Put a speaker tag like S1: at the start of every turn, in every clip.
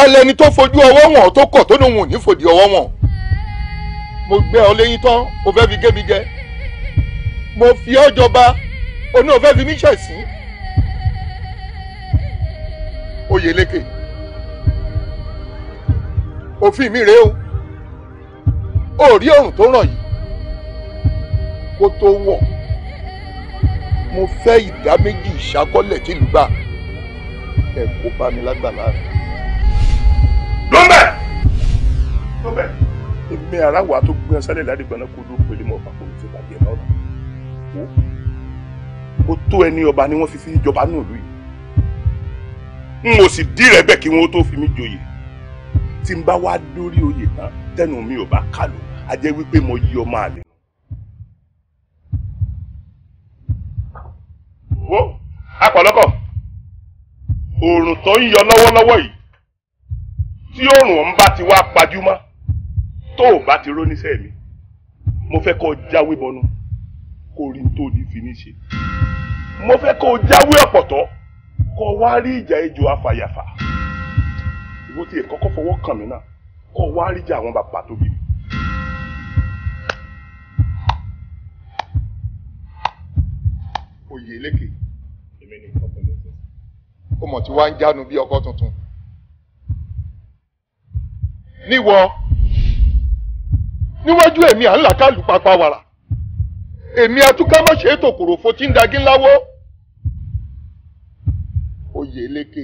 S1: ta lẹni tó fojú ọwọ́ wọn tó kọ̀ tó lóun ò ní fòdì ọwọ́ wọn mo gbẹ ọ lẹ́yìn tán o fẹ́ fi gé mi jẹ mo fi ọ jọba o ní o fẹ́ fi mí ṣẹ̀sín oyèlékè
S2: òfin mi rèé o ò rí òrùn tó ràn yìí kó tó wọ̀ mo
S1: fẹ́ ìdá méjì ìṣàkọ́lẹ̀ tìlú gbà ẹ̀ kó bá mi lágbàlá rẹ̀. ẹ̀mí aráwọ̀ tó gbé ọ sálẹ̀ ládìgbọ́n náà kó ló pèlè mọ́ ọ̀pá kó ló fi bàjẹ́ náà rà ó ó tó ẹni ọba ni wọ́n fi fi jọba náà lóye n ò sì dí rẹ bẹ́ẹ̀ kí wọ́n tó fi mí joyè tí n bá wá dórí oyè tán tẹnu mi ò bá kà ló a jẹ́
S2: wípé mo yí ọmọ àlè. wo apọ̀lọ́kọ̀ oòrùn tó ń yọ lọ́wọ́lọ́wọ́ yìí tí oòrùn ọ̀hún bá ti wá pajúmọ́ tó o bá ti ró níṣẹ́ mi mo fẹ́ kó o jáwé bọnú kó o rí tó o ní fi ní ṣe mo fẹ́ kó o jáwé ọ̀pọ̀tọ́ kó o wá rí ìjà ejò afàyàfà ìwọ tí èkọ́kọ́ fọwọ́ kàn mí náà kó o wá rí ìjà àwọn bàbá tó oyè eléke èmi ni ọkùnrin tó o mọ̀ tí wàá ń jánu bí ọkọ tuntun níwọ níwájú èmi à ń là kálù pàpà wàrà èmi atúká má ṣe é tòkòrò fo tí ń dagí ńláwó oyè lékè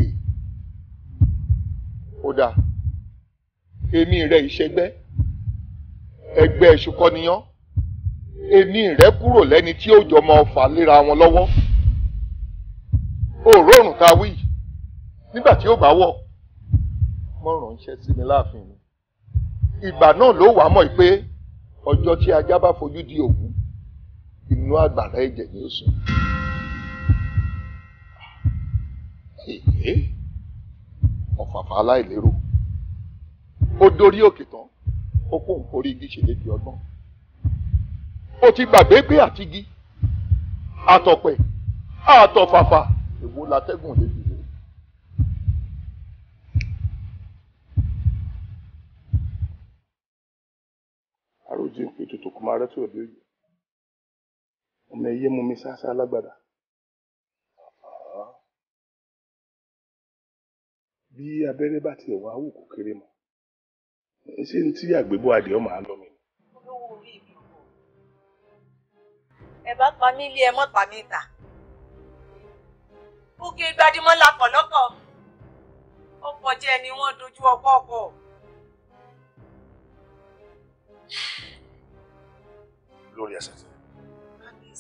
S2: ó dáa èmi rẹ ìṣẹgbẹ́ ẹgbẹ́ ìṣùkọ́niyàn èmi rẹ kúrò lẹ́ni tí ó jọmọ ọfà léra wọn lọ́wọ́ òórùn ta wí nígbà tí ó bá wọ̀ mọ̀ràn ń ṣe sí mi láàfin mi ìgbà náà ló wàá mọ̀ pé ọjọ́ tí ajá bá fojú di òkú inú àgbàrá ẹ̀jẹ̀ ni ó sùn. ọ̀fàfà aláìlérò ó dorí òkè tán ó kó nǹkan orí igi ṣèlédìí ọgbọ́n ó ti gbàgbé pé àtigi àtọ̀pẹ̀ àtọ̀fàfà èwo latẹ́gùn lébi ààrẹ tí òde òye ọmọ ẹyẹ mú mi sáásá lágbàdà
S3: bí abẹ́rẹ́
S2: bá tiẹ̀ wá wò kó kéré mọ́ ṣé n tí àgbébọ̀ adìẹ ọmọ àlọ́ mi.
S4: olówó orí mi ò wọ ẹ bá pa mí ilé ẹ mọ́ pa mí ta búkí gbadimọ́ la ọkọ̀ jẹ́ ni wọ́n dojú ọkọ̀ ọkọ̀
S1: lórí ẹsẹ̀ fún mi.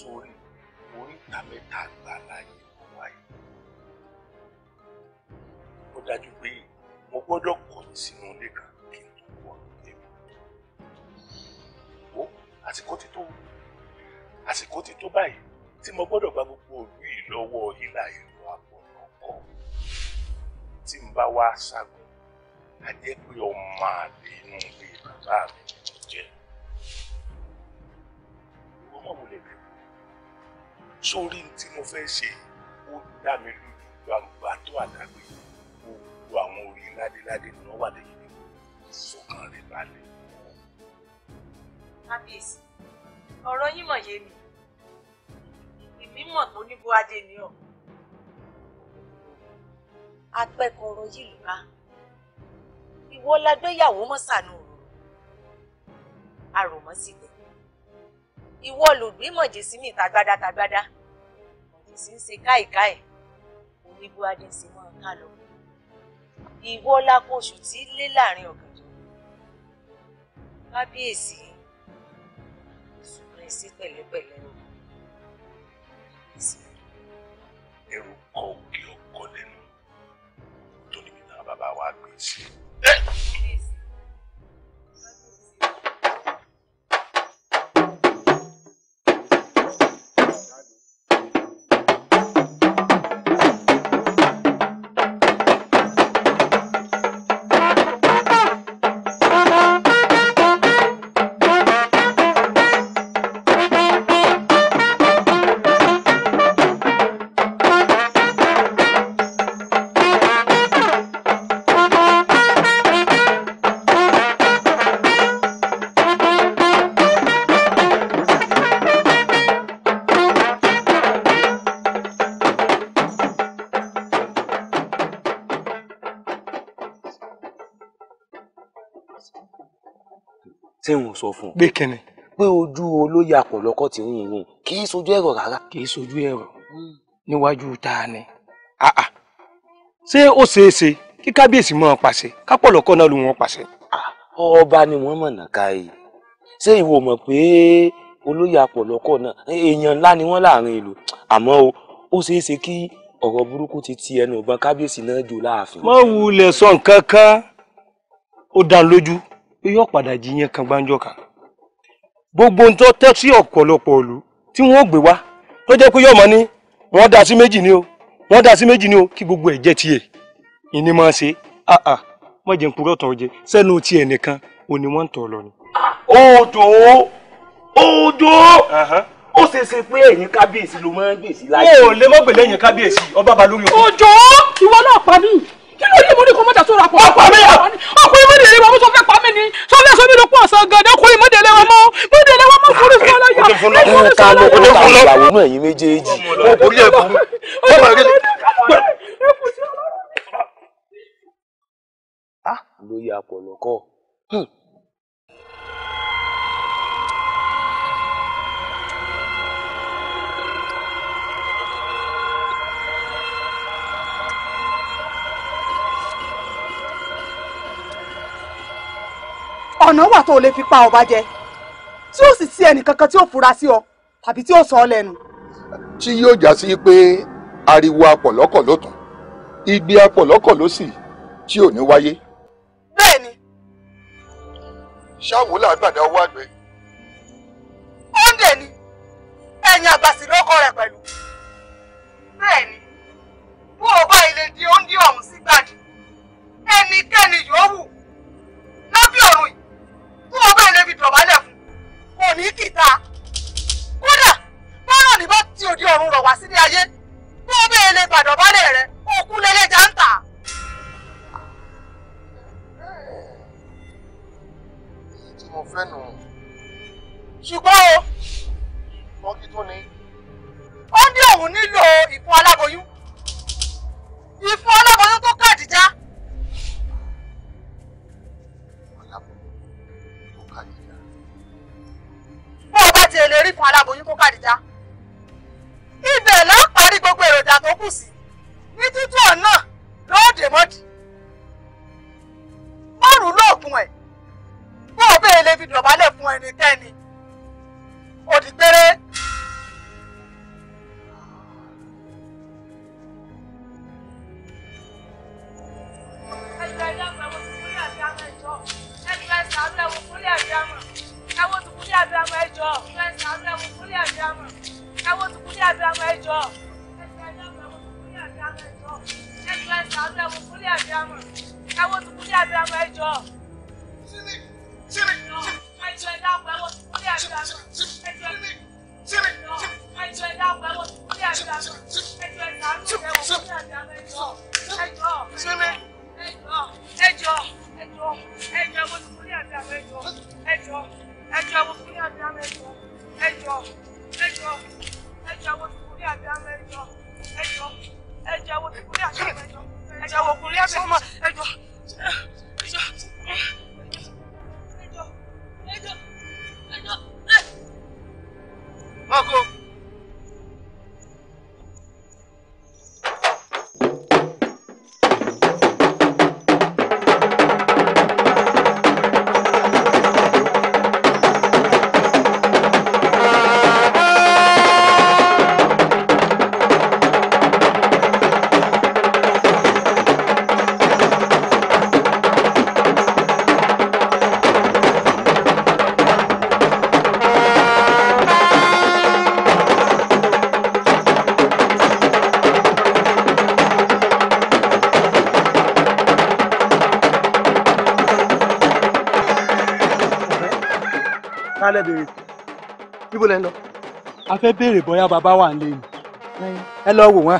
S1: sórí oríta mẹ́ta gbà láàyè wáyé ó dájú pé mo gbọ́dọ̀ kọ̀yìn sínú ilé kan kí n tó wọ ẹ̀mí ó àsìkò ti tó àsìkò ti tó báyìí tí mo gbọ́dọ̀ gba gbogbo òbí lọ́wọ́ yílà ìlú àpọ̀lọpọ̀ tí n bá wá ságun a jẹ́ pé ọmọ àlè inú ilé bàbá mi ni mo jẹ́ ìwọ mọ̀ wọlé mi sórí tí mo fẹ́ ṣe ó dá mi lójú gbangba tó àdágbé gbogbo àwọn orí ládéládé ni wọ́n wà lẹ́yìn mi sọ́kàn rẹ̀ balẹ̀.
S4: kábíyèsí ọ̀rọ̀ yín mọ̀ yé mi mímọ̀ tó ní bó ajé ni ọ́. apẹ́kọ̀ọ́rọ̀ yìí lù bá ìwọ la gbéyàwó mọ́sànù òru àròmọ́ sì tẹ̀ ìwọ lògbé mọ̀jẹ̀sí mi tagbádá tagbádá mọ̀jẹ̀sí ń ṣe káìkáì oníbó ajé ń ṣe mọ́ ká lọ ìwọ lákòóṣù tí lé láàrin ọ̀gànjọ́ kábíyèsí ṣùgbọ́n ẹ pẹ̀lẹ́pẹ̀lẹ́
S1: ẹrù kọ òkè ọkọ lẹ́nu tó níbi náà bàbá wa gbé sí i. tí n ò sọ fún un. pé kẹ́ni. pé ojú olóyè àpọ̀lọ́kọ́ tí ń wò kì í sojú ẹ̀rọ rárá. kì í sojú ẹ̀rọ hmm. níwájú ta ni. Ah, ah. ṣé ó ṣeé ṣe kí kábíyèsí máa pàṣẹ kápọ̀lọ́kọ́ náà ló wọ́n pàṣẹ. Ah, ọba ni wọ́n mọ̀nà káyé ṣé ìwọ mọ̀ pé olóyè àpọ̀lọ́kọ́ náà èèyàn ńlá ni wọ́n láàrin ìlú àmọ́ o ó ṣeé ṣe kí ọ̀rọ̀ burúkú ti ti ẹnu ọ̀gbọ́n kábíyèsí náà jò láàfin. má wulẹ̀ sọ nǹkan kan ó dá lójú pé yóò padà jiyàn kan gbáńjọ kan gbogbo ń tọ́ tẹ́ sí ọ̀pọ̀lọpọ̀ òlu tí wọ́n gbé wá tó jẹ́ pé yóò mọ ní wọ́n dá sí méjì ni o wọ́n dá sí méjì ni o kí gbogbo ẹ̀ jẹ́ tiẹ̀ ìní máa ṣe àà wọ́n jẹ́ nkúrọ̀ tán jẹ sẹ́nu tiẹ̀ nìkan ò ní wọ́n ń tọ̀ lọ ni. odò odò ó ṣe ṣe pé ẹ̀yìn kábíyèsí ló máa ń gbèsè láyé. o ò lè
S5: mọ́ gbèlè ẹ̀yìn kábíyèsí ọba balóyún. òjò ìwọ náà pa mí kí ló yẹ mo ní kó mọ́tà sóra pọ̀. ọkọ mi ọkọ mi délé wọn mo sọ fẹ́ pa mí ni sọ fẹ́ sọ mi ló pọ̀ sàn gàdé ọkọ mi délé wọn mọ́ mo délé wọn mọ́ fúru sí ọlọ́yà mo fúru sí ọlọ́yà. o ní fúnlọ ìyàwó
S1: náà yín méjèèjì o kò rí ẹ̀kú. lóye àpọ̀lọ̀kọ̀.
S5: ọ̀nà wà tó o lè fi pa ọba jẹ tí ó sì sí ẹnìkankan tí ó fura sí ọ tàbí tí ó sọ ọ lẹ́nu.
S2: tí yóò já sí pé ariwo apọ̀lọ́kọ̀ ló tán igbe apọ̀lọ́kọ̀ ló sì tí ò ní wáyé. Bẹ́ẹ̀ bẹ́ẹ̀ni. ṣáwùlà àgbàdo ọwọ́ àgbẹ̀.
S1: ó ni ẹ̀yin ní ẹ̀yìn àgbàsí rẹ̀ pẹ̀lú. bẹ́ẹ̀ni bó o bá ilé di oúnjẹ ọ̀hún sí gbàdí ẹnikẹ́ni yòówù lábẹ́ ọ̀run yìí kó o
S4: bẹ́ẹ̀ lè fi dọ̀bálẹ̀ fún kò ní kìta kódà bọ́lá ní bá ti òde ọ̀run rọ̀ wá sílé ayé kó o bẹ́ẹ̀ lè bàdọ̀bálẹ̀ rẹ òkú lẹ́lẹ́jà ń tà.
S2: tí mo
S1: fẹ́ nù. ṣùgbọ́n o. wọ́n tó ní. ó ní òun nílò ìfún aláboyún ìfún aláboyún tó káàdì
S4: ti eléri kan aláboyún kó kàdíjà ibẹ̀ la parí gbogbo èròjà tó kù sí ní tútù ọ̀nà lóòdè mọ́dì
S1: bọ́ọ̀rù lóògùn ẹ̀ bọ́ọ̀ bẹ́ẹ̀ lè fi dọ̀bálẹ̀ fún ẹnikẹ́ni òdìgbére lẹ béèrè ibo lẹ ń lọ. a fẹ́ béèrè bóyá bàbá wà ń lé ni. ẹ lọ wò wọn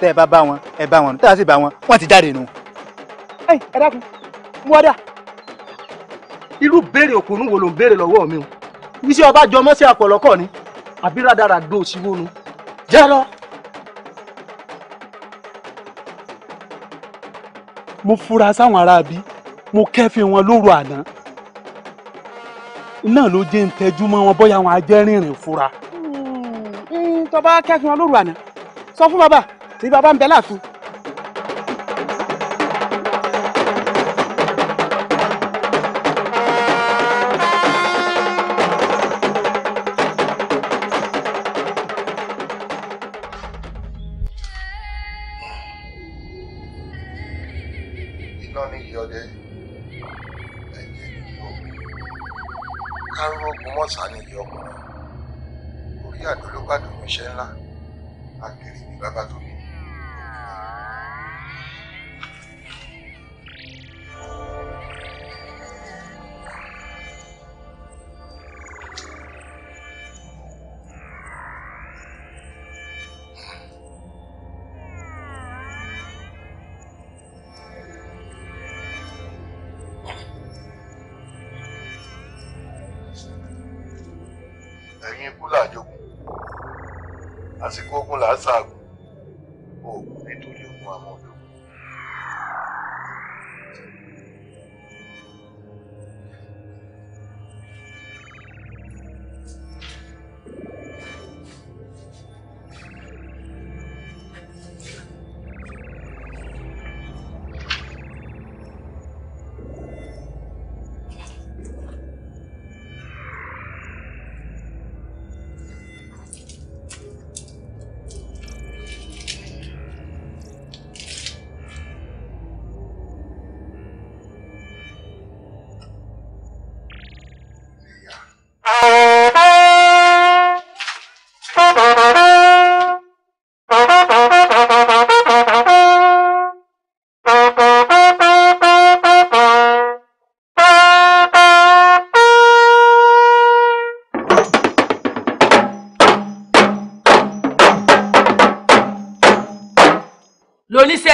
S1: tẹ ẹ bá bá wọn ẹ bá wọn tẹ ẹ sì bá wọn wọn ti jáde nù. ẹ ẹ dákun mú ọdà irú béèrè òkùnrin wo ló
S5: ń béèrè lọ́wọ́ mi o iṣẹ́ ọba jọ mọ́sí àpọ̀lọ́kọ̀ ni àbí rádàrà dó òṣìwò nu jẹ́ lọ.
S1: mo fura sáwọn aráabí mo kẹ́fìn wọn lóru àná iná ló jẹ́ ń tẹjú mọ́ wọn bóyá wọn ajẹ́ rìnrìn fura. tọ́ba
S5: kẹ́fìn wọn àná sọ fún bàbá tí bàbá ń bẹ láàfin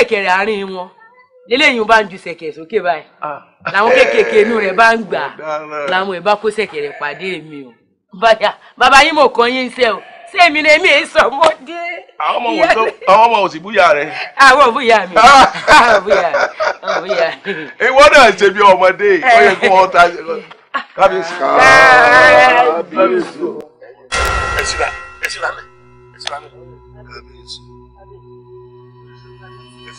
S5: ṣẹ̀kẹ̀rẹ̀ àárín wọn lélẹ́yìn bá ń ju ṣẹ̀kẹ̀ sókè báyìí ah. làwọn kéékèèké inú rẹ̀ bá ń gbà làwọn ẹ̀ bá kó ṣẹ̀kẹ̀rẹ̀ pàdé mi o bàbá yín mò kàn yín iṣẹ́ o ṣé èmi ni èmi èyí sọ ọmọdé. àwọn
S1: ọmọ òsì búyà rẹ.
S5: àwọn òbúyà mi àwọn òbúyà
S1: mi. ìwọ náà ṣe bí ọmọdé ó yẹ kó ọta kábíyèsí. Ah.
S3: kábíyèsí. ẹ sì bá mi
S1: ẹ sì mi.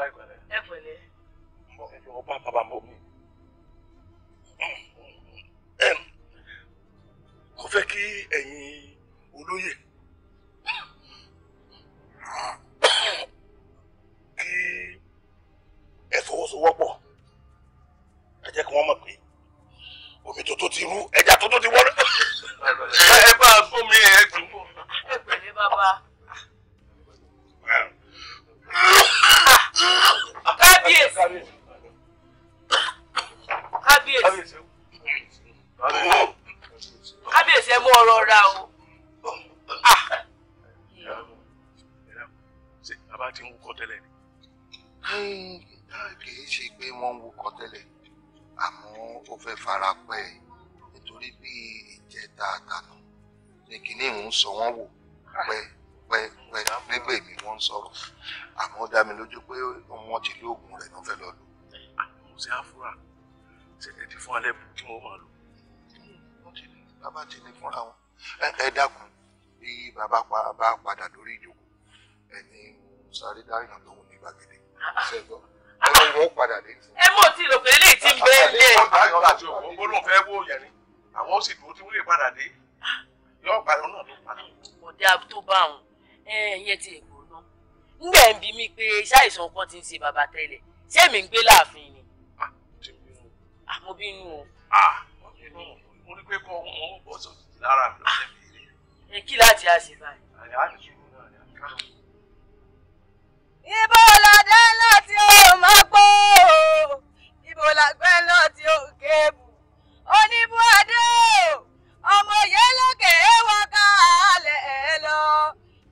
S1: ẹ pẹ̀lẹ́. ọba bàbá mọ mi mo fẹ́ kí ẹ̀yin olóyè kí ẹ fọwọ́sowọ́pọ̀ ẹ jẹ́ kí wọ́n mọ̀ pé omi tuntun ti rú ẹja tuntun ti wọlé. ẹ bá a fún mi ẹ dùn. ẹ pẹ̀lẹ́ bàbá
S5: kábíyèsí kábíyèsí kábíyèsí ẹ mú ọ̀rọ̀ ra o.
S1: Ah. ṣé bàbá ti ń wúkọ tẹ́lẹ̀ ni. kì í ṣe pé wọ́n ń wúkọ tẹ́lẹ̀ àmọ́ ó fẹ́ fara pẹ́ nítorí bí ìjẹta àtànà ní kinní sọ wọ́n wò pẹ́ nígbè mi wọ́n ń sọ̀rọ̀ àmọ́ ó dá mi lójú pé wọ́n ti lé oògùn rẹ̀ náà fẹ́ lọ lò. àmọ́ ṣé àfúrà ṣe ti fún alẹ́ bù kí wọ́n máa lò. bàbá ti ní fúnra wọn ẹ dákun bí bàbá bá padà lórí ìjókòó ẹni sáré dáhìnà tó wù ní gbàgede ṣẹ́gbọ́n ọlọ́run wọn padà dé. ẹ mọ̀ tí ìlòkè eléyìí ti ń bẹ́ẹ̀ lé. àwọn àti fẹ́ wó yẹn ni
S5: àwọn ó sì dúró tí wọ́n lè padà dé yọ̀ọ́ ẹ̀yẹ ti ègbò ná nígbà ń bi mí pé iṣẹ́ àìsàn kan ti ń ṣe bàbá tẹ́lẹ̀ ṣé èmi ń gbé láàfin ni. àmọ́ ah, ah, bínú o. Ah,
S1: mo rí pé kọ́ wọn ó bọ́ lára mi lọ́sẹ̀ mi kí láti àṣẹ báyìí.
S3: ibo la dé láti ó
S4: máa pọ̀ ibo la gbé láti ó kébù oníbùadé ọmọ yẹn lókè é wọ́n ká lẹ̀ lọ.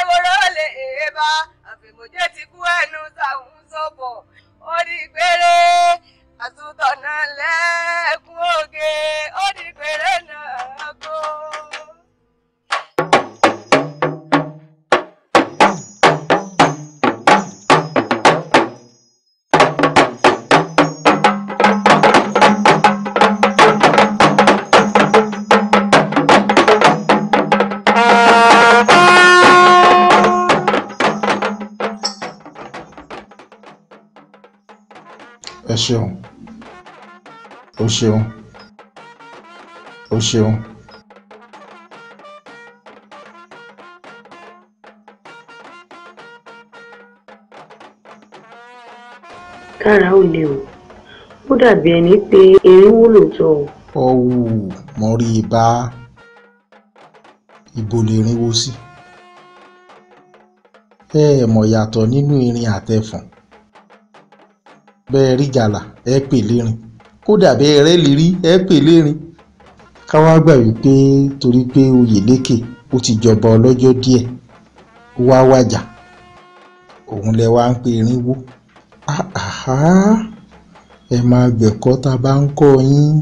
S4: ewúro lè èébá àfẹ̀mọ̀jẹ́ ti kú ẹnu táwọn sọ̀bọ̀ ó di péré àtúntọ̀nà lẹ́ẹ̀kún òge ó di péré náà kó.
S1: ẹ ṣeun o ṣeun o ṣeun. kára ó le o ó dàbí ẹni pé erin wó lóòótọ́ o. ọ̀wù mo rí i bá ibo lè rínwó sí. ẹ ẹ̀ mọ̀ yàtọ̀ nínú irin àtẹ̀fọ̀n bẹ́ẹ̀ rí jàlà ẹ pè lérin kódà bẹ́ẹ̀ rẹ́ lè rí ẹ pè lérin ká wá gbà wípé torí pé Oyèlékè ó ti jọba ọlọ́jọ́ díẹ̀ ó wá wàjà òun lẹ wá ń pe irínwó ẹ máa gbẹ̀kọ́ tá bá ń kọ́ yín.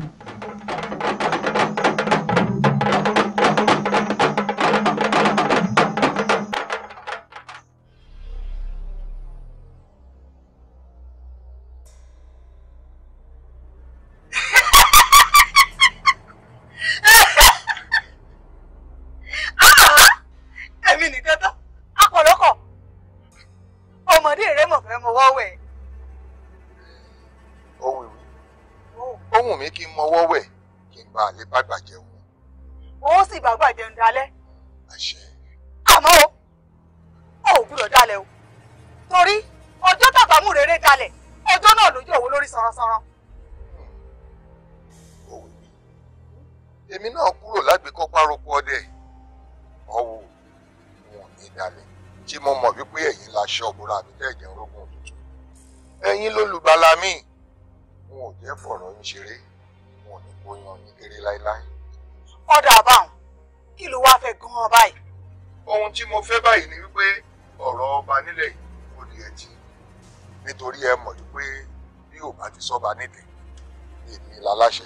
S1: nídìí èmi làláṣẹ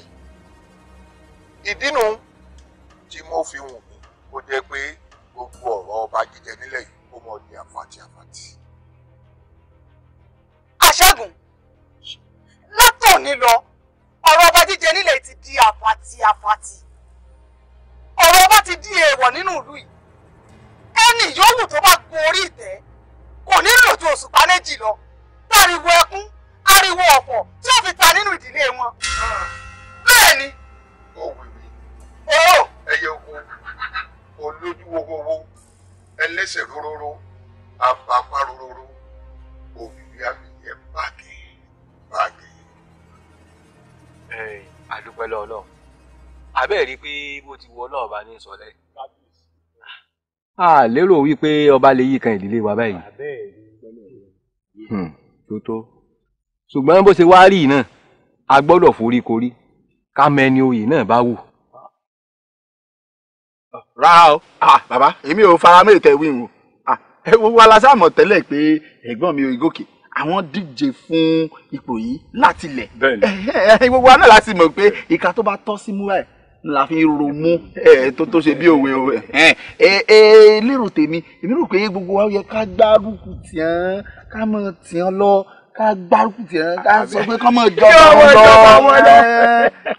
S1: ìdínú ń sọ lẹ́yìn. Ah, a lérò wípé ọba lè yíkan ìdílé wa báyìí. Hmm, tó tó ṣùgbọ́n bó ṣe wá rí náà a gbọ́dọ̀ forí korí ká mẹni oyè náà bá wù. rárá o ah, bàbá èmi ò fara mọ́ ètò ìwé ìwọ̀n ah, ẹ wo wa la sáàmọ̀ tẹ́lẹ̀ pé ẹ̀gbọ́n mi ò gòkè àwọn díje fún ipò yìí látilẹ̀ ẹ ẹ gbogbo wa náà láti mọ̀ pé ìka tó bá tọ́ sí múra ẹ̀ la fi ronú ẹ tó tó ṣe bí òwe òwe ẹ ẹ lérò tèmi èmi rò pé gbogbo wa yẹ ká gbárùkù tiẹn ká mọ tiẹn lọ ká gbárùkù tiẹn ká sọ pé ká mọ jọba wọn lọ.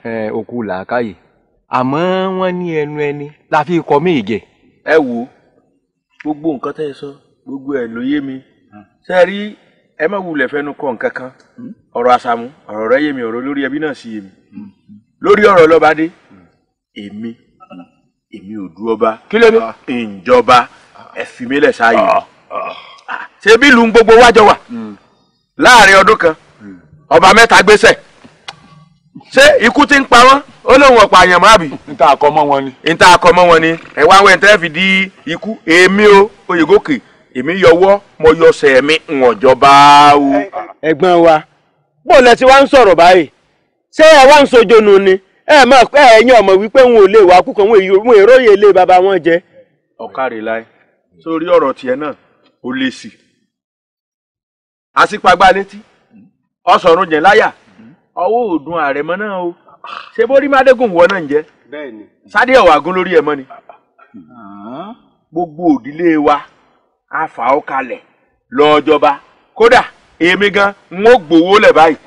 S1: ẹ òkú làákàyè àmọ́ wọ́n ní ẹnu ẹni la fi kọ́ mí ìgẹ̀. ẹ wo gbogbo nǹkan tẹ́ ẹ sọ gbogbo ẹ ló yé mi ṣe rí ẹ má wulẹ̀ fẹ́nu kọ́ nǹkan kan hmm? ọ̀rọ̀ àṣàmù ọ̀rọ̀ rẹ yé mi ọ̀rọ̀ lórí ẹbí náà sì yé mi hmm. lórí ọ̀rọ̀ lọ́ba dé èmi èmi Odùọba kílódé ah, ìjọba ẹ̀fìmílẹ̀ sáàyè ah, ah. ṣé bí ìlú gbogbo wájọ wà hmm. láàrin ọdún kan hmm. ọba mẹ́ta gbéṣẹ̀ ṣé ikú ti ń pa wọ́n ó lóun ọ̀pọ̀ àyàn má bì. n ta mọ́ wọn ni. n ta mọ́ wọn ni ẹ wá wẹ́n tẹ́ fi di ikú èmi o Oyègòkè èmi yọwọ́ mo yọsẹ̀ mi ìwọ̀njọba o. ẹ̀gbọ́n wa bó lẹ ti wá ń sọ̀rọ̀ báyìí ṣé ẹ wá ń sojo nù ni. ẹ mọ̀ pé ẹ̀yin ọmọ wípé wọn ò lè wá kúkan wọn èróyè je bàbá wọn jẹ. ọ̀kàrẹ̀ láì sórí ọ̀rọ̀ tiẹ̀ náà ò lè sì. àṣìpagbá létí ọ̀sọ̀run jẹ̀ láyà ọwọ́ o ṣé bórí mádégùn wọ náà ń jẹ ni. gbogbo òdílé wa a fà ó kalẹ̀ kódà èmi gan n ó gbowó lẹ̀ báyìí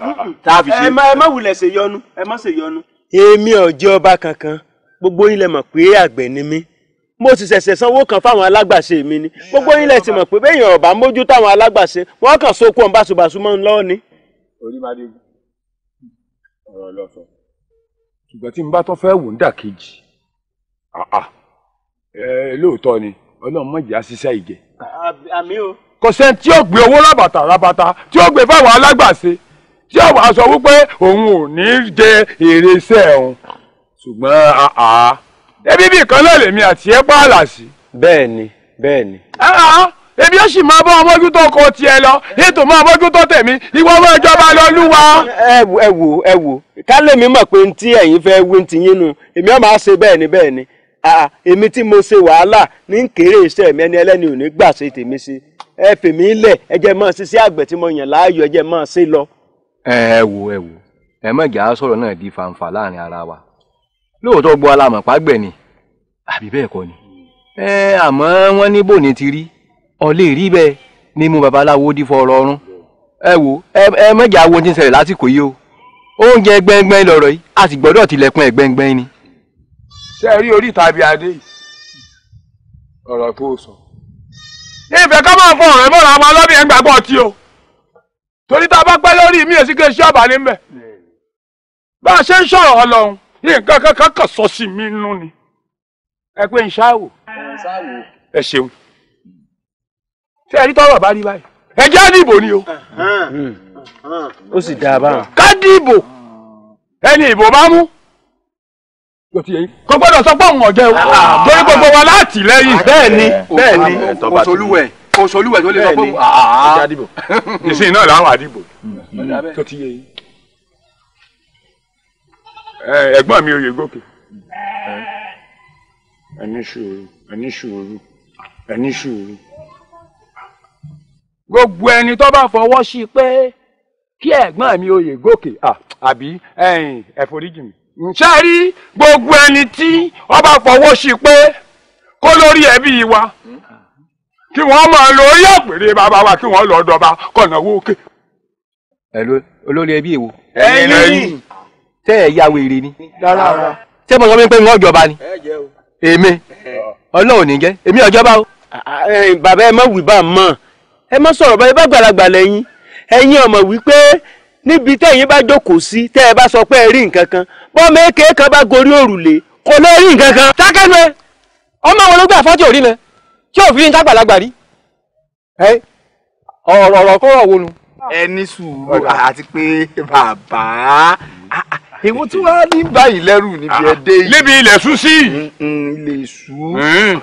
S1: ẹ má wulẹ̀ èmi ò jẹ́ ọba kankan gbogbo yín lẹ mọ̀ pé àgbẹ̀ ni mí mo sì ṣẹ̀ṣẹ̀ sanwó kan fáwọn alágbàṣe mi ni gbogbo yín lẹ ti mọ̀ pé béèyàn ọba mójú táwọn alágbàṣe wọn kàn so kún báṣubàṣu mọ́ ń lọ́wọ́ ni. orí máa dé ọ̀rọ̀ lọ́sọ̀ ṣùgbọ́n tí n bá tó fẹ́ wò ń dà kejì lóòótọ́ ni ọlọ́run mọ̀jì á ṣiṣẹ́ ìjẹ. àmì o. kò sẹ́ni tí yóò gbé owó rábàtà rábàtà tí yóò gbé fáwọn alágbàṣe tí ó wàá sọ wípé òun ò ní jẹ èrè iṣẹ́ òun ṣùgbọ́n àá ẹbí bíi kan náà lèmi àti ẹ pààlà sí. bẹ́ẹ̀ ni bẹ́ẹ̀ ni. ẹbí ó sì máa bá ọmọdún tó kọ tiẹ̀ lọ ètò máa bọ́dún tó tẹ̀mí ìwọ ọmọ ìjọba lọ lúwa. ẹ wò ẹ wò ká lèmi mọ̀ pé ntí ẹ̀yin fẹ́ wí ti yín nu èmi ọ̀ máa ṣe bẹ́ẹ̀ ni bẹ́ẹ̀ ni èmi tí mo ṣe wàhálà ní kéré iṣẹ́ mi ẹni ẹlẹ́ni ò ní gbà ṣe tèmi ṣe ẹ fèmí lẹ̀ ẹ jẹ́ máa ṣiṣẹ́ àgbẹ̀ tí mo yàn láàyò ẹ jẹ́ máa ṣe lọ ẹ wò ẹ wò ẹ má jà á sọ̀rọ̀ náà di fàǹfà láàrin ara wa lóòótọ́ gbọ́ alámọ̀pá gbẹ̀ ni àbí bẹ́ẹ̀ kọ́ ni ẹ àmọ́ wọ́n ní bòní ti rí ọ̀lẹ́ rí bẹ́ẹ̀ ni mo babaláwo dífọ̀ ọ̀rọ̀ ọ̀run ẹ wò ẹ má jà wo ti ń ṣẹlẹ̀ lásìkò yìí o oúnjẹ gbẹ́ngbẹ́n lọ̀rọ̀ yìí a sì gbọ́dọ̀ tilẹ̀kùn ẹ̀ gbẹ́ngbẹ́n ni. ṣé ẹ rí orí tàbí adé yìí ọ̀rọ̀ tó sọ. ìfẹ́ kọ́ máa fọ ọ̀rẹ́ mọ́ra ọmọ ọlọ́bìnrin gbàgbọ́ tí o torí tá a bá pẹ́ lórí mi èsì kí n ṣe ọ̀bà níbẹ̀ bá a ṣe ń sọ̀rọ̀ ọlọ́run nǹkan kankan kàn sọ sí mi nú ni ẹ pé n ṣáàwò ẹ ṣeun tí ẹ rí tọrọ bá rí báyìí ẹ jẹ́ dìbò ni o ó sì dáa báwọn. ká dìbò ẹni ìbò bá mú kò gbọ́dọ̀ sọ pé òun ọ̀jẹ̀ o ah. torí gbogbo wa láti lẹ́yìn. bẹ́ẹ̀ ni bẹ́ẹ̀ ni òṣòlùwẹ̀ oṣù olúwẹ̀ tó sọ fún ọjà ah, ah. ìsìn náà làwọn mm-hmm. àdìbò tó ti yé yín ẹ̀gbọ́n mi oyè gòkè ẹni sùúrù ẹni sùúrù ẹni sùúrù. gbogbo ẹni tó bá fọwọ́ sí i pé kí ẹ̀gbọ́n mi oyè gòkè àbí ẹ̀yìn ẹ̀foríjì mi. ǹṣẹ́ rí gbogbo ẹni tí ó bá fọwọ́ sí i pé kó lórí ẹbí wa hmm? kí wọ́n máa lo orí àpèrè bàbá wa kí wọ́n lọ dọba kọ̀nàwó òkè. ẹ olórí ẹbí èwo. ẹ̀yin tẹ ẹ ya wèrè ni. rárá ṣé mo sọ fún mi pé n ò jọba ni. èmi ọlọ́run ní jẹ́ èmi ọ̀jọba o. bàbá ẹ má wí bá a mọ̀ ẹ má sọ̀rọ̀ bá ẹ bá gbàlagbà lẹ́yìn ẹ̀yin ọmọ wípé níbi tẹ́yìn bá jókòó sí tẹ́ ẹ bá sọ pé ẹ rí nǹkan kan bọ́ọ̀mù èké kan bá gorí òrùlé kò lè rí nǹkan kan. sákẹ́nu ẹ ọmọ wọn ló gbà fọ́tò orí mi tí ò fi ń tágbàlagbà rí ọ̀rọ̀ ọ̀rọ̀ kó rọ̀ wonu. ẹ ní sùúrù àti pé bàbá èwo tí wàá ní báyìí lẹ́rù níbi ah, ẹ̀dẹ́ yìí. níbi ilẹ̀ sùn sí. ilé ìṣú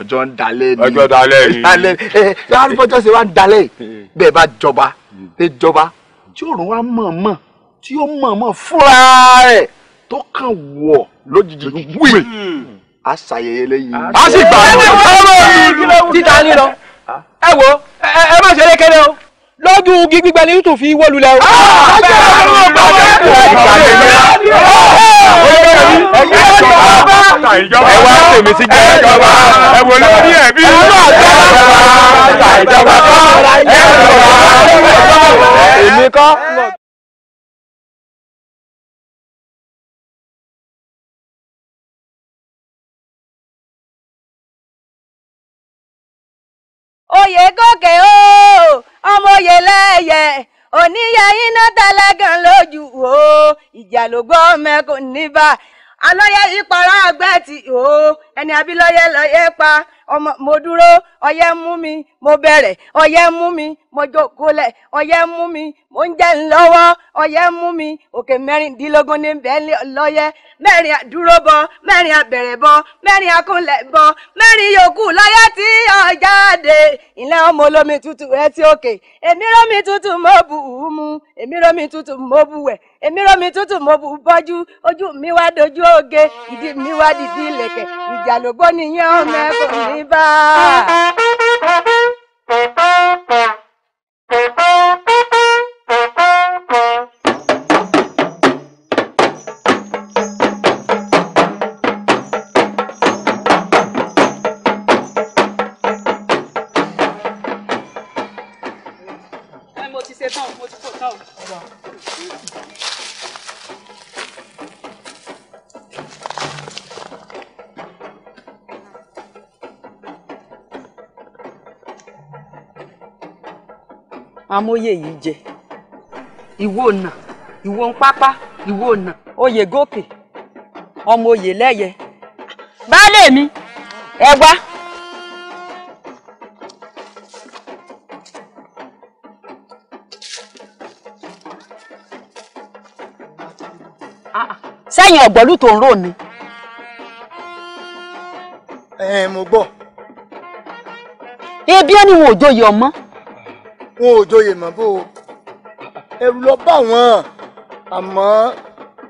S1: ọjọ́ ń dalẹ̀ ni ọjọ́ dalẹ̀ ni dalẹ̀ ẹ arúgbọ́jọ́ ṣe wá ń dalẹ̀ hmm. bẹ́ẹ̀ bá jọba hmm. ẹ jọba tí òòrùn wa mọ̀ọ́mọ̀ tí ó mọ̀ọ́mọ̀ fúnra rẹ̀ tó kàn wọ̀ lójijì wíì. Hmm a ṣàyẹyẹ lẹ́yìn. a sì gbà wọ́n. títa ni lọ ẹ wo ẹ má ṣe lékeré o lójú igi gbígbẹ ni yóò fi wó lulẹ̀ o. ẹ
S2: wá tèmi sí
S1: jẹ́ ìjọba ẹ wò ló ní ẹ̀bí. ẹ wá tèmi sí jẹ́
S3: ìjọba ẹ wò ló ní ẹ̀bí. èmi kọ́. oyè gòkè o ọmọ oyè lẹ́yẹ oníyẹ iná tẹlẹ́gàn lójú o
S4: ìjà ló gbọ́ mẹ́kùn níbà alọ́yẹ ìpara àgbẹ̀ ti o ẹni abilọ́yẹ lọ́yẹ pa ọmọ mo dúró ọyẹ mú mi mo bẹ̀rẹ̀ ọyẹ mú mi mo jókòólẹ̀ ọyẹ mú mi mo ń jẹ́ ń lọ́wọ́ ọyẹ mú mi òkè mẹ́rìndínlógún ní bẹ́ẹ̀ lọ́yẹ mẹ́rin dúró bọ mẹ́rin abẹ̀rẹ̀ bọ mẹ́rin akúnlẹ̀ bọ mẹ́rin yòókù lọ́yẹ tí ọ̀jáde ilẹ̀ ọmọ olómi tútù ẹ ti òkè èmi rómi tútù mo bù ú mu èmi rómi tútù mo bù wẹ̀ èmi rọ́ mi tútù mo bọ́jú ojú mi wá dojú oge ìdí mi wá dìdí ìlẹ̀kẹ̀ ìjà ló gbọ́ nìyẹn ọmọ ẹ̀kọ́ mi bá.
S5: amóye yìí jẹ ìwọ nà ìwọ ń pápá ìwọ nà oyè gòkè ọmọ oyè lẹ́yẹ baálé mi ẹ wá. sẹ́yìn ọ̀gbọ́lú tó ń rò ni. ẹ mo gbọ́. ebi ó ní wọn ò joyè
S1: wọn ò joyè mọ́ bó o ẹrù lọ bá wọn àmọ́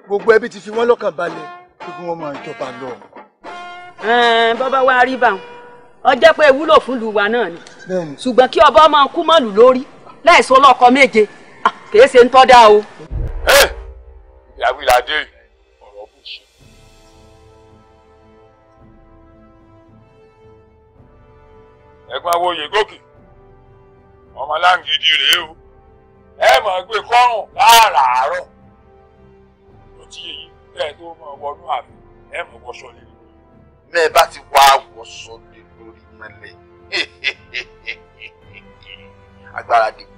S5: gbogbo ẹbí ti fi wọ́n lọ́kàn balẹ̀ gbogbo wọn máa jọba lọ. bọ́bá wa rí bá wọn ọjọ́ pé wúlò fún lùwà náà ni ṣùgbọ́n kí ọba máa kú mọ́lù lórí láìsọ ọlọ́kọ méje kèé ṣe ń tọ́ da o.
S1: àbí ẹ mọ̀ wọṣọ lé lórí. bẹ́ẹ̀ bá ti wá wọṣọ lé lórí mọ́lẹ̀ agbára dìbò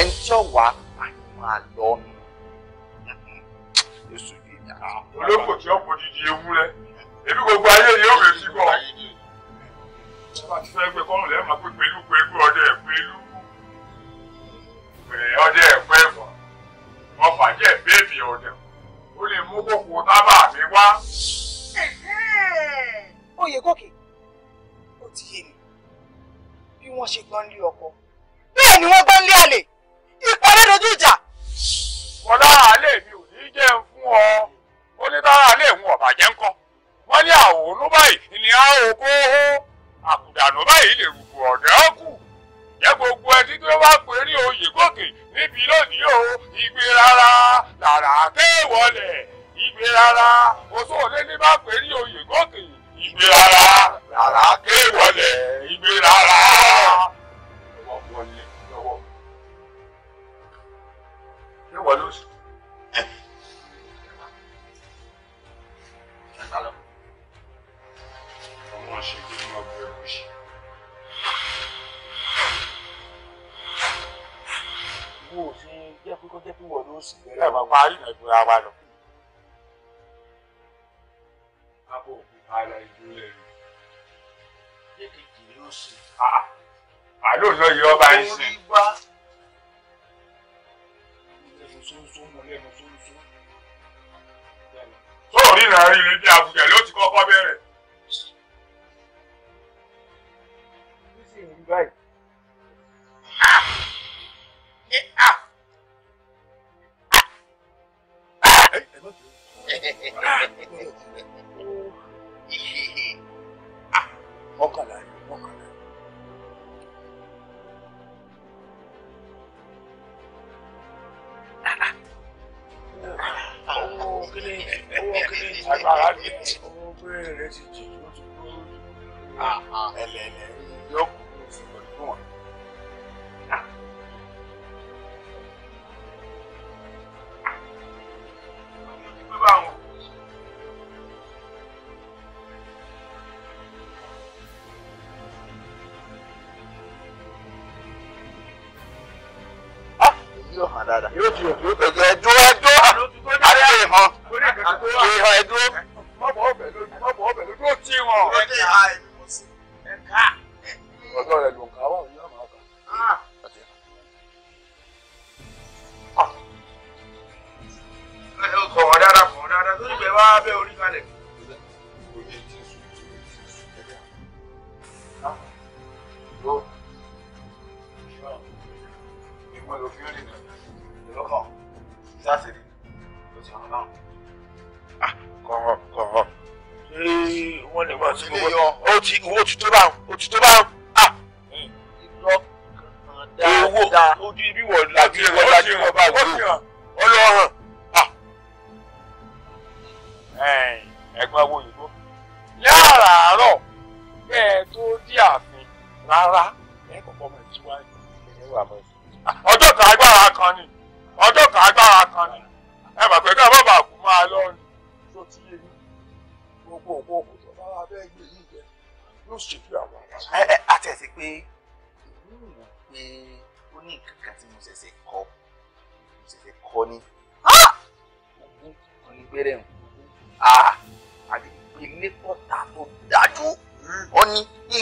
S1: ẹni tí ó wà ara wa lọ. Bábọ̀ òkú ara ìlú rẹ̀ rí. Yékìkì ni ó sì. Àlọ́ lọ yọ ọba Eu E outro, ṣé wọ́n lè máa ṣe gbogbo ó ti tó báwọn ó ti tó báwọn.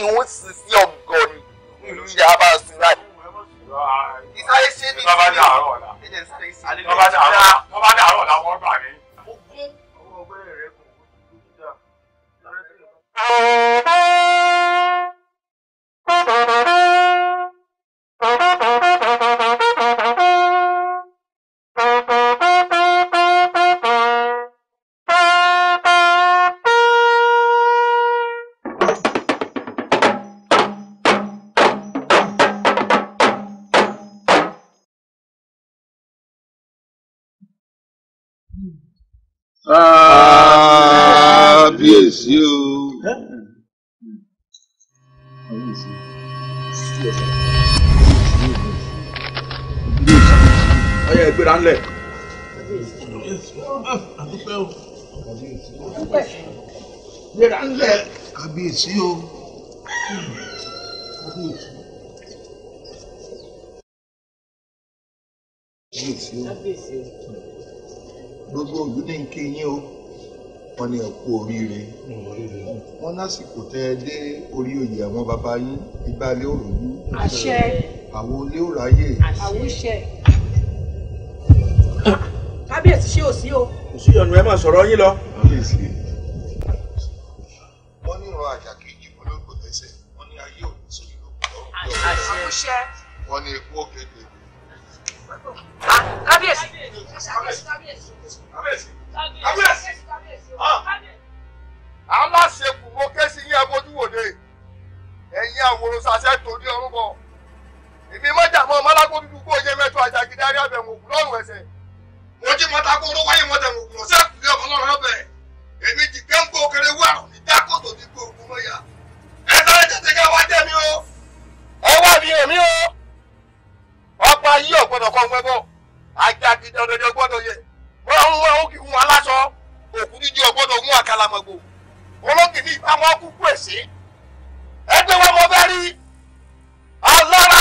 S1: 我死心。kábíyèsí o kábíyèsí o gbogbo òlú ní kí yín o wọ́n ní ẹkú oríire wọ́n lásìkò tẹ ẹ dé orí oyè àwọn baba yín ìgbà ilé òròlú àṣẹ àwọn ilé òráyè àwùṣẹ
S4: kábíyèsí ṣé ò sí o.
S1: kò sí ọ̀nà ẹ máa sọ̀rọ̀ yín lọ. kábíyèsí lọ́wọ́ àyà kejì olóògbé lẹ́sẹ̀ wọ́n ní ayé òun sóyún ló kù lọ́rùn bí ọ̀rẹ́ wọ́n ní epo kéde. kábíyèsí kábíyèsí kábíyèsí kábíyèsí ah. aláṣekù mo ké sí yín abojúwòde ẹ̀yin àwòrán sàṣẹ torí ọrùn bọ̀ èmi mọ́jà mọ́ ọmọlágbó dúdú kó yẹ mẹ́tọ́ àjàgídá rí abẹ̀wò òkú lọ́rùn ẹ̀sẹ̀.
S6: mo jí mọ́ta kó oró wáyé
S1: mọ́tẹ̀wò òkú lọ́sẹ̀ kúlẹ̀ ọmọ lọ́rùn ọbẹ̀ èmi jì kẹ́ńgbó kéré wà ní ẹ kò ya ẹ sáré tètè kẹ́ wá jẹ́ mi o. ẹ wá mi hàn mí o ọ̀pọ̀ ayé ọ̀gbọ́dọ̀ kọ́ ọmọ ẹ bọ̀ ajá gidi ọ̀dọ̀dọ̀ gbọ́dọ̀ yẹ wọ́n ń wọ́n ó kì í hun aláṣọ òkú dídí ọ̀gbọ́dọ̀ hun àkàlàmọ̀gbò olókì ní ìbámu ọkùnkù èsì ẹgbẹ́ wọn mo fẹ́ rí alára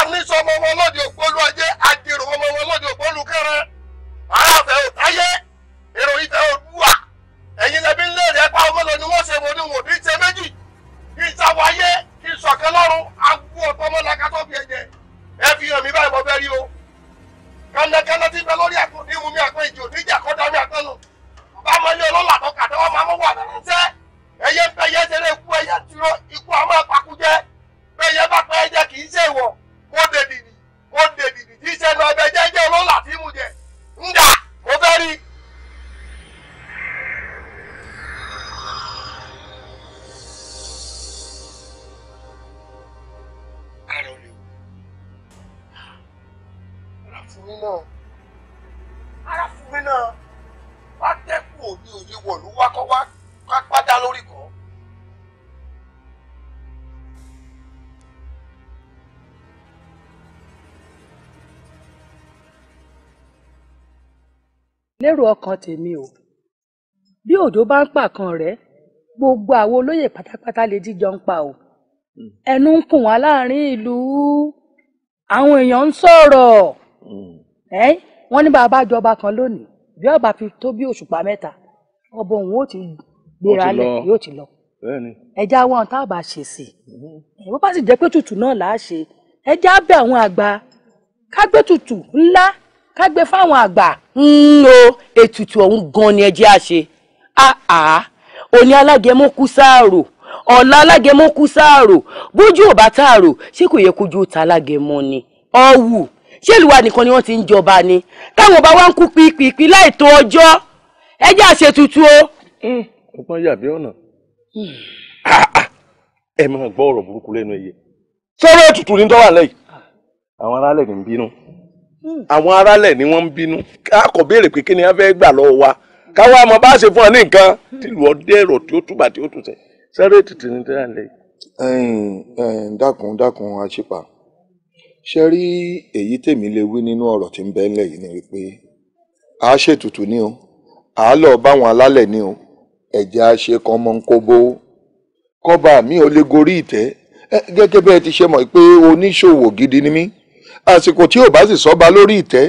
S1: ẹ̀yin lẹ́bí ńlẹ́rìí ẹ̀pá ọmọlọ ni wọ́n ṣe wò ṣe méjì kí n ṣàwáyé kí n ṣọ̀kan lọ́rùn agbó ọ̀pọ̀ ọmọlọ akátọ́ fi ẹ̀jẹ̀ ẹ fi hàn mí báyìí mo fẹ́ rí o kánnákánná ti bẹ lórí àpò ní mu mi àpò ìjò níjà kọ́ dá mi àpò nù bàmọ́ ilé ọlọ́lá tó kàdé wọn máa wà ẹyẹ ń yẹn ṣeré ikú mi náà ara fún mi náà wá tẹ́kù òní òye wọ̀lú wá kọ́ wá pátá lórí kọ́.
S4: lérò ọkàn tèmi o bí òjò bá ń pàkan rẹ gbogbo àwọn olóyè pátápátá lè jíjọ ń pa o hmm. ẹnu ń kùn wá láàrin ìlú àwọn èèyàn ń sọ̀rọ̀. Mm. Eh? wọ́n ní bàbá àjọba kan lónìí bí ọba fi tó bí òṣùpá mẹ́ta ọbọ òun ó ti gbéra lẹ̀ yóò ti lọ ẹja wa ohun tá a bá
S5: ṣe sí i mm-hmm. eh, bó bá sì jẹ́ pé tutù náà là á ṣe ẹja bẹ àwọn àgbà kágbé tutù ńlá kágbé fáwọn àgbà ń mm, lo ètùtù ọ̀hún gan ni ẹjẹ́ á ṣe àá òní alágẹmọ kú sáàrò ọ̀la alágẹmọ kú sáàrò bójú ò bá tààrò ṣé kò yẹ kójú ó ta alágẹmọ ni ọ̀wù ṣé ìlú wa nìkan ni wọ́n ti ń jọba ni táwọn ọba wa ń kú pípípí láì tó ọjọ́ ẹ jẹ́ àṣetutù o.
S1: ọgbọ́n eh. yàbí ọ̀nà hmm. ẹ máa gbọ́ ọ̀rọ̀ burúkú lẹ́nu ẹyẹ sọ́rọ́ ètùtù ní dọ́wà lẹ́yìn àwọn aráàlẹ̀ ní ń bínú hmm. àwọn aráàlẹ̀ ni wọ́n ń bínú a béèrè pé kí ni a fẹ́ gbà lọ́wọ́ wa káwọn àmọ́ bá ṣe fún ọ ní nǹkan hmm. tìlú ọdẹ ẹ̀rọ tí ó túbà tí ó tù sọ́rọ́ ètùtù ní dọ́wà lẹ́yìn. ẹyin ẹyin dákun dákun àṣìpà Ṣé rí èyí tèmi lè wí nínú ọ̀rọ̀ tí ń bẹ ńlẹ̀ yìí ni wípé a ṣètùtù ni o, a lọ báwọn alálẹ̀ ni o, ẹ̀jẹ̀ a ṣe kan mọ́ ń kóbó. Kọ́ba mi ò lè gorí ìtẹ́. Gẹ́gẹ́ bẹ́ẹ̀ ti ṣe mọ̀ pé oníṣòwò gidi ni mí. Àsìkò tí ò
S2: bá sì sọ́ba lórí ìtẹ́,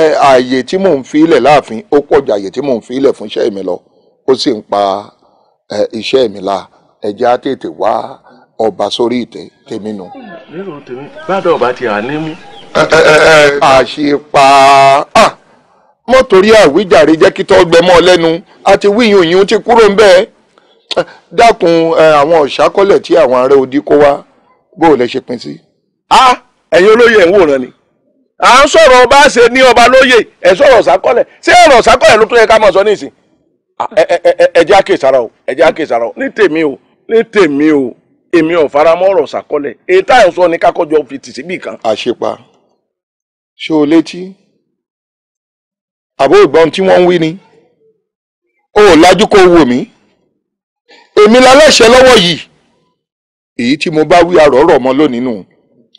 S2: ẹ ààyè tí mò ń fi láàfin ó pọ̀ ju ààyè tí mò ń fi fún iṣẹ́ mi lọ. Ó sì ń pa iṣẹ́ mi la. Ẹ̀jẹ̀ a tètè wá ọba sórí ìtẹ́ tèmi nù.
S1: nínú tèmi gbádùn ọba ti hàn ní mí. àṣepa mọ́tòrí àwíjàre jẹ́ kí tọ́ gbẹmọ́ lẹ́nu àti wíyùn yìí ti kúrò ń bẹ́ẹ̀ dákun àwọn ọ̀ṣàkọlẹ̀ tí àwọn ará odi kó wá bó o lè ṣe pín sí. ẹ̀yin olóyè ń wòran ni à ń sọ̀rọ̀ bá a ṣe ní ọba lóyè ẹ̀ sọ̀rọ̀ ṣàkọlẹ̀ ṣé ọ̀rọ̀ ṣàkọlẹ̀ ló tó yẹ ká mọ̀ sọ ní ìsìn ẹ̀jẹ̀ àkèsàrà o ẹ̀jẹ̀ àkèsàrà o ní tèmi o ní tèmi o èmi ò faramọ́ ọ̀rọ̀ ṣàkọlẹ̀ èyí tá à ń sọ ní kákọ́jọ fi tì síbì kan.
S2: àṣepa ṣé o létí àbó ìgbọ́n tí wọ́n ń wí ni
S1: o ò lajú kó wò mí èmi lálẹ́ṣẹ̀ lọ́wọ́ yìí
S2: èyí tí mo bá wí àròrọ̀ mọ́ lónìí nù.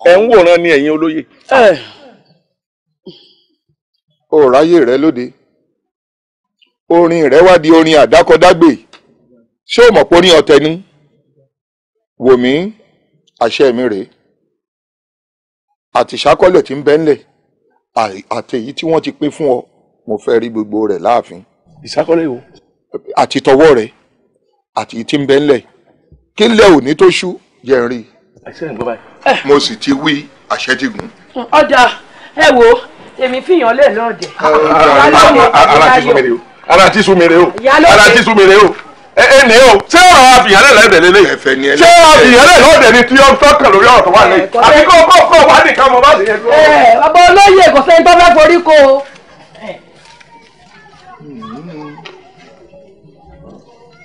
S1: ẹ ń wòran ni ẹ̀yin olóye. Eh.
S2: o ráyè rẹ lóde orin rẹ wá di orin àdákọdágbè ṣé o mọ̀ pé orin ọ̀tẹ̀ ni wò mí àṣẹ mi rèé àtìṣákọ́lẹ̀ tí ń bẹ ńlẹ̀ àti èyí tí wọ́n ti pín fún ọ mo fẹ́ rí gbogbo rẹ̀ láàfin. ìṣákọ́lẹ̀ wo. àti tọwọ́ rẹ̀ àti èyí tí ń bẹ ńlẹ̀ kí lẹ òní tó ṣú jẹ́ n rí i. àṣẹ ń gbọ́ báyìí. mo sì ti wí àṣẹ ti gùn.
S5: ọjà ẹ wo èmi fìyàn lè lọ́ọ̀dẹ̀.
S2: ara ti sún mi rè o ara ti sún mi
S1: rè o ara ti sún mi rè o ẹ ẹ ní o ṣé ọ̀rọ̀ abìyànlẹ̀ lẹ́dẹ̀ lélẹ̀ ṣé abìyànlẹ̀ lọ́dẹ̀ ni tí ó ń tọ́kàn lórí ọ̀rọ̀ tó wà lẹ́yìn àbí kó kó kó wá nìkan mọ bá nìyẹn tó. ẹ ọba
S4: olóyè kò sẹ́ni tó fẹ́ forí ko.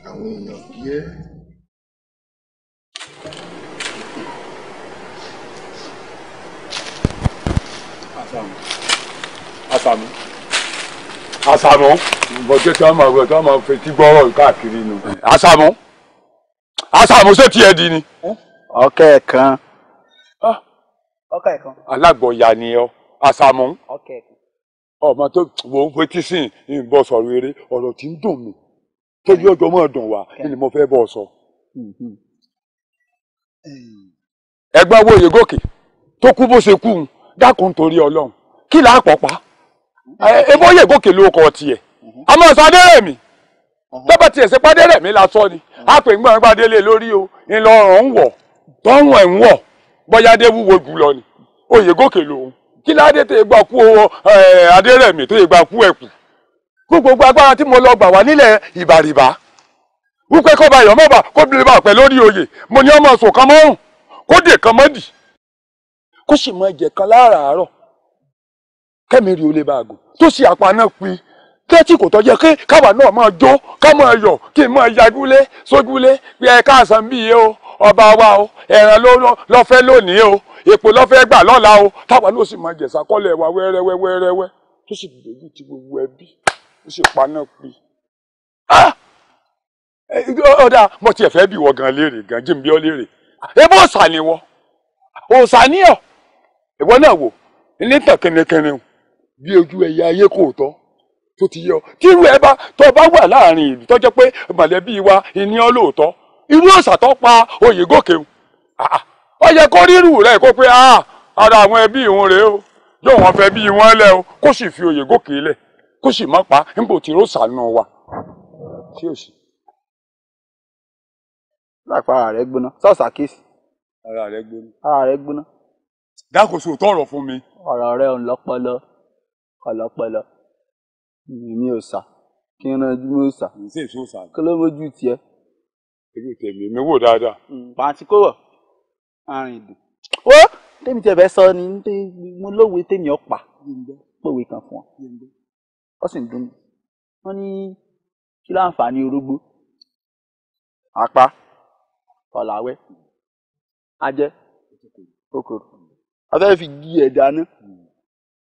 S3: àwọn èèyàn yẹ.
S1: Àṣàmú. Àṣàmú àṣàmọ́ bọ́jẹ́ tí wọ́n máa wẹ̀ tí wọ́n máa fetí gbọ́rọ̀ káàkiri nu. àṣàmọ́ àṣàmọ́ ṣé tiẹ̀ di ni. ọkẹ́ kan. Ah. ọkẹ́ kan. alágbọ̀ọ́yà ni ọ àṣàmọ́. ọkẹ́ kan. ọmọ tó wò ń fetí sí ìbọn sọ̀rọ̀ eré ọ̀rọ̀ tí ń dùn mí tójú ọjọ́ mọ́ dùn wá ni mo fẹ́ bọ́ sọ. Mhm. ẹgbẹ́ wo yegókè tó kú bó ṣe kú dákun torí ọlọ́run kí làá pọ̀ pa ebo yẹ gòkè ló kọ tiẹ̀ mi. Mhm. sọ adérẹ̀mí mhm. tọ́pẹ́ tiẹ̀ ṣe pàdérẹ̀mí lásán ni mhm. a pè ń gbọ́n gbàdélé lórí o ńlọrọ̀ ń wọ̀ tọ́rùn ẹ̀ ń wọ̀ bọ́yá dé wúwo jù lọ ni oyè gòkè lòun kí ládé tó gba kú adérẹ̀mí tó gba kú ẹ̀kú kú gbogbo agbára tí mo lọ gbà wá nílẹ̀ ìbàrìbà wípé kó ba yọ̀mọ́ bá kó bìrì bá pẹ̀ lórí oyè mo ní ọmọ sùn kan mọ́rùn kó dè kan mọ́dì kó sì mọ ẹ̀jẹ̀ kan láràárọ̀ kẹ́mi rí o lè bá a gùn tó ṣe àpá náà pin tẹ́tí kò tọ́jẹ́ pé káwa náà máa jó ká máa yọ̀ kí n máa yagúlé sógúlé bí ẹ káàsán bí yé o ọba wa o ẹ̀ràn lọ́fẹ́ lónìí o èpò lọ́fẹ́ gbà lọ́la o táwa náà sì máa jẹ̀sà kọ́lẹ̀ wa wẹ́rẹ́wẹ́ wẹ́rẹ́wẹ́ tó sì gbèjú ti gbogbo ẹbí ó sì pa náà pin. ọ̀dà mo tiẹ̀ fẹ́ bí wọ gan léèrè gan jí mi bí ọ léèrè ebó òsà ni wọ òsà ni ọ ìwọ bí ojú ẹyẹ ayé kò tọ́ tó ti yẹ ọ tí irú ẹ bá tó bá wà láàrin ìlú tó jẹ́ pé mọ̀lẹ́bí wa ìní ọ lóòótọ́ irú ọ̀sà tó pa oyè gòkè o ó yẹ kó rírù rẹ kó pé ara àwọn ẹbí ìhun rèé o yóò wọn fẹ́ bí wọn lẹ o kó sì fi oyè gòkè lẹ kó sì má pa níbo tí rosa nù wa tí ò sí. láàpá ara rẹ gbóná sọ́ọ̀sà kíìsì. ara rẹ gbóná. ara rẹ gbóná. dákòóso tọrọ fún mi. ọ̀rọ̀ rẹ ò lọ́pọlọ. ọlọpọlọ yìí ní òòsà kí n ranjú mọ òòsà kí ló mójú tiẹ. ojú tèmi mi wò dáadáa. Hmm, pàǹtí kò ó tèmi sọ ni mo lówe tèmi ọ̀pá pòwe kan fún ọ ó sì ń dùn mí ní kí láǹfààní orógbó apá ọ̀làwẹ́ ajẹ́ okòrò fi gí ẹ̀ dáná. Hmm.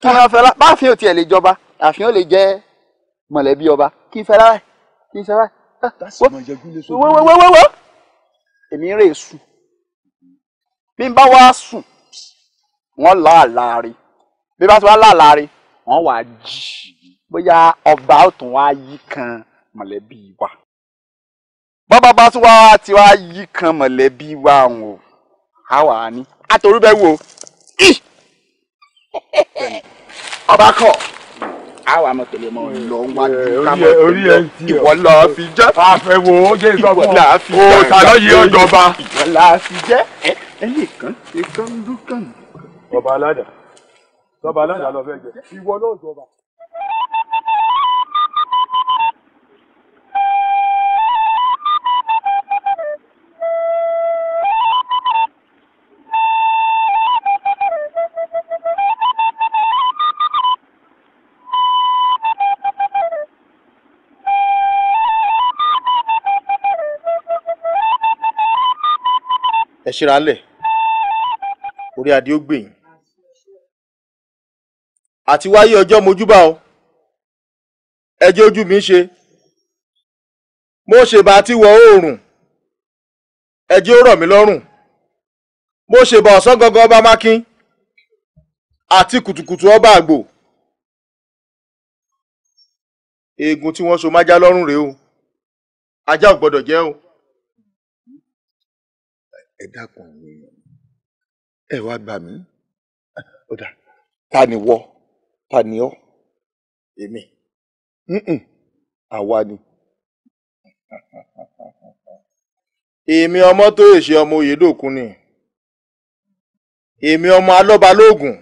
S1: kí wọn fẹlá báàfin ò tiẹ̀ lè jọba àfin ò lè jẹ́ mọ̀lẹ́bí ọba kí n fẹlá báyìí kí n fẹlá báyìí. wọ́wọ́wọ́wọ́ èmi ń rè sùn bí n bá wá sùn wọ́n lá àlàáre bí bá ti wá lá àlàáre wọ́n wà á jí bóyá ọba ó tún wá yí kan mọ̀lẹ́bí wa bọ́ba bá tún wá ti wá yí kan mọ̀lẹ́bí wa o àwa ni àtòrúbẹ̀ wo ọba kọ àwa mọ tẹ́lẹ̀ mọ lọ wá kámọ tẹ́lẹ̀ ìwọ la fi jẹ àfẹwò jẹ ìsọmọ ìwọ la fi jẹ o ta lọ yí ọjọba ìwọ la fi jẹ ẹ nìkan nìkan ló kàn. ọba aládàá ọba aládàá lọ fẹ́ jẹ ìwọ náà jọba. ẹ ṣíra lẹ̀
S2: orí adé ó gbẹ̀yìn àti wáyé ọjọ́ mojúbà o ẹ jẹ́ ojú mi ṣe mo ṣèbà àti wọ̀ oòrùn ẹ jẹ́ ó rọ̀ mí lọ́rùn
S1: mo ṣèbà ọ̀sán gangan ọba mákín àti kùtùkùtù ọba àgbò
S2: eegun tí wọ́n so májá lọ́rùn rèé o ajá ò gbọ́dọ̀ jẹ́ o ẹ dákun àwọn èèyàn ẹ wá gbà mí ọ̀dà ta ni wọ ta ni
S1: ọ èmi àwa ni èmi ọmọ tó èṣe ọmọ Oyèdòkun ni èmi ọmọ alọ́ba lóògùn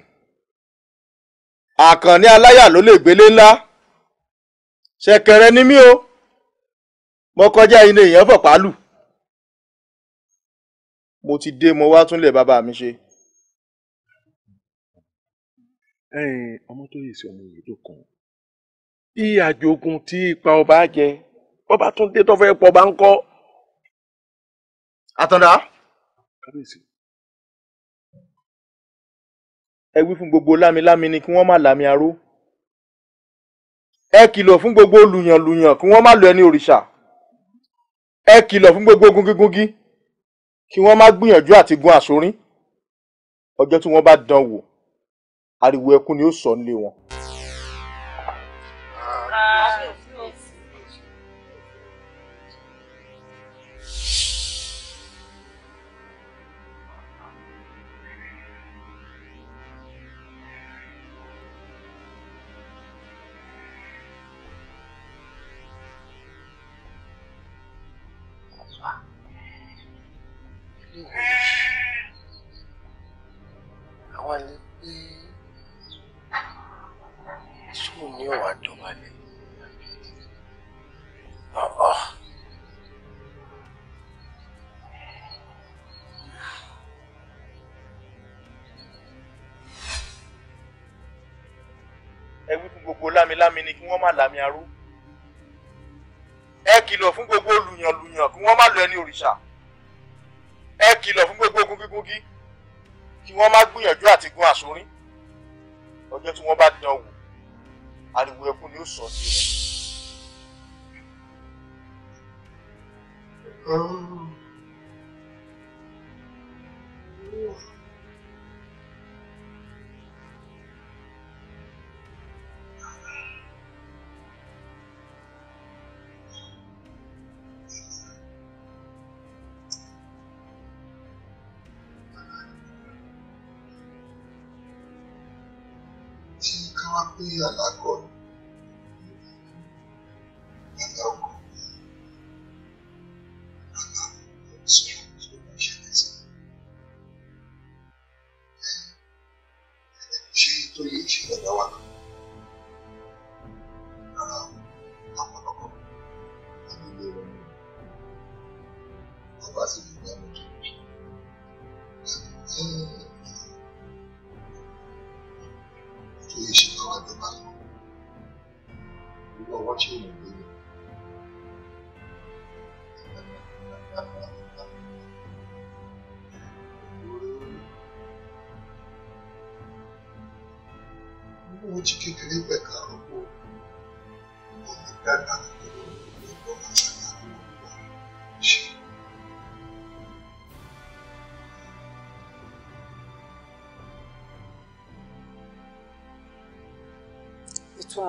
S1: àkànní aláyà ló lè gbélé ńlá ṣẹ̀kẹ̀rẹ̀ ni mí o mo kọjá iná èèyàn fọ̀pá lù mo ti dé mo wá túnlẹ̀ bàbá mi ṣe. ọmọ tó yè sí ọmọ yòódò kan bí àjogún tí ipa ọba jẹ bọba tún dé tó fẹ́ pọ̀ bá ń kọ́. àtàndá. kábíyèsí. ẹ wí fún gbogbo lámilámi ni kí wọ́n má lámi aró ẹ kìlọ̀ fún gbogbo lùyànlùyàn kí wọ́n má lọ ẹni òrìṣà ẹ kìlọ̀ fún gbogbo gungigungi. Gungi kí wọ́n má gbìyànjú àti gun àsorín ọjọ́ tí wọ́n bá dán wò ariwo ẹkún ni ó sọ nílé wọn.
S5: Wow bí ìwé àwọn àlè pé
S1: sóò ní ọ̀wà dọ̀bálẹ̀ ọ̀ọ́ ẹ wí fún gbogbo lámilámi ni kí wọ́n má lámi arú ẹ kìlọ̀ fún gbogbo olùyànlùyàn kí wọ́n má lọ ẹni òrìṣà. wọ́n má gbìyànjú àti gun àsorín ọjọ́ tí wọ́n bá dán wò ariwo ẹkún ni ó sọ sí wọn.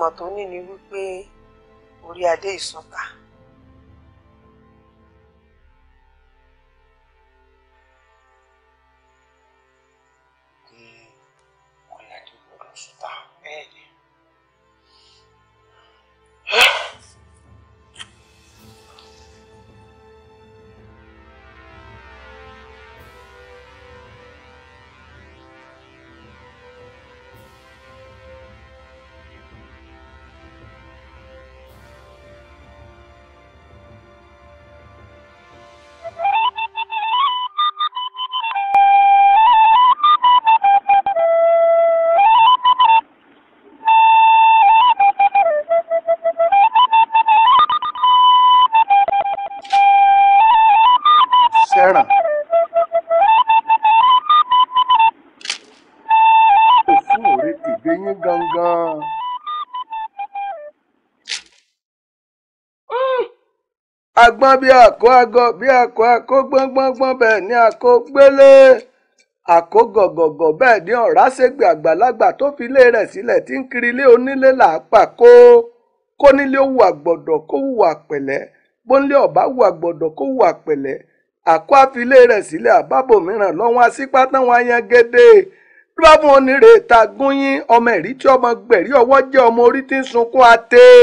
S4: ìtumọ̀ tó ní ni wípé orí adé ìsúnta
S1: agbọ́n bí àkó agọ bí àkó àkó gbọ́ngbọ́ngbọ́n bẹ́ẹ̀ ni àkó gbélé àkó gọ̀gọ̀gọ̀ bẹ́ẹ̀ ni ọ̀rá ṣègbè àgbàlagbà tó fi ilé rẹ̀ sílẹ̀ tí ń kiri ilé onílé làápà kó kó nílé ó wà gbọ̀dọ̀ kó wà pẹ̀lẹ́ bóńlé ọ̀bá wà gbọ̀dọ̀ kó wà pẹ̀lẹ́ àkó àfilé rẹ̀ sílẹ̀ àbábò mìíràn lọ́wọ́n asípá táwọn ayangede lọ́mọ onírè ta gúnyín ọmọ ẹ̀rí tí ọmọ gbẹ̀rí ọwọ́ jẹ́ ọmọ orí tí ń sunkún àtẹ́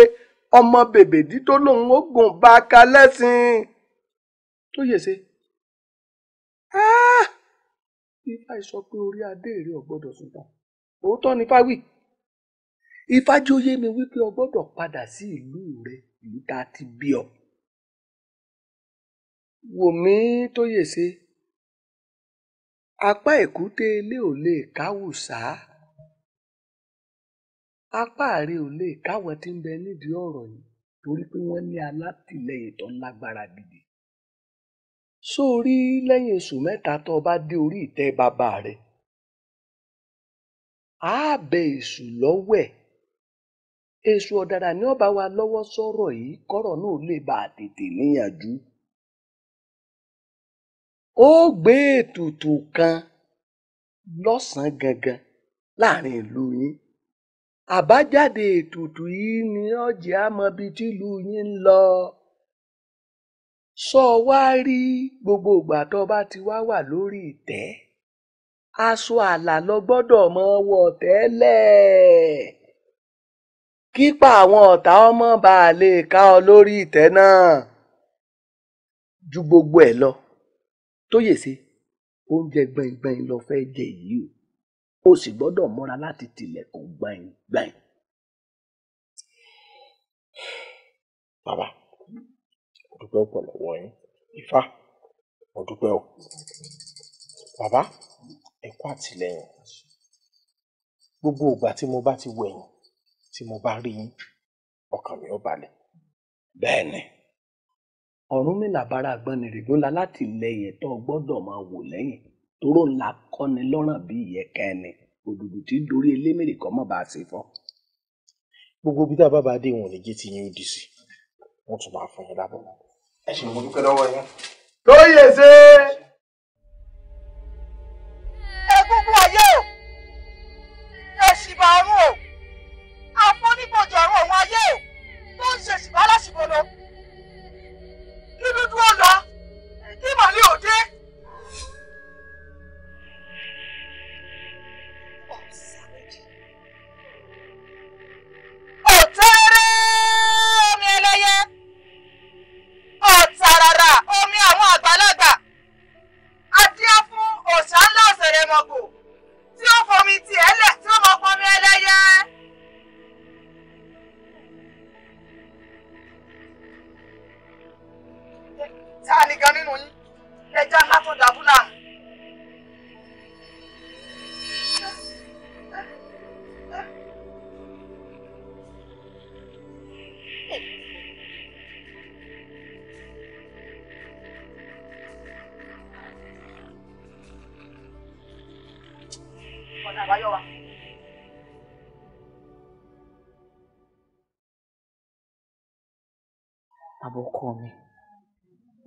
S1: ọmọ bèbèdí tó lóun ó gùn bá a ka lẹ́sìn tó yẹ ṣe. Ah! ifá sọ pé orí adé rẹ ò gbọ́dọ̀ sùtà òótọ́ ni fáwì ifá jóyè mi wípé o gbọ́dọ̀ padà sí ìlú rẹ ìlú tá a ti bí ọ. wò mí tó yẹ ṣe apá èkúté ilé ò lè káwùsà apá rẹ ò lè káwọn tí ń bẹ nídìí ọ̀rọ̀ yìí torí pé wọ́n ní alátìlẹyìn tó lágbára gidi sórí lẹ́yìn oṣù mẹ́ta tó o bá dé orí ìtẹ́ bàbá rẹ á bẹ èṣù lọ́wọ́ ẹ̀ èṣù ọ̀dàrà ni ọba wa lọ́wọ́ sọ̀rọ̀ yìí kọ́rọ̀ náà lè bá tètè níyànjú ó gbé ètùtù kan lọ́sàn gangan láàrin ìlú yín àbájáde ètùtù yìí ni ó jẹ́ á mọ ibi tílùú yín ń lọ
S5: sọ wá rí gbogbo ìgbà tó bá ti wá wà lórí ìtẹ́ aṣọ àlà lọ gbọ́dọ̀ mọ wọ̀ tẹ́lẹ̀
S1: kípa àwọn ọ̀tá ọmọ bá a lè ká ọ lórí ìtẹ́ náà ju gbogbo ẹ̀ lọ tó oúnjẹ gbẹ̀ngbẹ̀ng lọ fẹ́ jẹ yìí o o sì gbọ́dọ̀ múra láti tilẹ̀kùn gbàìngbàìn. bàbá mo dúpẹ́ pọ̀ lọ́wọ́ yín ifá mo dúpẹ́ o bàbá ẹ kú àtìlẹ́yìn gbogbo ìgbà tí mo bá ti wẹ̀yìn tí mo bá rí yín ọkàn mi ò balẹ̀ bẹ́ẹ̀ ni. Ọ̀rúnmìlà bára gbọ́nni la láti lẹyìn tó gbọ́dọ̀ máa wò lẹ́yìn tóró ńlá kọ́ni lọ́ràn bí ìyẹ̀kẹ́ ẹni òdùdù tí dorí elémèrè kọ́ mọ̀ bá a ṣe fọ́. gbogbo bí tá bá dé ìwọ̀n nìjẹ́ ti yín ó di sí wọ́n tún máa fún yín lábọ̀. ẹ ṣe mo dúpẹ́ lọ́wọ́ yín. lóye ṣe.
S4: egungun ayé o èsì bàárù o.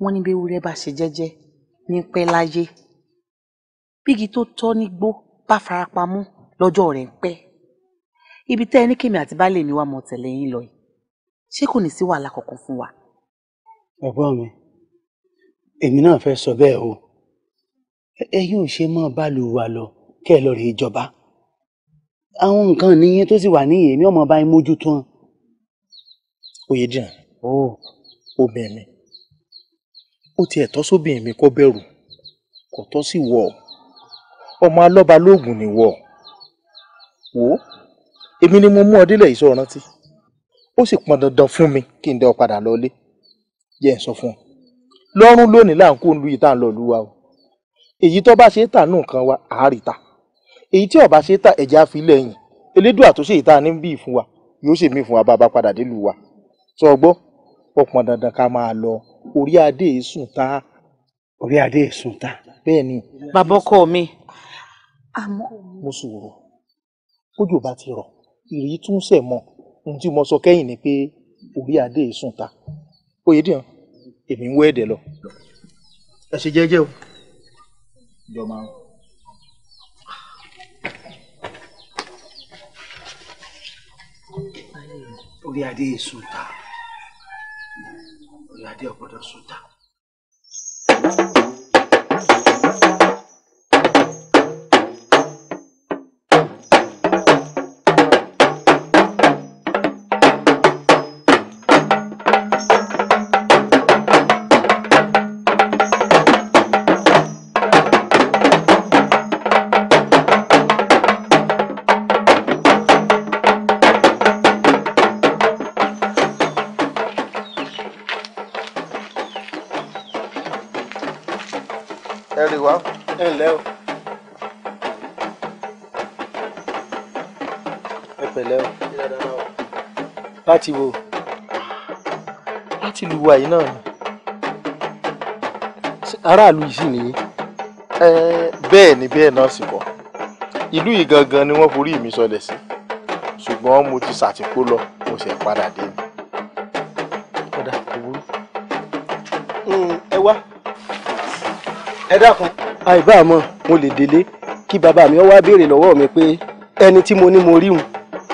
S5: wọ́n ní béwúrẹ́ bá ṣe jẹ́jẹ́ ní pẹ́ láyé bígi tó tọ́ nígbó bá farapamọ́ lọ́jọ́ rẹ̀ ń pẹ́ ibi tẹ́ ẹ ní kèmí àti baálé mi wá mọ tẹ̀lé yín lọ yìí ṣé kò ní sí wàhálà kankan fún wa.
S1: ẹ̀gbọ́n mi èmi náà fẹ́ sọ bẹ́ẹ̀ o ẹ yóò ṣe mọ́ báàlù lọ kẹ́ ẹ lọ rí ìjọba àwọn nǹkan nìyẹn tó sì wà ní èmi ọmọ bá mójútó hàn. oyè dìran ó oh, bẹ̀ mí ó tiẹ̀ tọ́ sóbìnrin mi kó bẹ̀rù kò tọ́ sí wọ̀ ọmọ alọ́ba lóògùn ni wọ̀ wò ó èmi ni mo mú ọ délẹ̀ ìṣọ́ rántí ó sì pọn dandan fún mi kí n dẹ́ ọ padà lọlé jẹ́ ń sọ fún ọ lọ́rùn lónìí là ń kó lu ìta lọ lu wa o èyí tó bá ṣe é tà nù nǹkan wa àárìta èyí tí ọba ṣe é tà ẹ̀jẹ̀ àfilẹ̀ yìí elédùà tó ṣe ìta ní fún wa yóò ṣe fún wa bá a bá padà dé lu wa sọ gbọ́ ó pọn dandan ká máa lọ orí adé yìí sùn ta. orí adé yìí sùn ta. bẹ́ẹ̀ ni.
S5: bàbá ọkọ mi.
S6: àmọ́.
S1: mo sòrò kójú bá ti rọ ìrì tún sẹ̀ mọ́ ohun tí mo sọ kẹ́yìn ni pé orí adé sùn ta. oyè dìran èmi ń wọ ẹ̀dẹ̀ lọ. ẹ ṣe jẹ́jẹ́ o. jọ orí adé sùn ta ìyáde ọ̀gbọ́dọ̀ sùn ta. ẹ rè wá. ẹ ǹlẹ́ o. ẹ pẹ̀lẹ́ o. láti wo láti lu wa yìí náà ni aráàlú yìí sì nìyí. bẹ́ẹ̀ ni bẹ́ẹ̀ náà sì kọ́ ìlú yìí gangan ni wọ́n forí mi sọlẹ̀ sí ṣùgbọ́n mo ti ṣàtìpó lọ mo sì padà dé. ẹ dákun. àìbá mọ mo lè délé kí bàbá mi wá béèrè lọ́wọ́ mi pé ẹni tí mo ní mo rí hùn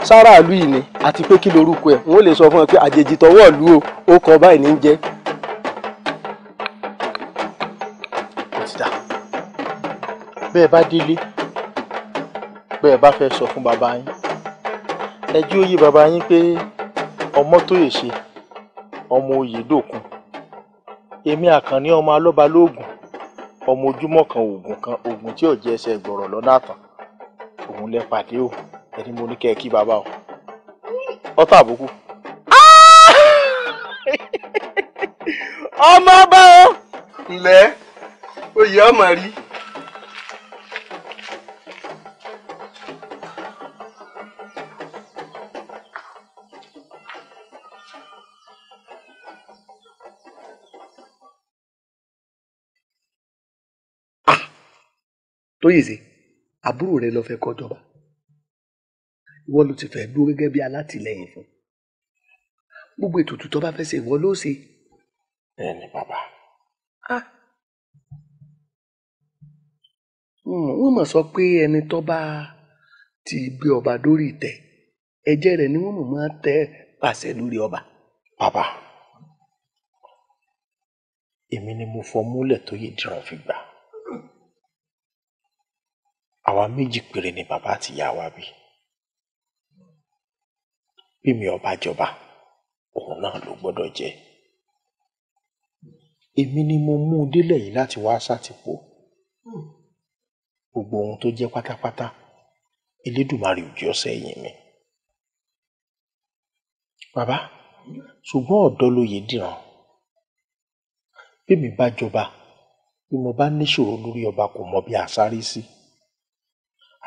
S1: sára ìlú yìí ni àti pé kí lorúkọ ẹ̀ wọ́n lè sọ fún ẹ pé àjèjì tọwọ́ ìlú o ó kọ báyìí ní jẹ́. bẹ́ẹ̀ bá délé bẹ́ẹ̀ bá fẹ́ sọ fún bàbá yín ẹ jí ó yé bàbá yín pé ọmọ tó yè ṣe ọmọ òye dòkun èmi àkànní ọmọ alọ́ba lóògùn ọmọ ojúmọ́ kan oògùn kan oògùn tí ò jẹ́ ẹsẹ̀ gbọ̀rọ̀ lọ́nà àtàn òun lẹ pàdé o ẹni mo ní kẹ́ ẹ kí bàbá o ọtọ àbùkù. Ah!
S3: ọmọ
S1: bá o. ǹlẹ́ oyè ọmọ rí. Tóyèsí àbúrò rẹ ló fẹ́ kó jọba ìwọ ló ti fẹ́ dúró gẹ́gẹ́ bí alátìlẹ́yìn fún gbogbo ètùtù tó bá fẹ́ ṣe ìwọ ló ṣe.
S3: bẹ́ẹ̀ ni bàbá.
S1: Ah! wọ́n mọ̀ sọ pé ẹni tó bá ti gbé ọba dórí ìtẹ́ ẹ̀jẹ̀ rẹ̀ ni wọ́n mọ̀ máa tẹ pàṣẹ lórí ọba. bàbá èmi ni mo fọ múlẹ̀ tó yẹ dìrọ̀ fi gbà àwa méjì péré ni bàbá àti ìyá wa bí bí mi ò bá jọba òun náà ló gbọ́dọ̀ jẹ èmi ni mo mú un délẹ̀ yìí láti wá sátìpó gbogbo ohun tó jẹ́ pátápátá elédùnmarè ò jẹ́ ọ̀sẹ̀ yìí mi bàbá ṣùgbọ́n ọ̀dọ́ lóye dìran bí mi bá jọba bí mo bá níṣòro lórí ọba kò mọ bí a sí. Si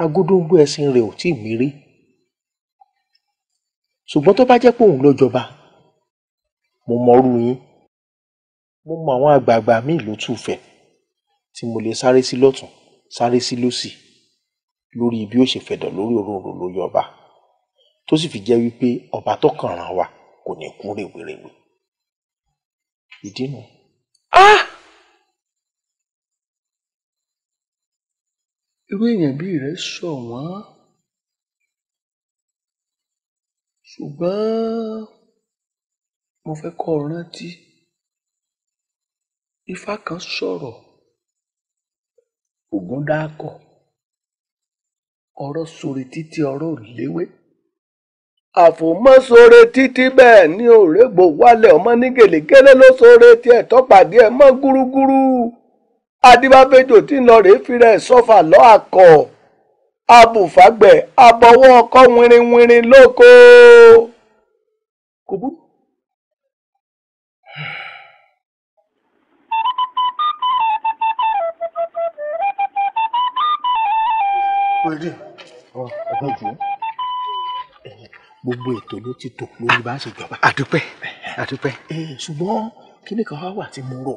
S1: agódóńgó ẹṣin rẹ̀ ò tíì mí rí ṣùgbọ́n tó bá jẹ́ pé òun ló jọba mo mọrú yín mo mọ àwọn àgbààgbà míì lótú Ifẹ̀ tí mo lè sáré sí lọ́tùn sáré sí lósì lórí bí ó ṣe fẹ̀dọ̀ lórí òróǹro lórí ọba tó sì fi jẹ́ wípé ọba tó kàn ràn wá kò ní kú rèwerèwe ìdí nu. ah irú èèyàn bí rẹ̀ ṣọ̀wọ́n ṣùgbọ́n mo fẹ́ kọ́ ọ rántí ifá kan sọ̀rọ̀ ògún dákọ̀ ọ̀rọ̀ sòrè títí ọ̀rọ̀ léwé àfòmọ́sọ̀rẹ́ títí bẹ́ẹ̀ ni òrègbò wálẹ̀ ọmọ ní gèlègélé ló sọ̀rẹ́ tiẹ̀ tọ́pàdé ẹ̀ mọ́ gúrúgúrú adébábẹjọ tí ń lọ rèé fìrẹ sọfà lọ àkọ abùfàgbẹ abọwọ ọkọ wìnrìnwìnrìn lóko kò burú. pẹ̀lú ọ̀gbọ́n jù gbogbo ètò ló ti tò lórí bá ṣe jọba. àdúpẹ́ àdúpẹ́. Eh, ṣùgbọ́n kíní kan wá wà tí mo rò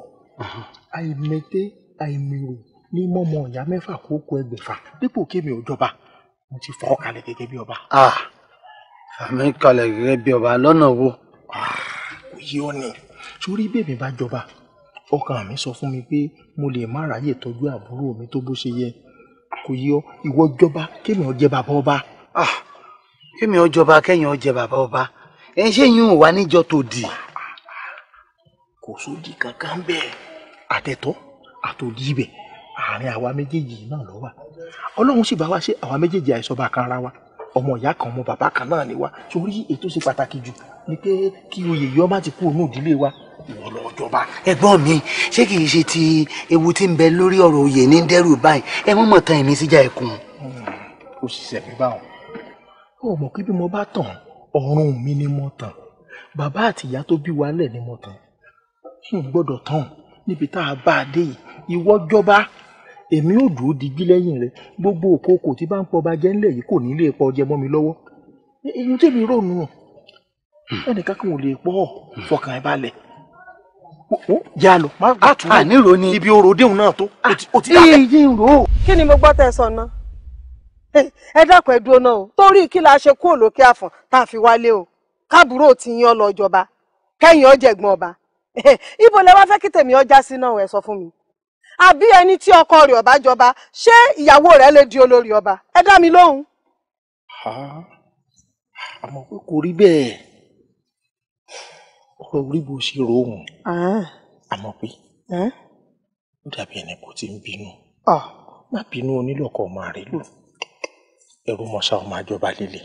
S1: àìmọ̀tẹ́ àìmọ̀rò ní mọ́mọ ìyá mẹ́fà kó kó ẹgbẹ̀fà dípò kémi ò jọba mo ti fọ́ kalẹ̀ gẹ́gẹ́ bí ọba. àmì kalẹ̀ gẹ́gẹ́ bí ọba lọ́nà wo. kò yí ọ ni sórí bèbí bá jọba ọkàn mi sọ fún mi pé mo lè má ráyè tọ́jú àbúrò mi tó bó ṣe yẹ kò yí ọ ìwọ jọba kémi ọ jẹ bàbá ọba. kémi ọ jọba kẹ́yìn ọ jẹ bàbá ọba ẹ ṣé yín ò wá níjọ tó dì. kò sódì kankan bẹ́ẹ̀ àtẹ̀tọ́ àtòjì bẹ̀ àárín àwa méjèèjì náà ló wà ọlọ́run sì bá wa ṣe àwa méjèèjì àìsọba kan ara wa ọmọ ìyá kan ọmọ bàbá kan náà ni wa torí ètò ṣe pàtàkì jù ni pé kí oyè yọ má ti kú òun ìdílé wa ìwọ lọ jọba. ẹ̀gbọ́n mi ṣé kìí ṣe ti ewu tí ń bẹ lórí ọ̀rọ̀ oyè ní dẹ́rù báyìí ẹ mọ̀mọ́ tan èmi síjà ẹkùn. Hmm, ó sì ṣẹ̀mí báwọn. ó mọ̀ kí bí mo bá tàn ọ̀run mi ni mo tàn bàbá àtìyá tó bí wa lẹ̀ ni mo tàn n gbọ́dọ̀ tàn níbi tá a bá a dé yìí ìwọ jọba èmi ò dúró dijú lẹ́yìn rẹ gbogbo òkòkò tí bá ń pọ bá jẹ́ ńlẹ̀ yìí kò ní lè pọ jẹ mọ́ mi lọ́wọ́ inú tèmi rònú o ẹnìkan kò lè pọ̀ fọkàn ẹ balẹ̀ yà lọ má tún à nílò ni ibi orodéhùn náà tó o ah,
S5: ti dàbẹ. iye ìró. kí ni mo gbọ́ tẹ́ sọ ná ẹ dákun ẹ dúró náà o torí kí la ṣe kú òlòkè àfọ̀n tá a fi wálé o káàbúrò ti yan lọ jọba kẹ́yìn ọ̀jẹ̀gbọ́n ọba ibo lẹ wá fẹ́ kí tèmi ọjà sí náà ẹ sọ fún mi àbí ẹni tí ọkọ rẹ̀ ọba jọba Se ìyàwó rẹ̀ lè di olórí ọba ẹ dá mi lóhùn.
S1: àmọ́ pé kò rí Ah, ọ̀rọ̀ orí bó ṣe rohùn àmọ́ pé ó dàbí ẹni kò tí ń bínú má bínú onílọkọ ọmọ rẹ̀ lò ẹrú mọṣá ọmọ àjọba líle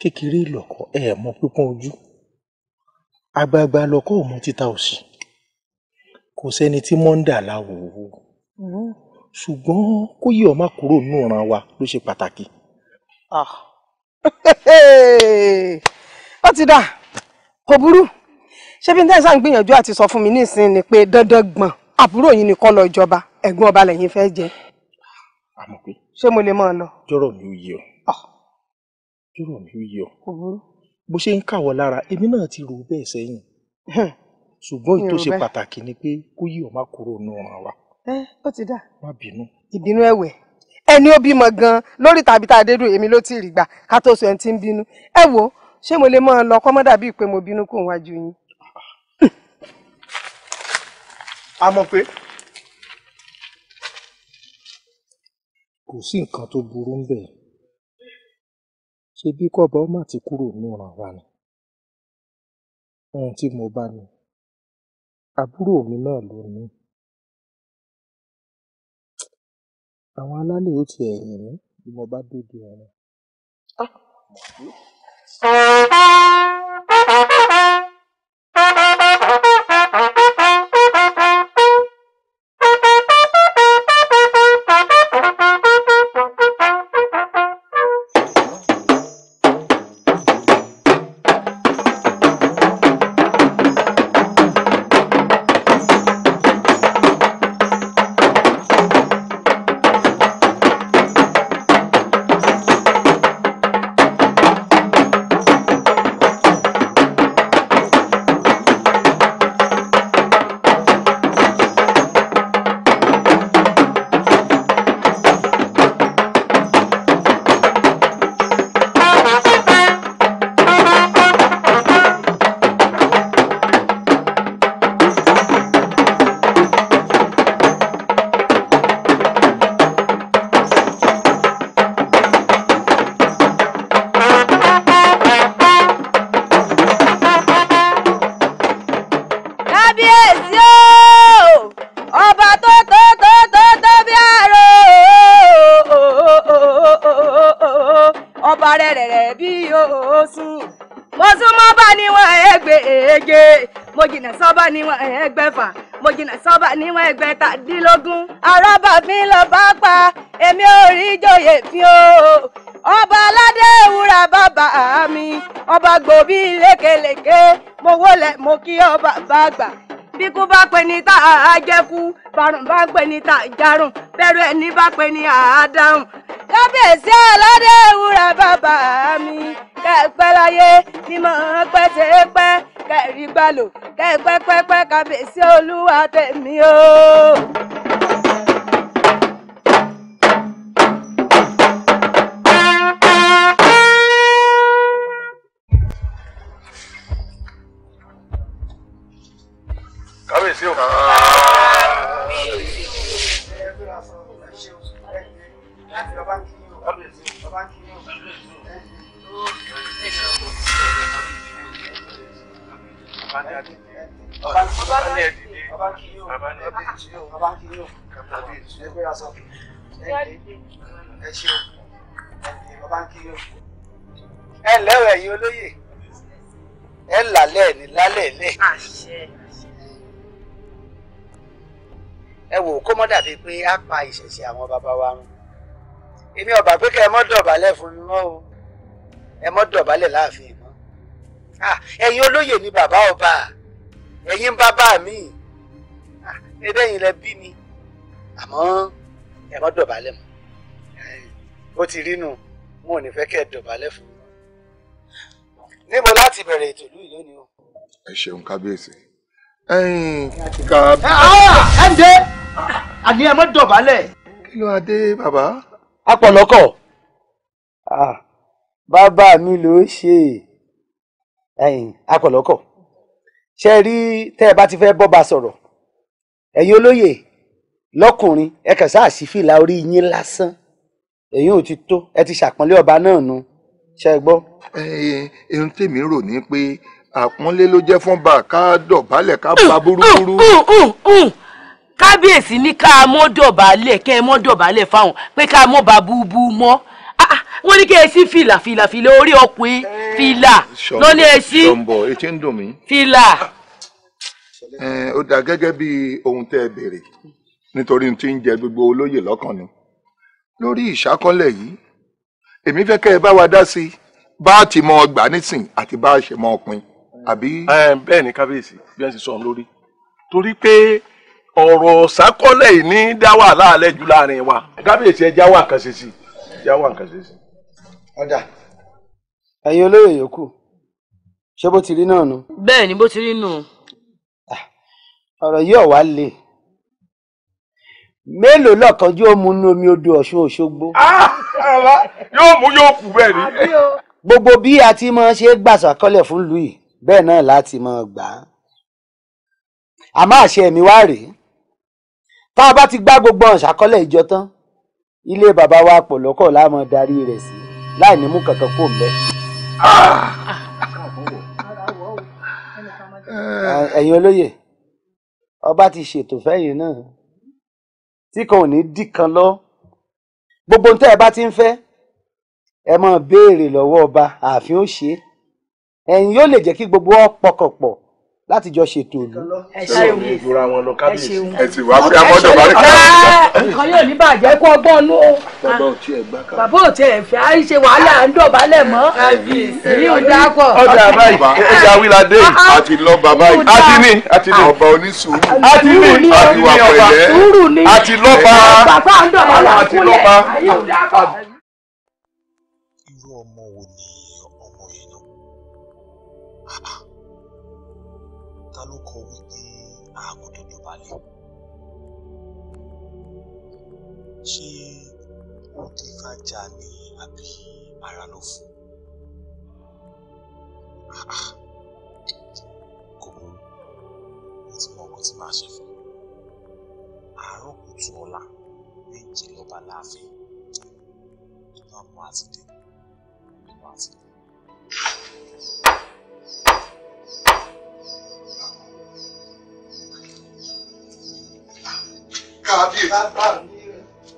S1: kékeré ìlọkọ ẹ mọ pípọn ojú àgbààgbà lọkọ ò mọ títa òsì kò sẹ́ni tí mọ́ ń dà láwò ó mm-hmm. ṣùgbọ́n kó yí ọmọ kúrò
S5: nínú ọ̀ràn wa ló ṣe pàtàkì. Ah. ó ti dà kò burú ṣé bí tẹ́sán ń gbìyànjú àti sọ fún mi nísìnyí ni pé dandan gbọ̀n àbúrò yìí ni kọ́ lọ ìjọba ẹ̀gbọ́n ọba lẹ́yìn fẹ́ jẹ. àmọ́ pé ṣé mo lè máa lọ.
S1: jọ̀rọ̀ mi ò yé ọ ah. jọ̀rọ̀ mi ò yé ọ bó ṣe ń kà wọ́ lára èmi náà ti rò bẹ́ẹ̀ sẹ́yìn ṣùgbọ́n èyí ṣe pàtàkì ni pé kó yí ọ̀ma kúrò nù ọ̀ràn wa.
S5: ẹ ó ti dà. má bínú. ìbínú ẹ̀wẹ̀ ẹni ó bímọ gan lórí tàbí tá a dédùn èmi ló ti rí gbà ká tó sọ ẹni tí ń bínú ẹ wò ṣé mo lè máa lọ kọ́mọ́dà bíi pé mo bínú kó wájú yín.
S1: a mọ̀ pé kò sí nǹkan tó burú ń bẹ̀ ṣebí kọ́ba ó má ti kúrò níran wa ni ohun tí mo bá ní àbúrò
S2: mi náà ló ní àwọn alálẹ̀ ó ti ẹ̀yìn mí bí mo bá dójú ọ̀run.
S3: Ah.
S4: ẹgbẹ̀tàdínlógún arábàfin lọ bá pa èmi ò rí joyè fi o ọba aládé ewúrà bàbá mi ọba gbòbí lékelèké mo wọlé mo kí ọba bá gbà bíkú bá pè ní tá a jẹ́kú parun bá pè ní tá a jarun bẹ̀rù ẹni bá pè ní àádáhùn. kábíyèsí aládé ewúrẹ́ bàbá mi kẹ́ẹ̀pẹ́ láyé ni mò ń pẹ́ ṣe é pẹ́ kẹ́ẹ̀rí gbàlò kẹ́ pẹ́pẹ́pẹ́ kábíyèsí olúwa tèmi o.
S1: ẹ gbéra sọ ẹ ẹ ṣe o ẹ bàbá ń kiri o. ẹ ǹlẹ́ o ẹ̀yin olóyè ẹ lálẹ́ ní lálẹ́ lẹ́. ẹ wò kó mọ́ dàbí pé á pa ìṣẹ̀ṣe àwọn bàbá wa run èmi ọba pé kẹ́ ẹ mọ́ dọ̀bálẹ̀ fún mi mọ́ o ẹ mọ́ dọ̀bálẹ̀ láàfin mọ́ ẹ̀yin olóyè ni bàbá ọba ẹ̀yin bàbá mi ẹ̀bẹ̀ yìí lẹ bí mi àmọ́ ẹ má dọ̀bálẹ̀ mọ́ bó ti rí nù n ò ní fẹ́ kẹ́ ẹ dọ̀bálẹ̀ fún un. níbo láti bẹ̀rẹ̀ ètò ìlú ìlú ni o. ẹ ṣeun kábíyèsí. Ah,
S5: ah, ẹ ǹdẹ́ àní ẹ má dọ̀bálẹ̀.
S1: kí ló adé bàbá. apọ̀lọ́kọ̀. Ah, bàbá mi ló ṣe apọ̀lọ́kọ̀ ṣe rí tẹ́ ẹ bá ti fẹ́ bọ́ba sọ̀rọ̀ ẹ̀yin olóyè lọ́kùnrin ẹ kàn sáà sí fìlà orí yín lásán èyí ò ti tó ẹ ti ṣàpọ́nlé ọba náà nu ṣe gbọ́. ohun tèmi rò ní pé àpọ́nlé ló jẹ́ fún bá a ká dọ̀bálẹ̀ ká pa búrúburú. Mm, mm,
S5: mm, kábíyèsí ní ká mọ́ dọ̀bálẹ̀ kẹ́ ẹ mọ́ dọ̀bálẹ̀ fáwọn pé ká mọ́ bá búbú mọ́ ah, ah, wọ́n ní kí ẹ sí fìlà fìlà fìlà orí ọkùnrin fìlà ló ní ẹ sí fìlà.
S2: ó dà gẹ́gẹ́ bí ohun tẹ́ ẹ béèrè nítorí tí ń jẹ gbogbo olóyè lọ́kàn ni
S5: lórí
S1: ìṣàkọlẹ̀ yìí èmi fẹ́ kẹ́ ẹ bá wa dá sí bá a ti mọ ọgbà nísìn àti bá a ṣe mọ ọpin àbí. bẹ́ẹ̀ ni kábíyèsí bí wọ́n ti sọ lórí torí pé ọ̀rọ̀ ṣàkọlẹ̀ yìí ní dá wàhálà alẹ́ jù láàrin wa kábíyèsí ẹ jáwọ́ àkànṣe sí jáwọ́ àkànṣe sí. ọ̀dà ẹ̀yin olóyè yòókù ṣé bó ti rí náà nu.
S5: bẹ́ẹ̀ ni bó ti rí nù.
S1: Ah, ọ̀rọ̀ yìí ọ̀ wá le mélòó lọ́kàn yóò mú inú omi odò ọ̀ṣun òṣogbo. Ah, yóò mú yóò kú bẹ́ẹ̀ ni. gbogbo bí a ti máa ṣe gbàṣà kọ́lẹ̀ fún ìlú yìí bẹ́ẹ̀ náà láti máa gbà á. àmọ́ àṣẹ mi wá rèé tá a bá ti gbá gbogbo ọ̀ṣàkọ́lẹ̀ ìjọ tán ilé bàbá wa pọ̀lọ́kọ̀ la máa darí rẹ̀ sí láì ní mú kankan kó mbẹ́. Ah! ẹ̀yin olóye ọba ti ṣètò fẹ́yìn náà tí kan ò ní dì kan lọ gbogbo ohun tẹ́ ẹ bá ti ń fẹ́ ẹ máa béèrè lọ́wọ́ ọba ààfin ó ṣe é ẹ̀yin yóò lè jẹ́ kí gbogbo ọ pọkàn pọ̀ láti jọ ṣètò òní. ẹ ṣeun ẹ ṣeun ẹ ti wá sí abọ́dọ̀ bá rí
S5: káàkiri. nǹkan yóò ní bàjẹ́ kó ọgbọ́n nú o.
S1: bàbá ò tiẹ̀ gbá
S5: ká. bàbá ò tiẹ̀ fẹ́ àì ṣe wàhálà ń dọ̀bálẹ̀ mọ́. èyí ò dáa pọ̀. ọjà báyìí ẹ ṣe
S1: awíládé yìí. Ah, a ah. ti lọ bàbá yìí. a ti ní a ti ah. ní. ọba onísùúrù. a ti ní a ti wà pẹ̀lẹ́. sùúrù ni. a ti lọ́ba. bàbá ń dọ̀bálẹ̀ kúnlẹ̀. ṣé wọ́n dífá jà ni àbí ara ló fún kò burú mo ti mọ ọkọ tí màá ṣe fún àárọ̀ kùtù ọ̀la méje lọ́ba láàfin ìgbà mọ́ àti dé ìgbà àti dé. Kábíyèsí.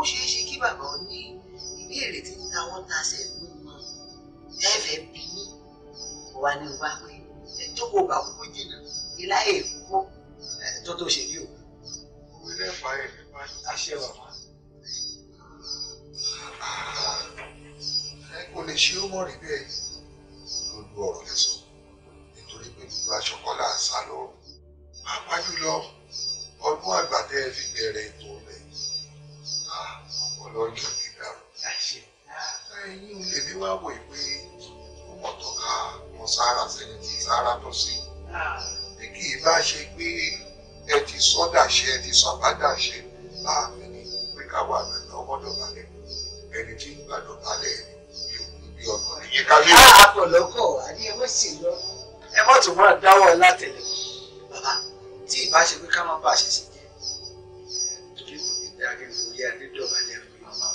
S1: ó ṣeé ṣe
S5: kí bàbá ó ní ìbéèrè tí ń ta wọ́n ta sẹ̀ ń mọ ẹ̀fẹ̀ bí ní wà ní wá pé tó kò bá kúkú jìnnà ilá èkó
S1: tó tó ṣe bí o. òwe lẹ́fà ẹ̀ nípa àṣẹ bàbá ẹ kò lè ṣe ó mọ̀ rí bẹ́ẹ̀ lójú ọ̀rọ̀ lẹ sọ nítorí pé gbogbo aṣọ kọ́lá àṣà lọ pàápàá jùlọ ọdún àgbà fi bẹ̀rẹ̀ ètò ọlọ́run yóò ní ìdàrú. ẹ̀yin ò lè ní wá wò pé ọmọ tó ká mọ sára sẹ́ni tí sára tó sí. ní kì í bá ṣe pé ẹ ti sọ́dà ṣe ẹ ti sọ́bàdà ṣe láàfin ní pé ká wà lọ́dọ̀ ọgbọ́dọ̀ balẹ̀ ẹni tí ń gbàdọ̀ balẹ̀ yòókù bí ọ̀nà ìyẹn ká lè. àpò lọ́kọ̀ àní ewé sì lọ ẹ má tún máa dáwọ́ látẹ̀lẹ̀ bàbá tí ìbá ṣe pé ká má bàa ṣe sí jẹ́ torí kò ní dáa kí n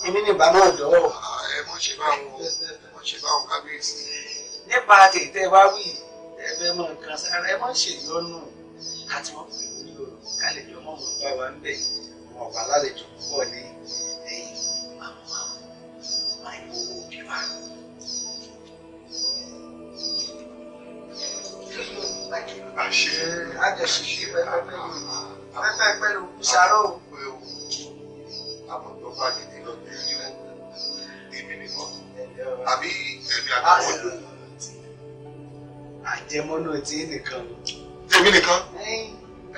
S5: èmi ní ìbá náà dọ̀
S1: ọ́. Ah, ẹ mọ̀ ṣe bá wọn ẹ mọ̀ ṣe bá wọn kábíyèsí. nípa tètè wá wí ẹ fẹ́ mọ nǹkan sára ẹ mọ̀ ṣe ìyọnu àti wọn pè mí o kálẹ̀jọ mọ̀ wọn bá wa ń bẹ̀ wọn wà lálejò púpọ̀ ní ẹ̀yìn màmá máa ń wo òbí wa. àṣẹ àjọṣiṣẹ́ pẹ́pẹ́pẹ́ ah, ah, pẹ́pẹ́pẹ́ ló kú sáró. àmọ̀ tó bá dé lọ bí èmi nìkan àbí ẹ̀mí àtàwọn ah, ọ̀dọ́. àjẹmọ́nú ti nìkan. èmi nìkan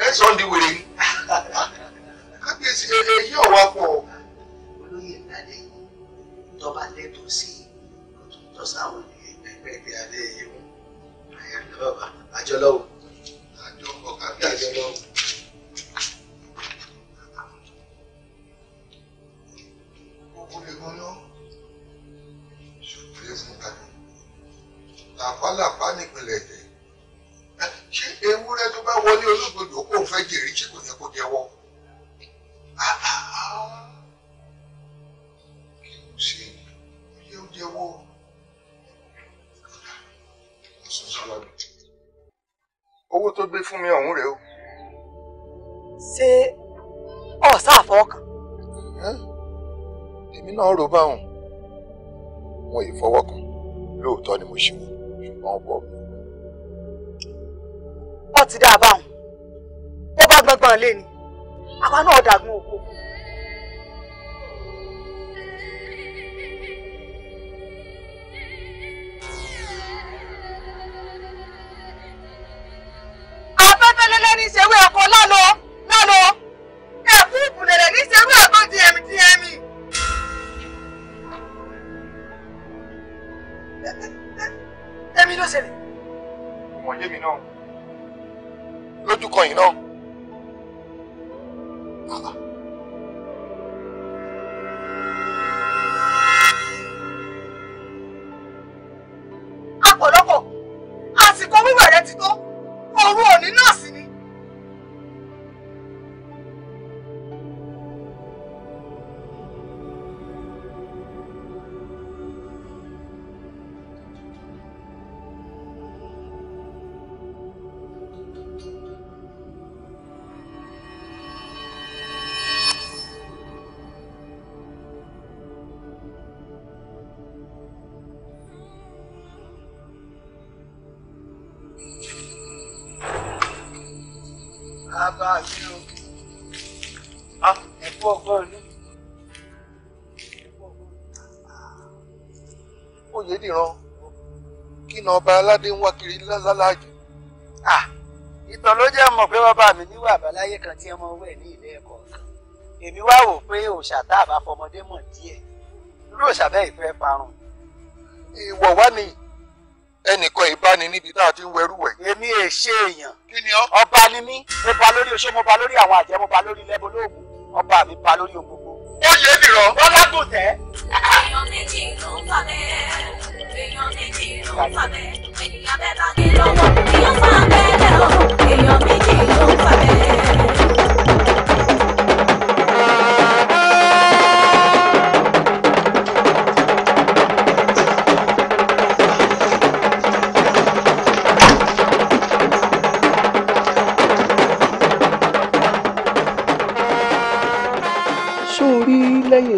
S1: ẹ sọ ní wèrè yìí kábíyèsí èyí ọ̀wá pọ̀. olóyè ìdálẹ́ yìí tọ́ba lẹ́tọ̀ọ́ sí tọ́sáwọn ẹgbẹ́ ìdílé alẹ́ yìí wọn àjọlọ́wọ́. àjọlọ́wọ́ ó le gan-an ṣùgbọ́n fún ta ni làpálàpá nípìnlẹ̀ jẹ́ ṣé ewúrẹ́ tó bá wọlé olóògbòdò kó fẹ́ jèrè tí kò yẹ kó jẹ́wọ́ kí n ṣe yẹ ó jẹ́wọ́ owó tó gbé fún mi ọ̀hún rèé o. ṣé ọ̀sán àfọwọ́kàn èmi náà rò báwọn wọn ì fọwọ́ kan lóòótọ́ ni mo ṣe wò ṣùgbọ́n ọkọ mi. wọ́n ti dá a báwọn
S4: bó bá gbọ́ngbọ́n lé ni àwa náà dàgbọ́n òkú. afẹ́fẹ́ lẹ́lẹ́ ní ṣe wé ọkọ̀ lánàá lánàá ẹ̀kú ìkùnlẹ̀lẹ̀ ní ṣe wé yé mi ló ṣẹlẹ̀.
S1: ọmọ yé mi náà lójú kan yìí náà. ọba aládé ń wá kiri lálàájú. Ah, ìtàn ló jẹ́ mọ̀ pé bàbá mi níwà àbáláyé kan tí ọmọ wẹ̀ ní ilé ẹ̀kọ́ kan èmi wá wò pé òòṣà tá a fọmọdé mọ̀ díẹ̀ irú òòṣà bẹ́ẹ̀ fẹ́ parun. ìwọ̀ wá ni ẹnìkan ìbáni níbi tá a ti ń wẹrú wẹ̀. èmi è ṣe èèyàn ọba ni mí mo pa lórí oṣó mo pa lórí àwọn àjẹ́ mo pa lórí lẹ́bọ ọba mi pa lórí ògbógbó. ó yé nìrọ. wọ́n lágùn tẹ́. èèyàn méjì
S6: ló ń pàdé èèyàn méjì ló ń fàbẹ́
S3: ènìyàn bẹ́ẹ̀ bá lẹ́yìn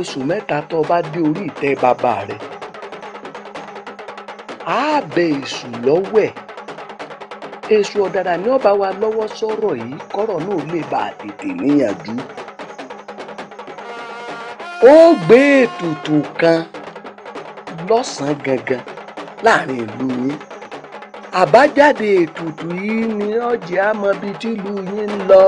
S1: oṣù mẹ́ta tó bá dé orí ìtẹ́ bàbá rẹ̀ bẹ èṣù lọ́wẹ̀ èṣù ọ̀dàrà ni ó bá wa lọ́wọ́ sọ̀rọ̀ yìí kọ́rọ̀ náà lè bá a tètè níyànjú ó gbé ètùtù kan lọ́sàn-án gangan láàrin ìlú yín àbájáde ètùtù yìí ni ọjà mọbi tìlú yín lọ.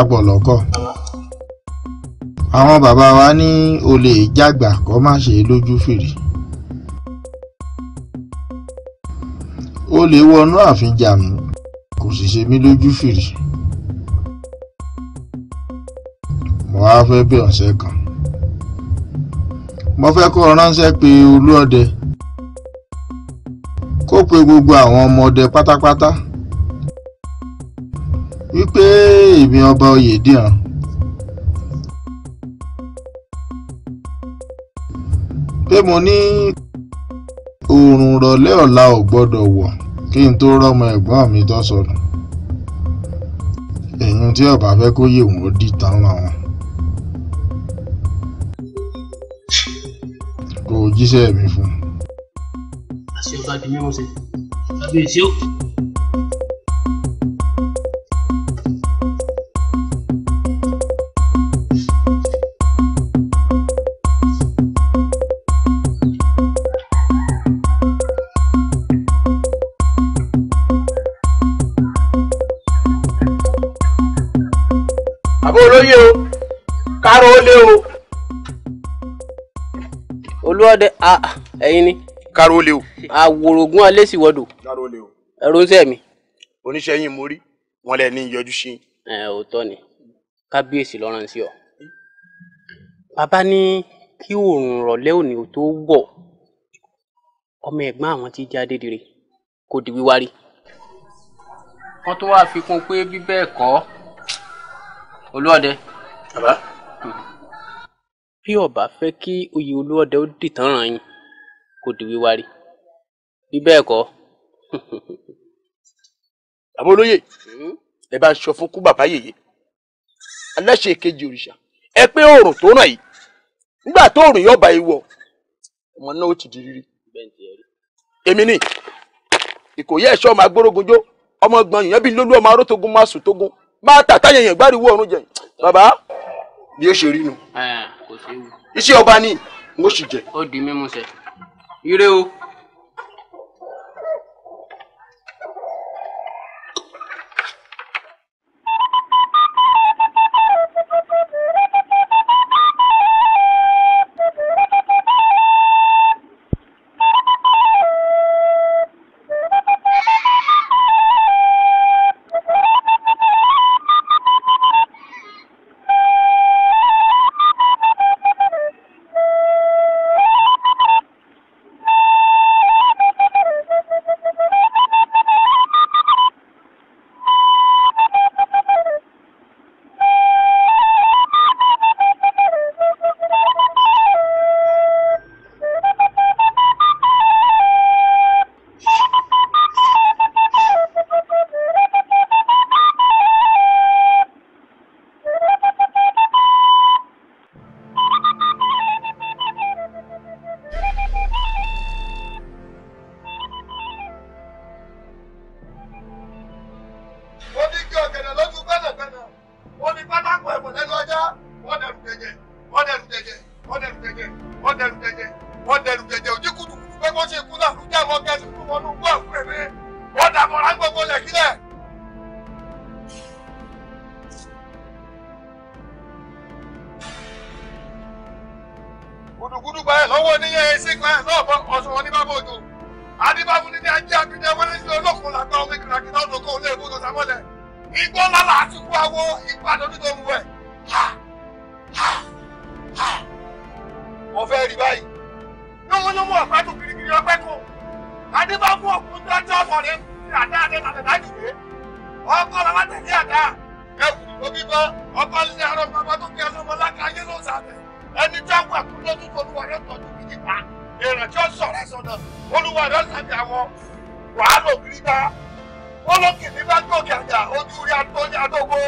S1: agbọ̀lọ́kọ̀ àwọn bàbá wa ní olè jágbà kó má ṣe lójú fìrí olè wọnú ààfin jàmù kò sì ṣe mí lójú fìrí mo wá fẹ́ bí ọ̀sẹ̀ kan mo fẹ́ kó ránṣẹ́ pé olú ọdẹ kó pe gbogbo àwọn ọmọ ọdẹ pátápátá wípé èmi ọba Oyèdìran pé mo ní oòrùn rọ̀lẹ́ ọ̀la ò gbọ́dọ̀ wọ̀ kí n tó rọ́mọ ẹ̀gbọ́n mi tó sọnù èyàn tí ọba fẹ́ kó yè wọ́n dì tán làwọn. kò jíṣẹ́ mi fún un. àṣẹ ọba di mímọ́ sí i tàbí èsì ó. dé o. olúọdẹ ẹ̀yin ni. karo le o. àwòrògùn alẹ́ sì wọ́dọ̀. karo le o. ẹ̀rọ ń sẹ́ mi. oníṣẹ́ yín mórí wọn lẹ ní yọjú sí.
S5: ẹ òótọ́ ni kábíyèsí lọ́rùn sí ọ. bàbá ní kí oòrùn rọ̀lẹ́ òní ò tó wọ̀ ọmọ ẹ̀gbọ́n àwọn ti jáde dire kò di wíwárí. wọ́n tún wáá fi kún pé bí bẹ́ẹ̀ kọ́ olúọdẹ. bàbá bí ọba fẹ́ kí oyè olúọdẹ ó dìtànràn yín kò di wíwá rí bí
S1: olóyè ẹ bá ń fún kú bàbá yèyé aláṣẹ kejì òrìṣà ẹ pé oòrùn tó ràn yìí nígbà tó oòrùn yóò bá yìí wọ ọmọ náà ó ni ìkòyí ẹ̀ṣọ́ máa gbórógunjó ọmọ yìnyín bí lólú ọmọ máa sùn tógun máa ọ̀run kò séwu. iṣẹ́ ọba ni n ó sì jẹ. ó di mímú sẹ ire o. igbó lálá àti ikú awo ikú àtọ́jú tó ẹ̀. mo rí báyìí yánmọ́yánmọ́ ọ̀pá tó kirikiri ọpẹ́ kò adébáfún ọkùnrin tó ọjọ́ ọmọ rẹ̀ fi àdá adé tàbẹ̀dá jìgbé ọkọ làwọn tẹ̀lé àdá ẹ̀wù ló bí bọ́ ọkọ lílé arọ bàbá tó kí ẹsọ́ ọmọláka ayé ló sàbẹ̀ ẹni tó àwọn àkúndó tó tó olúwa rẹ̀ tọ́jú kìkì pa èrè tí ó náà olúwa rẹ̀ sàbẹ̀ àwọn wàhálà ògiri gbá olókìkí bá gòkè àjà ojú rí atọ́jú adógó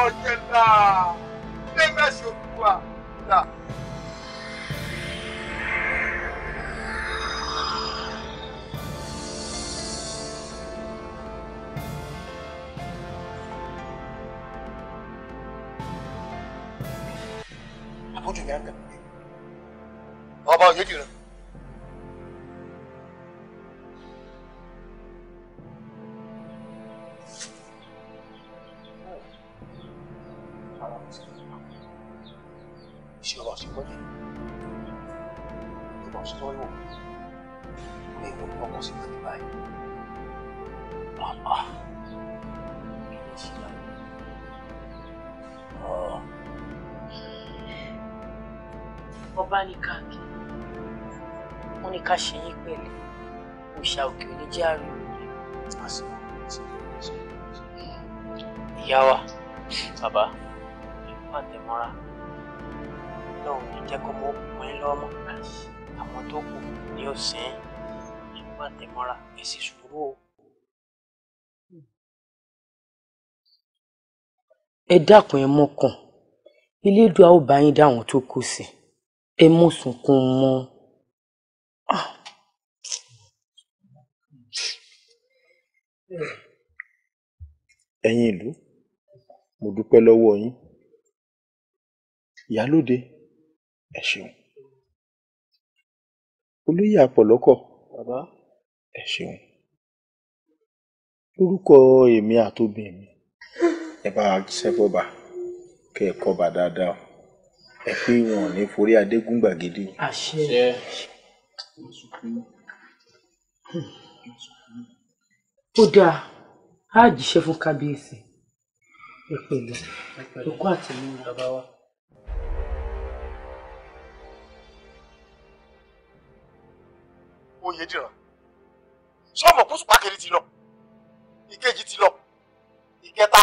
S1: ọ̀jẹ̀ là lẹ́mẹ̀sì olùwà là. Apa tu yang anda? Apa yang dia? ẹ
S3: dákun
S5: ẹ mọkàn elédùà ó bá yín dá àwọn tó kù sí ẹ mọ sunkún mọ. Ah.
S1: ẹ̀yin ìlú mo dúpẹ́ lọ́wọ́
S2: yín ìyálóde ẹ ṣeun olóyè àpọ̀lọ́kọ̀
S3: bàbá
S1: ẹ ṣeun lórúkọ èmi àtòbí mi ẹ bá ṣẹ́fọ̀bà kẹ́ ẹ kọ́ba dáadáa ẹ pé wọn ò ní forí adégún gbàgede. àṣẹ.
S5: ó dáa á jíṣẹ́ fún kábíyèsí ẹ pẹ̀lẹ́
S6: òkú àtìmọ́ra bá wa.
S1: oyè dìran sọmọ kùsùpá kiri ti lọ ìkejì ti lọ ìkẹta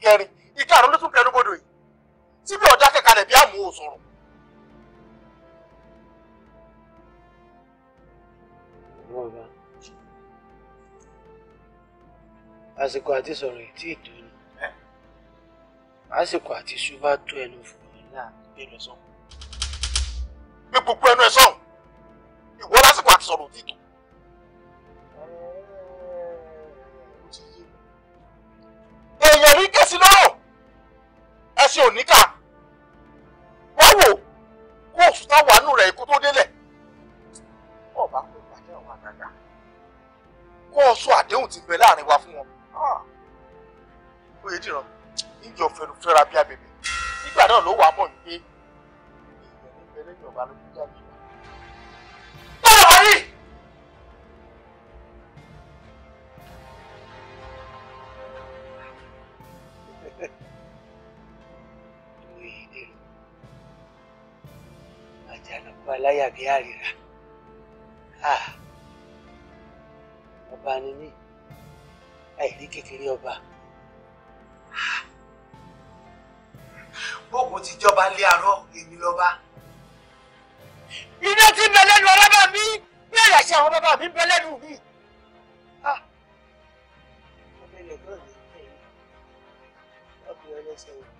S1: ìkẹrin ìkarùn ló tún kẹnu bodò yìí síbi ọ̀dà kẹkàlẹ̀ bí àmú ò sọ̀rọ̀. bàbá àsìkò àti sọ̀rọ̀ yìí tí ètò ni àsìkò àti ṣu bá tó ẹnu fún
S5: mi láàbí bẹ̀rẹ̀ sọ́kùn.
S1: gbogbo ẹnu ẹ̀ sọ̀rọ̀ ìwọ lásìkò àti sọ̀rọ̀ òtítọ́. ṣe òníkà wá wò kó oṣù táwọn àánú rẹ̀ kó tó délẹ̀ ọba kò bàjẹ́ àwọn àgàgà kó o sọ àdéhùn ti bẹ láàrin wa fún wọn oyè ah! dìran níjọ fẹnu fẹ́ra bí abèbè nígbà náà ló wà á mọ̀ wípé ní bẹ̀rẹ̀ ìjọba ló kú jáde
S5: láyà bí àrírà ọba ni mí àìrí kékeré ọba. bóògùn ti jọba lé arọ èmi lọba.
S1: iná tí ń bẹ lẹ́nu ọlọ́ba mi bí ẹ̀yà ṣe àwọn bàbá mi bẹ lẹ́nu mi.
S5: ọbẹ̀ lẹ́gbọ́n mi ń tẹ̀lé ọkùnrin ẹlẹ́sẹ̀ òkú.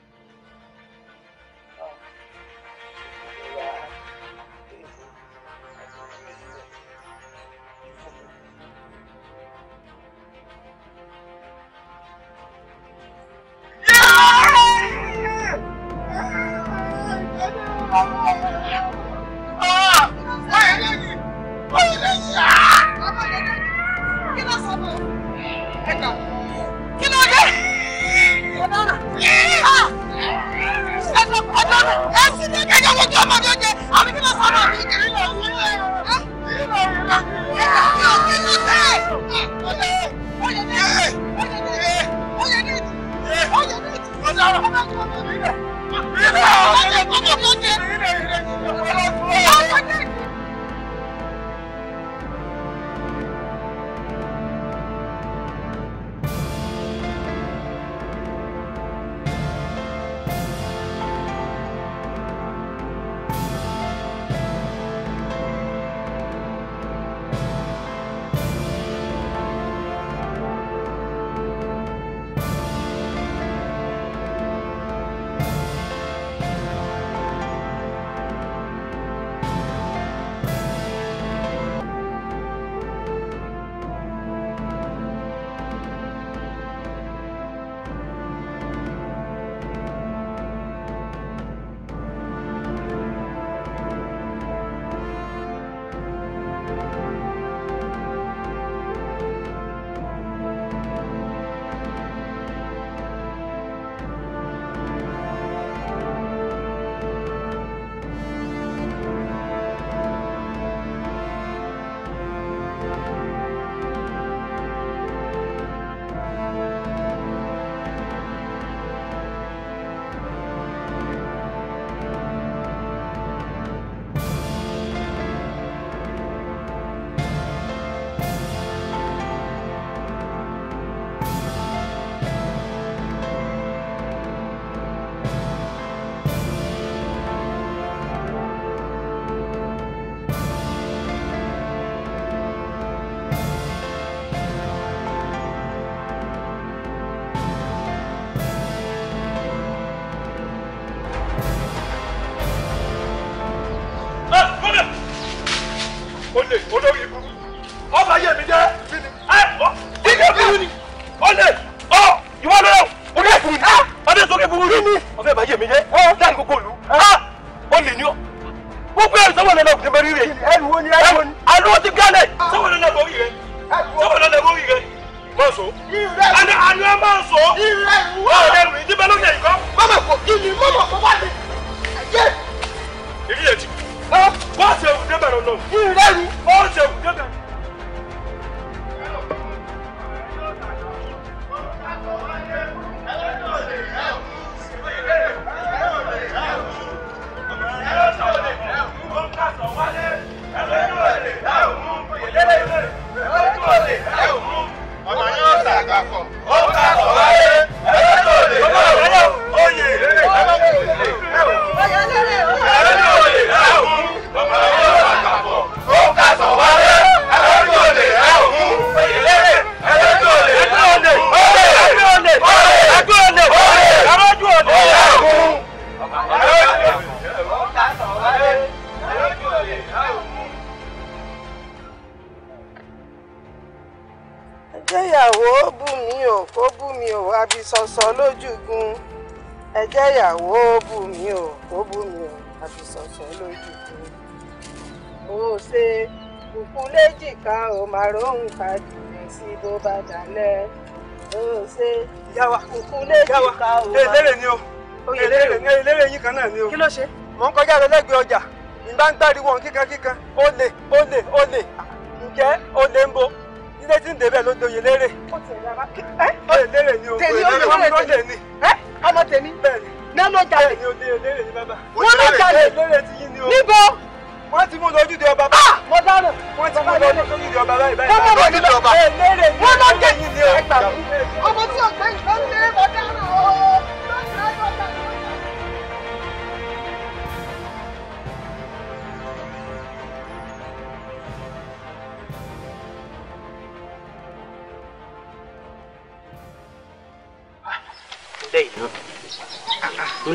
S3: ká wa ni
S1: o.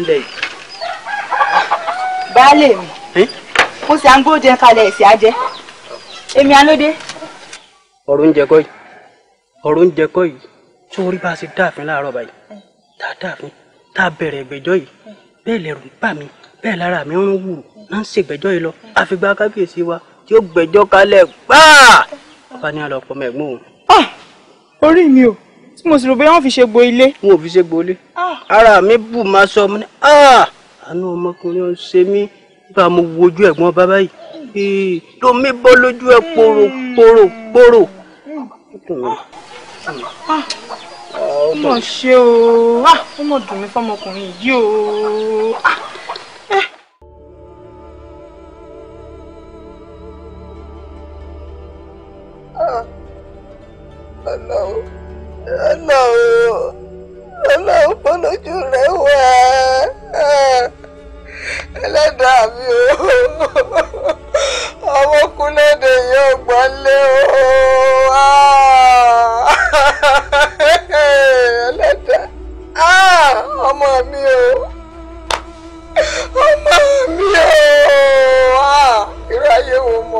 S1: lẹ̀
S5: yìí. baálé mi mo ṣe àǹgó
S4: oúnjẹ kalẹ̀ ẹ̀sìn ajẹ́ èmi alóde.
S5: ọ̀rọ̀ oúnjẹ kọ́ yìí ọ̀rọ̀ oúnjẹ kọ́ yìí tí orí bá ṣe dáàfin láàárọ̀ báyìí tá a dáàfin tá a bẹ̀rẹ̀ ìgbẹ́jọ́ yìí bẹ́ẹ̀ lẹ̀rù ń bà mí bẹ́ẹ̀ lára mi ń wù náà ń ṣègbẹ́jọ́ yìí lọ àfìgbà kábíyèsí wa tí ó gbẹ́jọ́ kalẹ̀ gbáà ọba ní àlọ́ ọ̀pọ̀ mẹ́gbọ́n. Ah! orí mi o tí mo sì rò pé wọ́n fi ṣe gbo ilé. n ò fi ṣe gbo ilé ah. ara mi bù máa sọ ọmọ ní ah! àánú ọmọkùnrin ọ̀hún ṣe mí nípa mo wojú ẹ̀gbọ́n bàbá yìí lomi bọ́ lójú ẹ̀ poro poro poro.
S1: Ah, ọmọ ṣe o ọmọ dùn mí fọmọkùnrin yìí o.
S3: Hello. Eh
S1: ọlọ́run ọlọ́run fọlójú rẹ̀ wá ẹlẹ́dàá mi
S3: o ọmọkùnlédè yóò gbọ́ lé o
S1: ẹlẹ́dàá ọmọ mi o ọmọ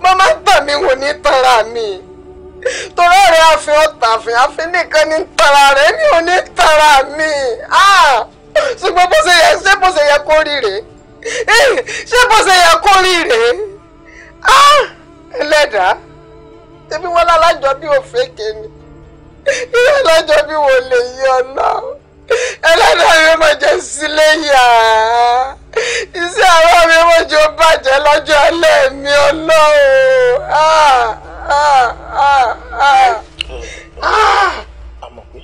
S1: màmá gbà mí wò ní tanra mi torí ọ̀rẹ́ àfin ọ̀tà àfin àfin nìkan ní tanra rẹ̀ mi ò ní tanra mi ah! ṣùgbọ́n bó ṣe yẹ ṣé bó ṣe yẹ kó rí rèé eh! ṣé bó ṣe yẹ kó rí rèé ah! ẹlẹ́dàá ṣé bí bí òfin kìíní ìyá lájọ bí wọ́n lè yí ọ náà ẹlẹ́dàá mi mọ̀ jẹ́ sílé yá iṣẹ́ àwọn mi mọ̀ jẹ́ ó bàjẹ́ lọ́jọ́ alẹ́ mi ọlọ́run. pé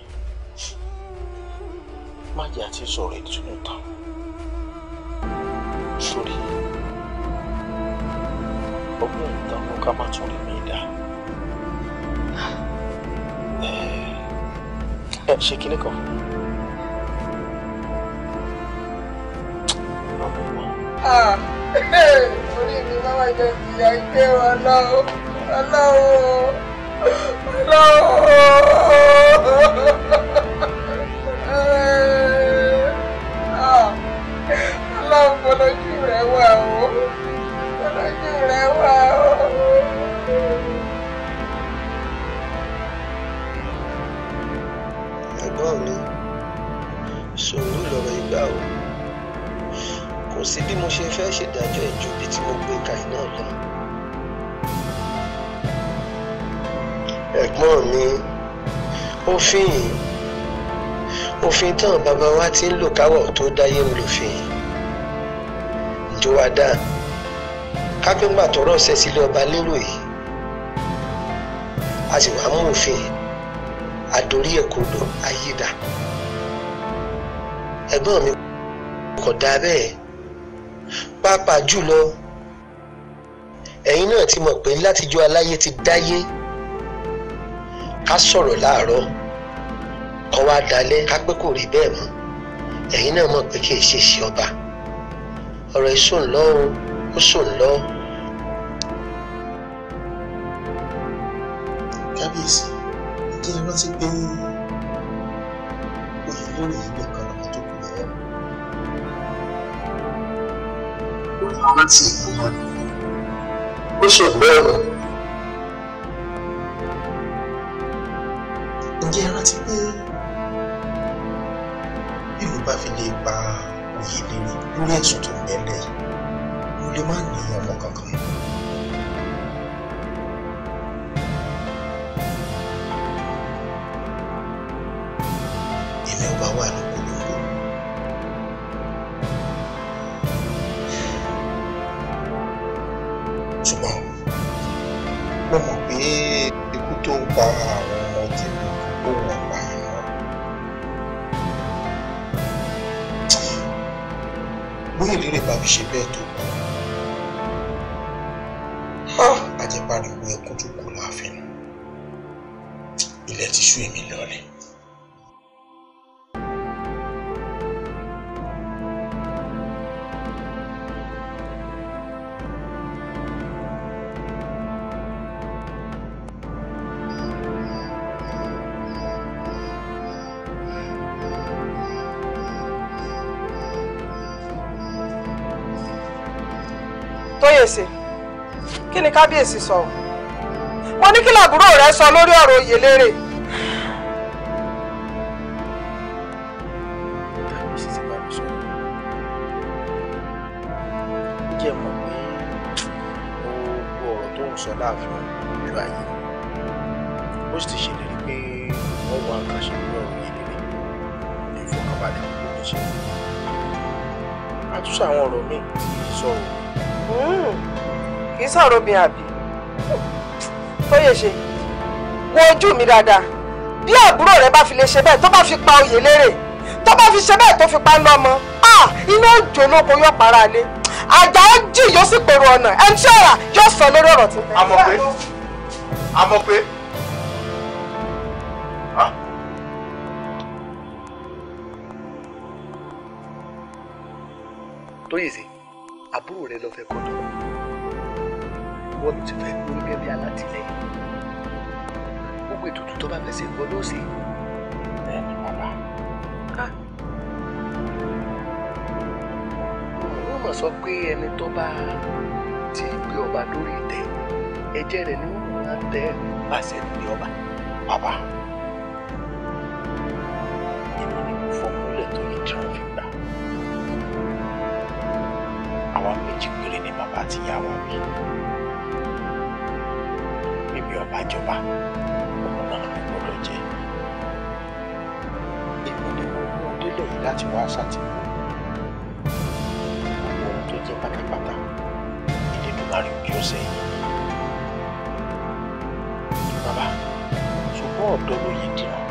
S1: má jẹ́ àti sọ̀rọ̀ ìtúnú tán sórí ọgbọ́n ìtàn ló ká má tún rí mi dá
S5: ẹ ṣe kinní kan.
S3: orí mi má má jẹ ìyá ike ọlọ́wọ́ ọlọ́wọ́ ọlọ́wọ́. Ọlọ́run fọlọ́jú rẹ̀ wà o fọlọ́jú rẹ̀ wà o.
S1: ẹ̀gbọ́n mi sùúrù lọ́rọ̀ ìgbà o kò sí bí mo ṣe fẹ́ ṣèdájọ́ ìjù bí tí mo gbé kàì náà lọ. ẹ̀gbọ́n mi òfin òfin tán bàbá wa ti ń lò káwọ̀ tó dáyé olùfin jọ̀wádà kápẹ́ngbà tọrọ ṣẹ sílé ọba lérò yìí a sì wá mú òfin àdórí ẹ̀kọ́ lọ ayé dà ẹ̀gbọ́n mi kò dáa bẹ́ẹ̀ pàápàá jùlọ ẹ̀yin náà ti mọ̀ pé látijọ́ aláyé ti dáyé ká sọ̀rọ̀ láàárọ̀ kọ́ wá dalẹ̀ ká pé kò rí bẹ́ẹ̀ mọ́ ẹ̀yin náà mọ̀ pé kì í ṣe ṣe ọba ọ̀rọ̀ yìí sùn lọ́ o ó sùn lọ́. kábíyèsí ǹjẹ́ ẹ rántí pé
S3: oyè lórí ìgbẹ́ kan. rántí ìgbìmọ̀ ó ṣògbọ́n ọ̀rọ̀
S1: ǹjẹ́ ẹ rántí pé bí mo bá fi lè pa òye lérè lórí ẹ̀sùn tó ń bẹ́ẹ̀ lẹ́yìn mo lè má ní ọmọ kankan mọ́.
S5: kábíyèsí kí ni kábíyèsí sọ mo
S4: ní kí làbúrò rẹ sọ lórí ọ̀rọ̀ òyèlérè.
S1: lómi àbí Tóyèṣe
S4: wo ojú mi dáadáa bí àbúrò rẹ bá fi lè ṣe bẹ́ẹ̀ tó bá fi pa oyè lérè tó bá fi ṣe bẹ́ẹ̀ tó fi pa ń lọ́mọ iná òjò olóko yóò para lé
S1: àjà ó jì yóò sì pèrò ọ̀nà ẹni ọ̀rà yóò sọ lórí ọ̀rọ̀ tí. a mọ̀ pé a mọ̀ pé Tóyèsé
S5: àbúrò rẹ lọ fẹ́ kọ́ dọ́kọ̀ ìwọ ló ti fẹ́ gbórí bẹ́ẹ̀ bí alátìlẹ́yìn gbogbo ètùtù tó bá fẹ́ ṣe ìwọ ló ṣe. bẹ́ẹ̀ni bàbá. wọ́n mọ̀ sọ pé
S1: ẹni tó bá ti gbé ọba lórí ìtẹ́ ẹ̀jẹ̀ rẹ̀ ni wọ́n máa ń tẹ́ pàṣẹ ní ọba. bàbá. èmi ni mo fọkúnlẹ̀ tó yẹ kí wọ́n fi gbà. àwa méjì péré ni bàbá àti ìyá wa bí bá jọba òun náà ló gbọ́dọ̀ jẹ èmi ni mo mú délé yìí láti wá ṣàtìmọ ohun tó jẹ pátápátá ìdẹdùmarè ojú ọ̀sẹ̀ yìí bàbá ṣùgbọ́n ọ̀dọ́ ló yẹ dìran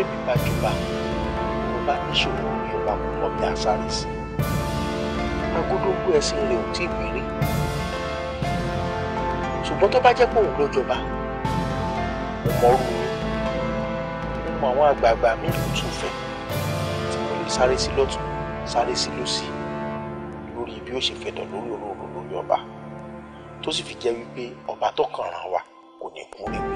S1: èmi bá jọba mo bá níṣòro ní ọba kò lọ bí àṣà rẹ sí agodogun ẹsìn rẹ ò tí ì péré ṣùgbọ́n tó bá jẹ́ pé òun ló jọba mo mọ orú mi mo mọ àwọn àgbààgbà mi ló tún fẹ́ tí mo lè sáré sí lọ́tún sáré sí lọ́sì lórí bí ó ṣe fẹ̀dọ̀ lórí òróòrò lórí ọba tó sì fi jẹ́ wípé ọba tó kàn ràn wá kò ní kúnlẹ̀.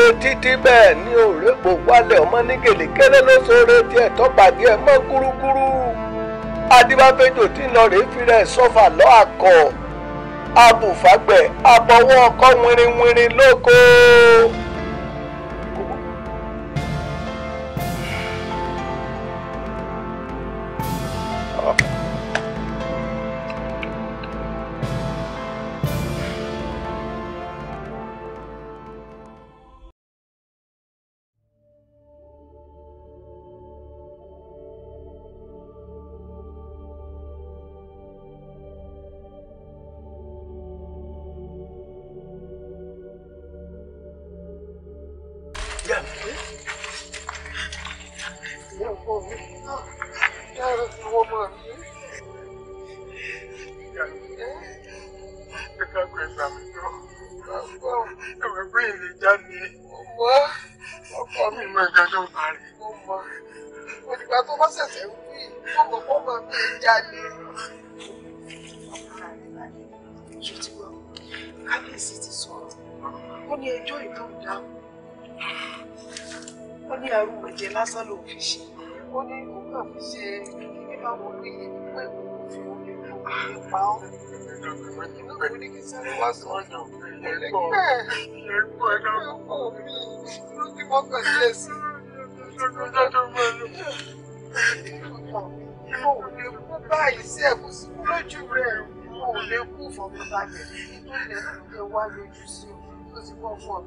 S1: sóore títí bẹ́ẹ̀ ni òòrè bò wálẹ̀ ọmọ ní gèlèkéré ló sóore tiẹ̀ tọ́pàdé ẹ̀ mọ́ gúrúgúrú adébáfẹ́jọ tí ń lọ rèé fi rẹ̀ sọ́fà lọ́ àkọ́ abùfàgbẹ̀ abọ́wọ́ ọkọ́ wìnrìnwìnrìn lóko.
S4: láyé ṣó ti gbọ́ kábíyèsí ti sọ̀rọ̀ ó ní ẹjọ́ ìdóhùn dáhùn ó ní àrùn ẹ̀jẹ̀ lásán ló fi ṣe ó ní kó kàn fi
S3: ṣe kíkí báwo lóye pé kò fi omi kò fi pa ọ́. sí lójúmọ́ sí. Ìmọ̀ òde rẹ̀ o kò lè kú ìfọ̀mọ́balẹ̀ nítorí ẹ̀ ló wá lójú sí o tó ti bọ́ fún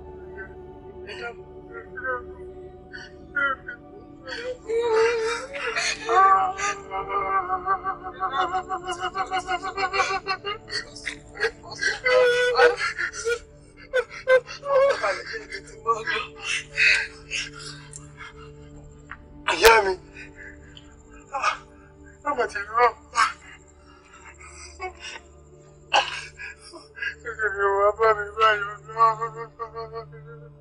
S3: Ìyá mi, ah,
S1: ọmọ ti rán.
S3: Ìjọba bá mi báyọ̀ náà.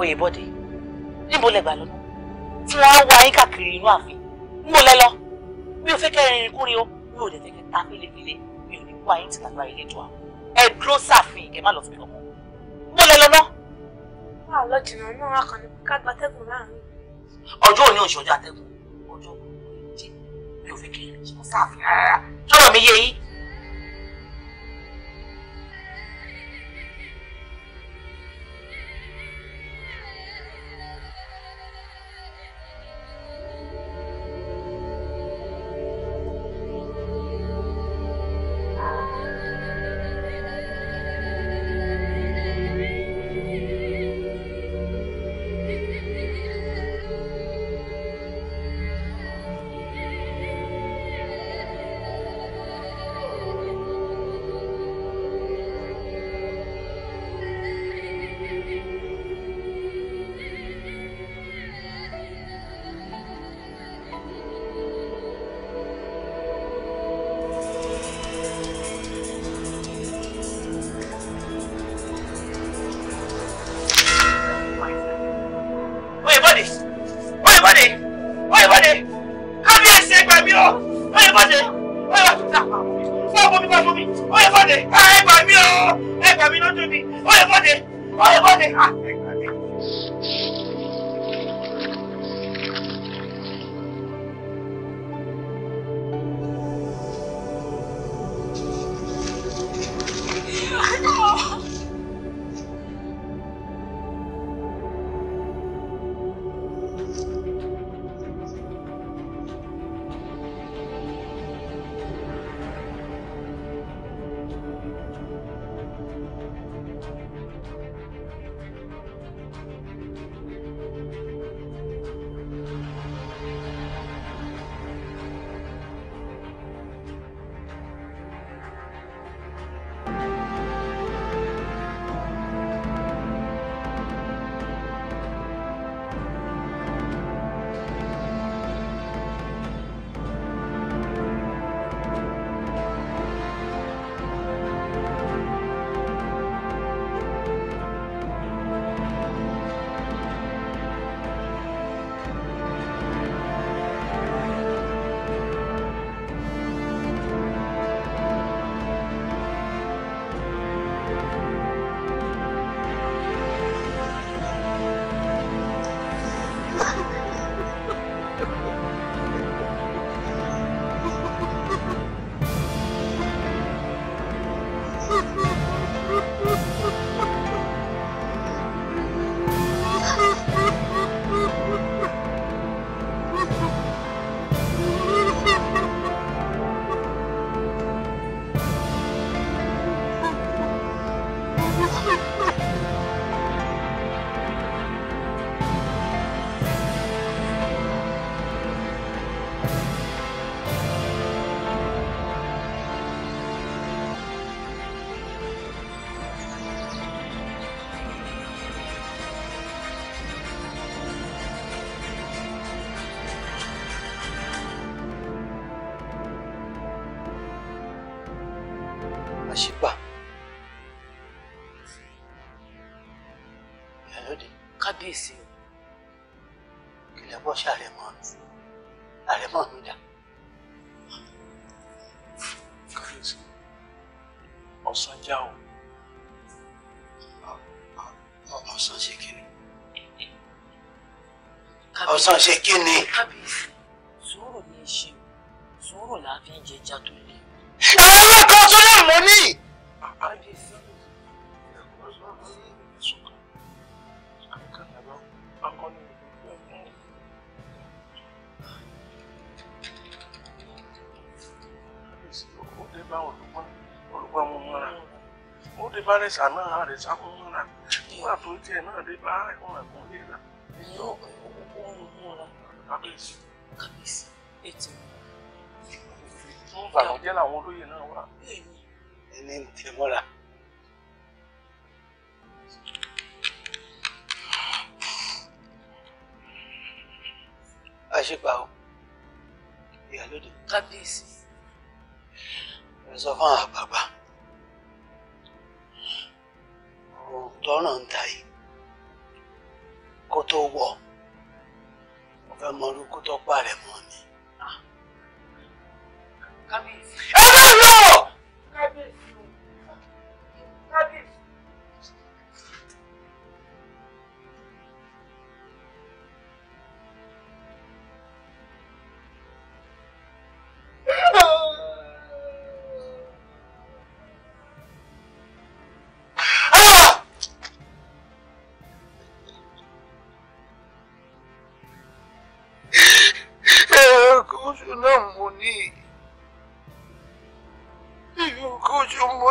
S5: Oyèbọ̀dé níbo lẹ gbà lọ́nà tí wọ́n á wá yín káàkiri inú ààfin níbo lẹ lọ mi ò fẹ́ kẹ́ rìnrìn kúrin o mi ò dẹ̀ fẹ́ kẹ́ ta fílefíle mi ò ní kó ayé ti kàgbà ilé tó a ẹ dúró sáàfin ẹ má lọ fi ọmọ níbo lẹ lọ́nà.
S4: wà á lọ jìnnà náà wà kàn ní ká gba atẹ́gùn láàrin.
S5: ọjọ́ òní òṣù ọjọ́ atẹ́gùn ọjọ́ òní òṣù ọjọ́ mi ò fẹ́ kẹ́ rìnrìn ọ̀sán ṣe kí ni. kábíyèsí sùúrù ni ṣe o sùúrù fi ń jẹ ẹja tó le.
S3: ẹ̀rọ kan tó lè mọ́ ní. kábíyèsí.
S1: bá sànà rẹ̀ sákúnmọ́ra nígbà tó jẹ́ náà dé bá ẹ̀wọ̀n ẹ̀kúnlé náà mọ́ra. kábíyèsí. kábíyèsí ètò. fún ìbànújẹ́ làwọn olóyè náà wà.
S5: ẹni ń tẹ mọ́ra. àṣìgbà o ìyálóde. kábíyèsí. ẹ sọ fún àwọn bàbá òótọ́ náà ń ta yìí
S1: kó tó wọ̀ fẹ́ mọ orúkú tó pààrẹ̀ mọ́ ni. Ah.
S3: kábíyèsí. ẹ bá lọ. kábíyèsí.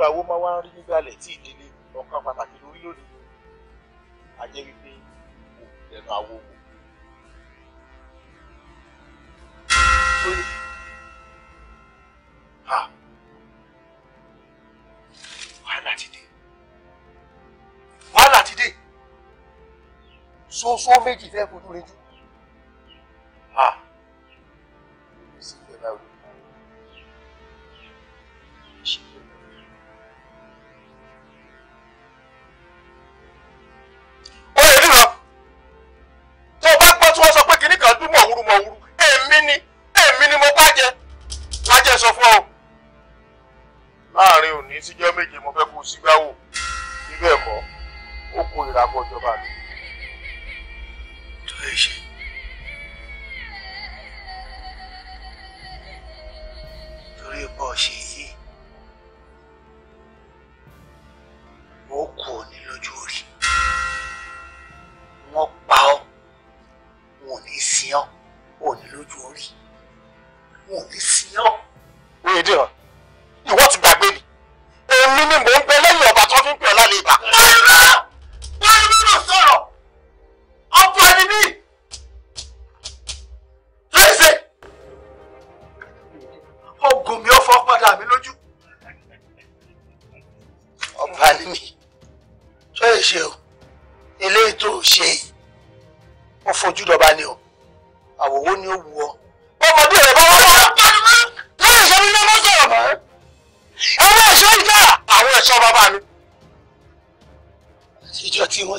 S1: gbígbà owó máa wá ń rí nígbà lẹ̀ tí ìdílé ọkàn pàtàkì lórí lónìí a jẹ́ wípé
S2: kò lẹ́nu àwo wò.
S1: wàhálà ti dé wàhálà ti dé ṣoṣo méjì fẹ́ fojú rẹ jù.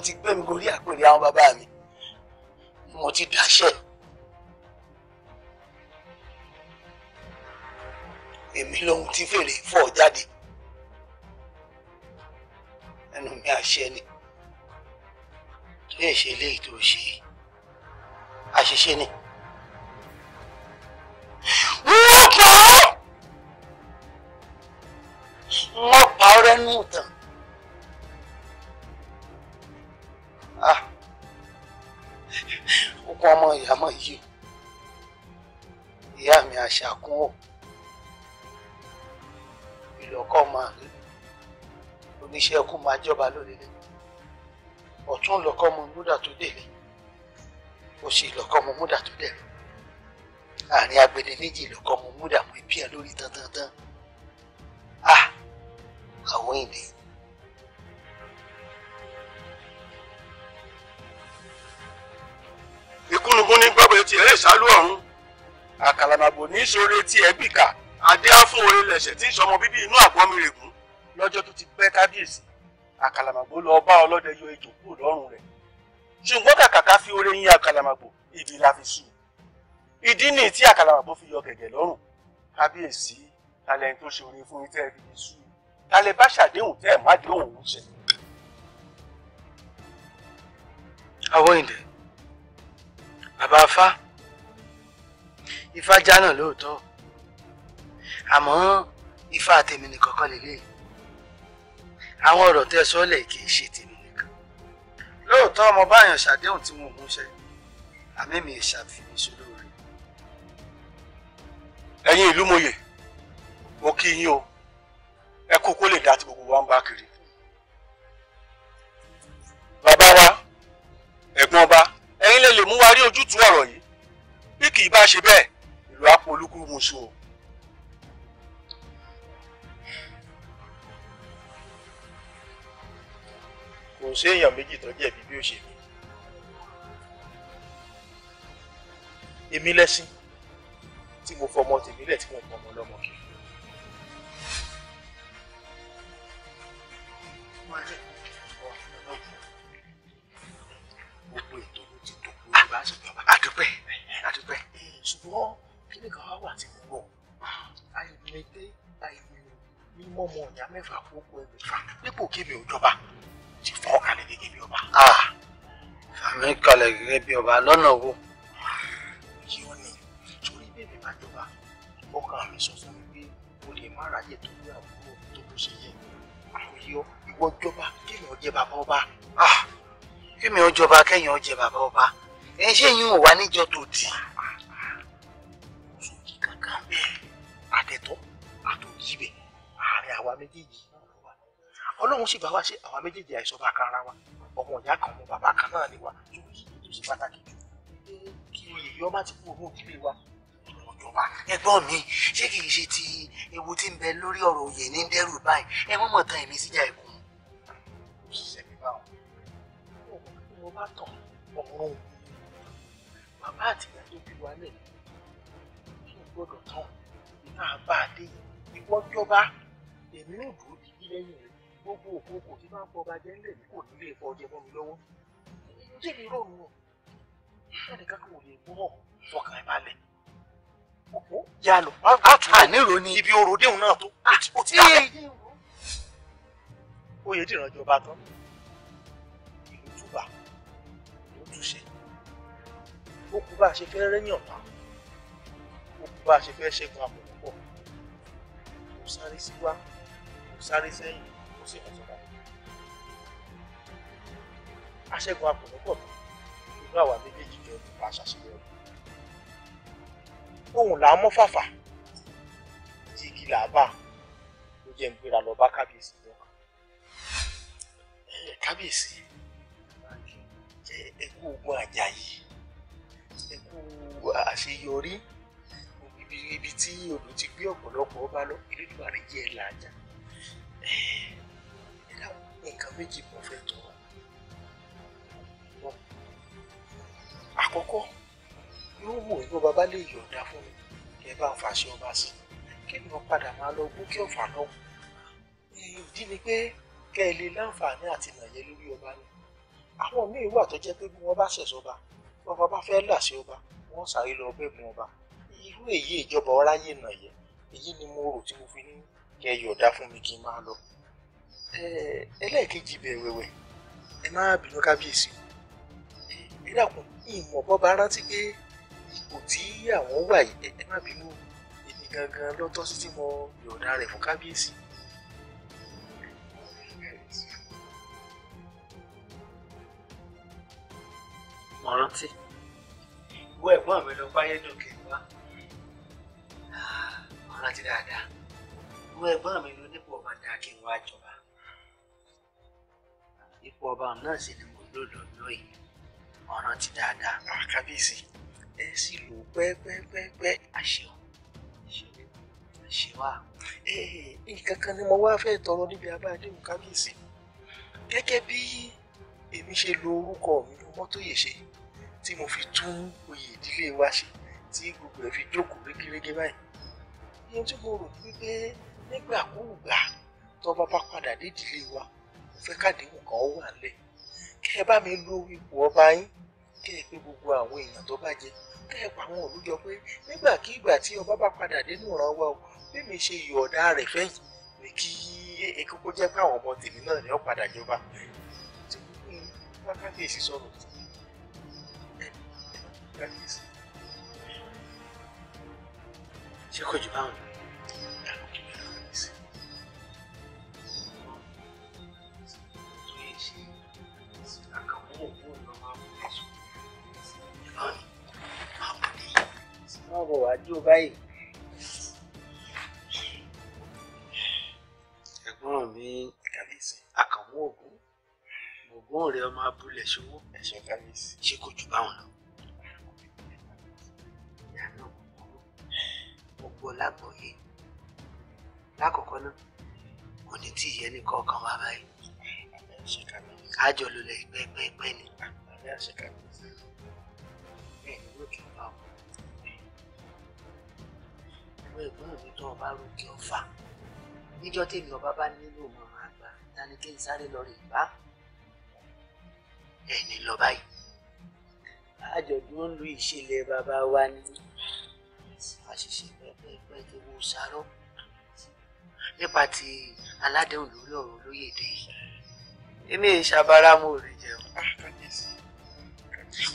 S1: wọ́n ti gbé mi gorí àpèrè àwọn bàbá mi mo ti dáṣẹ́ èmi lóhun tí fèrè fọ́ jáde ẹnu mi àṣẹ ni lè ṣe eléyìí tó ṣe àṣìṣe ni.
S5: wọ́n pa ọ́ rẹ́nu tán.
S1: táwọn ìyá mọ̀ yìí ìyá mi àṣàkún ò ìlọ́kọ̀ máa rí oníṣẹ́ kú máa jọba lórílẹ̀ ọ̀tún lọ́kọ́ mu múdà tó délé òsì lọ́kọ́ mu múdà tó dẹ̀rẹ̀ àárín agbede méjì lọ́kọ́ mu múdà mú ibi ẹ̀ lórí tantantan ah àwọn ènìyàn. sóore tí ẹ ṣálú ọ̀hún àkàlàmàgbò ní sóore tí ẹ bìkà adé á fún orin lẹ̀ṣẹ̀ tí ń sọmọ bíbí inú àgbọ́mi règún lọ́jọ́ tó ti pẹ́ kábíyèsí àkàlàmàgbò lọ bá ọlọ́dẹ yọ ejò kúrò lọ́rùn rẹ̀ ṣùgbọ́n kàkà ká fi oore yín àkàlàmàgbò ibi la fi sùn ìdí nìyí tí àkàlàmàgbò fi yọ gẹ̀gẹ̀ lọ́rùn kábíyèsí talẹ̀ tó ṣe oore fún tẹ́ ẹ Abafa, Ifá Ifá jánà lóòótọ́ àmọ́ Ifá tèmi nìkan kọ́ lélẹ̀ àwọn ọ̀rọ̀ tẹ́ sọ́lẹ̀ kì í ṣe tèmi nìkan lóòótọ́ ọmọ báyọ̀ ṣàdéhùn tí wọ́n mú ṣe àmì mi ṣàfihàn ìṣòro rẹ̀. ẹ̀yin ìlú mòye mo kí yín o ẹ kú kó lè dá ti gbogbo wa ń bá kiri bàbá wa ẹ̀gbọ́n ọba ẹ̀yin lè lè mú wa rí ojútùú ọ̀rọ̀ yìí bí kì í bá ṣe bẹ́ẹ̀ ìlú àpò olúkúlùmùṣù o. kò sí èèyàn méjì tó jẹ̀bi bí ó ṣe mi èmi lẹ́sìn tí mo fọmọ tèmi lẹ̀ tí mo fọmọ lọ́mọ kiri. gbogbo bá sọ àdúpẹ́ àdúpẹ́ ṣùgbọ́n kí ni kan wà tí mo wọ̀ ayọ̀dúnlẹ́gbẹ́ ayọ̀dúnlẹ́gbẹ́ mímọ́ ọmọ ọ̀yà mẹ́fà gbogbo ẹgbẹ̀fà dípò kémi ò jọba ti fọ́ kalẹ̀ gẹ́gẹ́ bí ọba. fàmí kalẹ̀ gẹ́gẹ́ bí ọba lọ́nà wo. kí ó ní torí bèbè bá jọba ọkàn mi sọ fún mi pé o lè má ráyè tó ní àbúrò tó bó ṣe yẹ àwòyọ ìwọ jọba kéèyàn jẹ bàbá ọba. kéèyàn jọba kéèyàn jẹ bàbá ọba ẹ ṣé yín ò wá níjọ tó dì sókè kankan bẹ́ẹ̀ àtẹ̀tọ́ àtòjì bẹ̀ àárín àwa méjèèjì ọlọ́run sì bá wá ṣe àwa méjèèjì àìsàn bá kan ara wa ọmọ ìyá kan ọmọ bàbá kan náà ni wa sókè tó ṣe pàtàkì jù kí oyè yọ má ti kú òun òdílé wa ìjọba ẹ̀gbọ́n mi ṣé kìí ṣe ti ewu tí ń bẹ lórí ọ̀rọ̀ òye ní dẹ́rù báyìí ẹ mọ mọtàn èmi síjà ẹkùn. òṣìṣẹ́ mi bá wọn. mo bá tàn ọ̀run bàbá àti ìyá tó bí wa lẹ̀ kí n gbọ́dọ̀ tán ìta àbá àdé ìwọ jọba èmi ò dúró títí lẹ́yìn rẹ̀ gbogbo òkú kò tí máa ń fọba jẹ́ ńlẹ̀ ní kò ní lè ọjẹ́ mọ́ mi lọ́wọ́ tí mi rò nù ẹnìkan kò lè gbọ́ fọkàn ẹ̀ balẹ̀ òkú yà lọ àníró ni ibi orodéhùn náà tó ó ti dábẹ́ oyè dìran jọba tán ìlú túbà ló túṣe ó kú bá a ṣe fẹ́ rẹ́yìn ọ̀tá ó kú bá a ṣe fẹ́ ṣẹ́gun àpòpọ̀ kò sáré sí wá kò sáré sẹ́yìn kò sí ìfọ̀sọ̀bà aṣẹ́gun àpòpọ̀ pọ̀ inú àwa méjèèjì jọ ti pa aṣàṣeyọrí ohun là á mọ́ fàfà tí igi là á bà ló jẹ́ ń gbéra lọ bá kábíyèsí lọ́kàn kábíyèsí jẹ́ ẹkú ogun àjàyí ẹ kú àṣeyọrí ibi tí odò ti gbé ọ̀pọ̀lọpọ̀ ọba lọ Elédùmarè jẹ́ ẹ̀ làjà ẹ dáhùn nǹkan méjì mo fẹ́ tọ́ ọ. àkọ́kọ́ yóò mú ìgbọ́ bàbá lè yọ̀ǹda fún mi ẹ bá ń fàṣẹ ọba sí kí ni wọ́n padà máa lọ gún kí ọ̀fà lọ́wọ́ ìdí ni pé kẹ́ ẹ lè láǹfààní àti nàyẹ lórí ọba ni àwọn míì wà tó jẹ́ pé bí wọ́n bá ṣẹ̀ṣọ́ ọba bọ́ba bá fẹ́ làṣẹ ọba wọ́n sáré lọ bẹ́ẹ̀ mú ọba irú èyí ìjọba ọláyè nà yẹ èyí ni mo rò tí mo fi ní kẹ́ yọ̀dá fún mi kí n máa lọ. ẹlẹ́ẹ̀kejì bẹ̀ wẹ̀wẹ̀ ẹ má bínú kábíyèsí ẹ dàkún ìmọ̀ bọ́ba rántí pé ipò tí àwọn wà yìí ẹ má bínú èmi gangan lọ́tọ́ sí tí mo yọ̀dá rẹ̀ fún kábíyèsí. kàn rántí ìwọ ẹ̀gbọ́n mi ló báyé dùn kí n wá
S5: rántí dáadáa ìwọ ẹ̀gbọ́n mi ló nípò ọba dáa kí n wá jọba ipò ọba náà sì ni mo lò lọ́dọ̀ yìí ọ̀ràn ti dáadáa. kábíyèsí ẹ sì lò pẹ́ẹ́pẹ́ẹ́pẹ́ àṣeọ àṣewà. nǹkan kan ni mo wá fẹ́ tọrọ níbi
S1: abáàdéhùn kábíyèsí gẹ́gẹ́ bí èmi ṣe lo orúkọ mi lọ́mọ́tóyè ṣe tí mo fi tún oyè ìdílé wa ṣe tí gbogbo rẹ̀ fi jókòó régérégé báyìí ohun tí mo rò ní pé nígbàkúùgbà tó bá bá padà dé ìdílé wa mo fẹ́ kádìmọ̀ kan wà nílẹ̀ kẹ́ ẹ bá mi lo ipò ọba yín kẹ́ ẹ pé gbogbo àwọn èèyàn tó bá jẹ kẹ́ ẹ pa àwọn olùjọ pé nígbàkígbà tí ọba bá padà dé nù ràn wá o bí mi ṣe yọ ọ̀dà rẹ̀ fẹ́yìn ni kí ekókó jẹ́ pé àwọn ọmọ tèmi náà ni ó padà jọba tí wọ́n kábíyèsí sọ̀rọ̀ kábíyèsí
S5: ṣé kò jù báwọn
S1: mi kábíyèsí àkàwọ́ òkú ògbọ́n rẹ̀ ọmọ abúlé ṣòwò ẹ̀ṣẹ̀ kábíyèsí
S5: ṣé kò jù báwọn lọ. gbọ́ lágbọ́yé lákọ̀ọ́kọ́ náà kò ní tí ìyẹn ní kọ̀ọ̀kan wá báyìí àjọ ló lẹ pẹ́pẹ́pẹ́ ni. bẹ́ẹ̀ ni ló kí n bá wọn. ìwé ìgbóhùn mi tó ọba rògbé ọfà níjọ́ tèmi ọba bá nílò mọ́ àgbà dání kí n sáré lọ rè bá ẹ̀ ní lọ báyìí àjọ̀dún ń lu ìṣẹ̀lẹ̀ bàbá wa ní àṣìṣe ti wo sàárọ̀ nípa ti aládéhùn lórí ọ̀rọ̀
S3: olóyè dé yìí
S5: èmi ìṣàbáramọ rẹ jẹun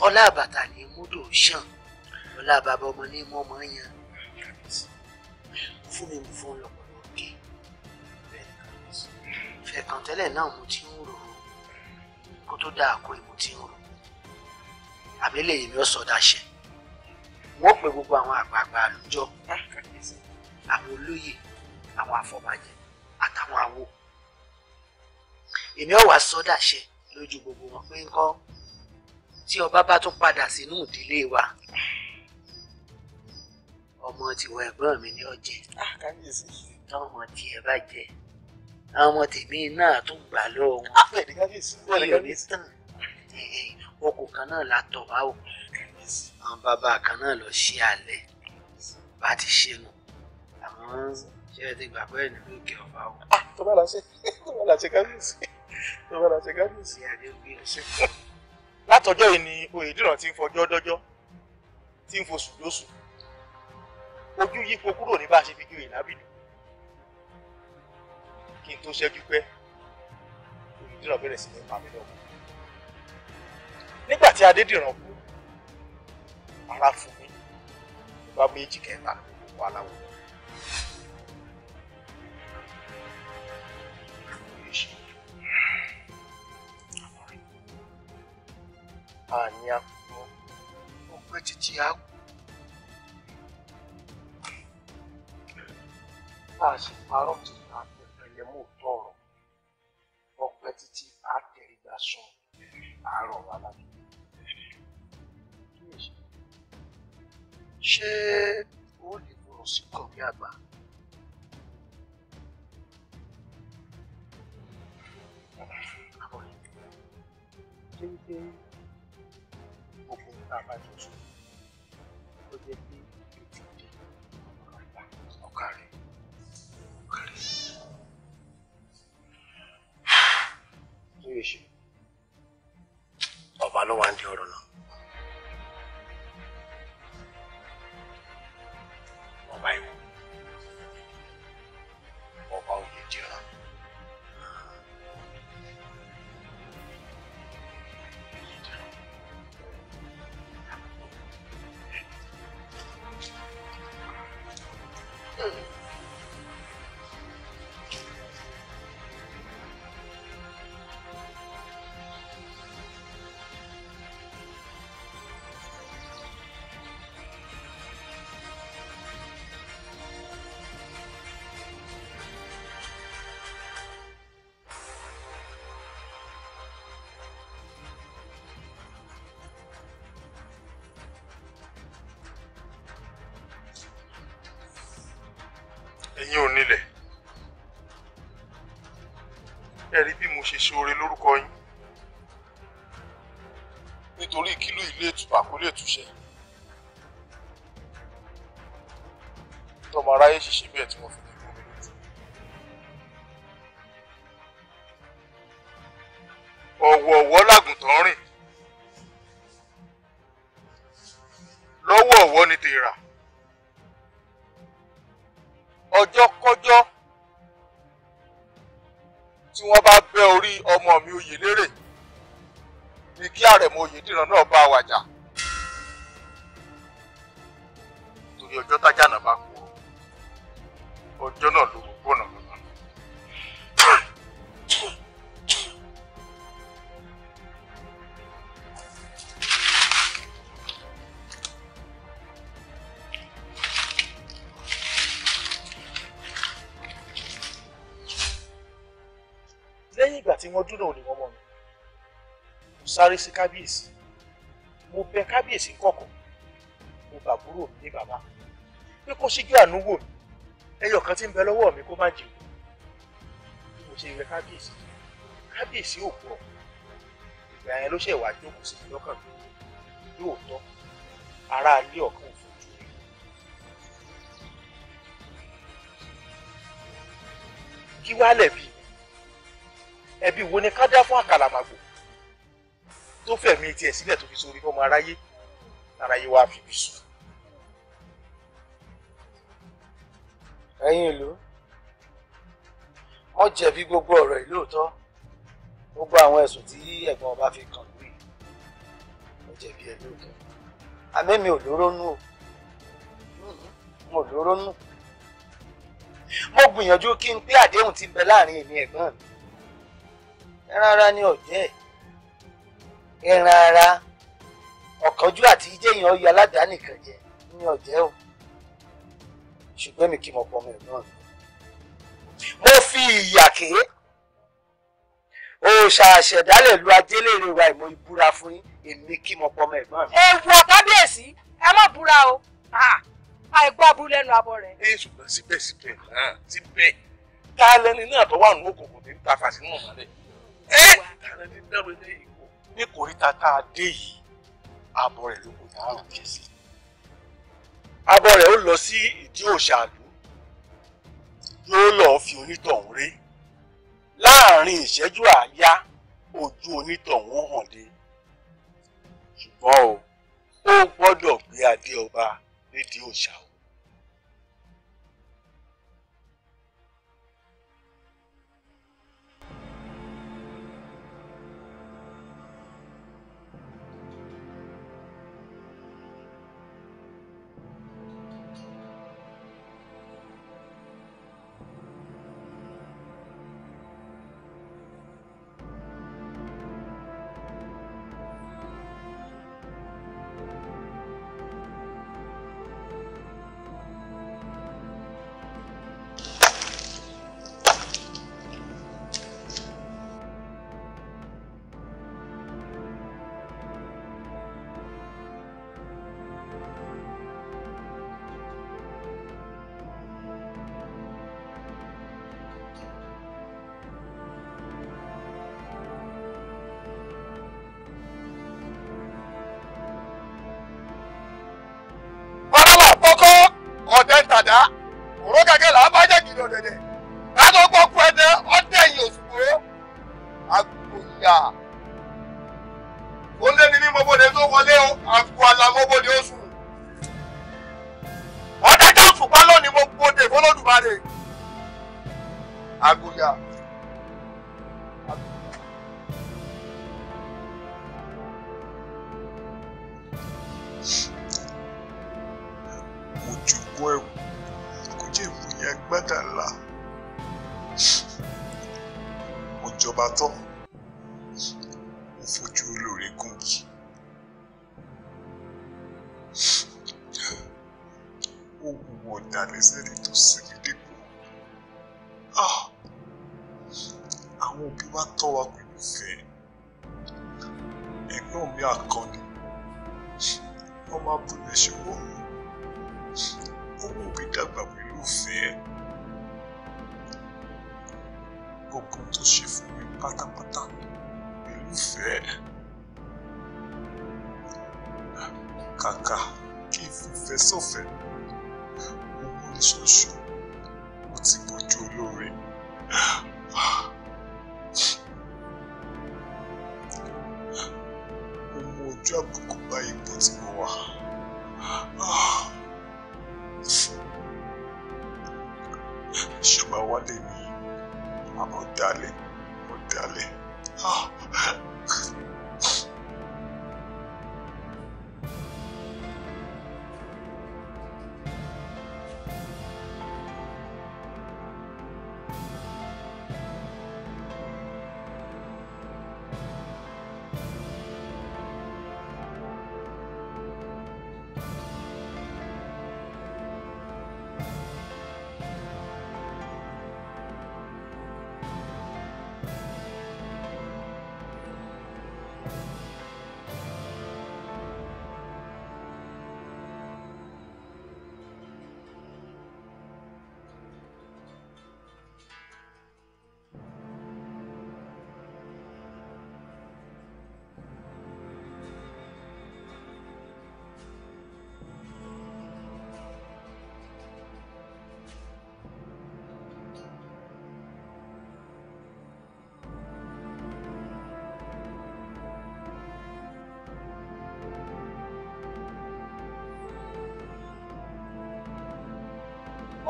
S5: ọlá àbàtà ní múdò ṣàn ọlá bàbá ọmọ ní mọmọ yan fún mi fún lọ́pọ̀lọpọ̀ òkè fẹkàn tẹ́lẹ̀ náà mo ti ń rò kó tó dáa kó mo ti ń rò àbẹlẹ yìí ni ó sọdá ṣe wọ́n pe gbogbo àwọn àgbààgbà àlùjọ eh, àwọn olóyè àwọn àfọ̀bàjẹ́ àtàwọn àwo èmi ọ̀wà sọ́dàṣẹ lójú gbogbo wọn pé ńkọ́ tí ọba bá tún padà sínú ìdílé wa ọmọ tiwọn ẹ̀gbọ́n mi ní ọjẹ táwọn ọmọ tiẹ̀ bá jẹ àwọn ọmọ tèmi náà tún gbà lọ́wọ́ wọn ah, mi ò ní tàn okùn kan náà látọ̀ wá òkú àwọn bàbá kan náà lọ ṣe alẹ́ bá ti ṣe nù àmọ́ ṣe é ti gbà pé ẹni lókè ọba o.
S1: Ah, tó bá la ṣe tó bá la ṣe kábíyèsí tó bá la ṣe kábíyèsí àdéhùn ẹṣẹ. látọjọ́ yìí ni oyè dìran ti ń fọjọ́ dọ́jọ́ ti ń foṣù lóṣù ojú yípo kúrò ní bá a ṣe fi joyè lábìlú kí n tó ṣẹ́jú pẹ́ oyè dìran bẹ̀rẹ̀ sí ní pàmílọ́wọ́ nígbà tí adédìran kú para fún mi ìgbà méjì kẹta wà láwọ. àní àpò ọpẹ títí àpò a sì parọ́ títí. ṣé o lè lọ sí kọ̀wé àgbà. jẹ́jẹ́ gbogbo nǹkan àbájọ sọ ó jẹ́ pé ètò ìdí ọ̀gá ọ̀gá rẹ̀ ọ̀gá rẹ̀ ọba ló wà ń ọ̀rọ̀ náà. fi ṣoore lórúkọ yín nítorí kílò ilé ìtura kò lè túṣẹ tọmọ aráyé ṣiṣẹ́ bẹ́ẹ̀ tí mo fi Oyèdìran náà bá wa jà se sí kábíyèsí mo bẹ kábíyèsí kọ̀kọ̀ mo bàbúrò mi ní bàbá pé kó ṣíjú àánú wò mí ẹyọ kan tí ń bẹ lọ́wọ́ mi kó má jẹun mo ṣe ìwé kábíyèsí kábíyèsí ò gbọ́ ìgbà yẹn ló ṣe wá jókòó sí mi lọ́kàn mi lóòótọ́ ará ilé ọ̀kan ìfojú mi. kí wàá lẹ̀bi ẹ̀bi wo ni ká dá fún àkàlàmàgbò tó fẹ̀mí tiẹ̀ sílẹ̀ tó fi sórí fọmọ aráyé aráyé wàá fi bí sùn. ẹ̀yin ìlú wọ́n jẹ̀bi gbogbo ọ̀rọ̀ yìí lóòótọ́ gbogbo àwọn ẹ̀sùn tí ẹ̀gbọ́n ọba fi kàn lórí wọ́n jẹ̀bi ẹ̀ lóòótọ́ àmẹ́mi ò lóró nù o mo lóró nù mo gbìyànjú kí n pé àdéhùn ti bẹ láàrin èmi ẹ̀gbọ́n mi rárá ní ọ̀jẹ́ ẹ̀ ẹran ara ọ̀kánjú àti jẹ́yìn ọyọ aládàáni kan jẹ ní ọ̀jẹ́ o ṣùgbọ́n mi kì í mọ̀ pọ̀ mi náà mo fi ìyà ké òòṣà àṣẹ̀dálẹ̀ lu ajélèrè wa ìmọ̀ ìbúra fún èmi kí mo pọ̀ mọ́ ẹ̀gbọ́n mi.
S4: ewu ọ̀kábíyèsí ẹ má búra o àìgbọ́ aburú lẹ́nu
S1: abọ́ rẹ̀. ẹ ṣùgbọ́n síbẹ̀síbẹ̀ náà síbẹ̀ ká lẹni náà tó wà nù òkùnkùn ní tafàsínú mọ́lẹ̀. Eh! ní kòríta tá a dé yìí abọ́ rẹ̀ ló kò tá a rùn jẹ sí abọ́ rẹ̀ ó lọ sí ìdí òṣàlú yóò lọ fi onítọ̀hún ré láàrin ìṣẹ́jú àáyá ojú onítọ̀hún hàn dé ṣùgbọ́n o ó gbọ́dọ̀ gbé adé ọba nídìí òṣà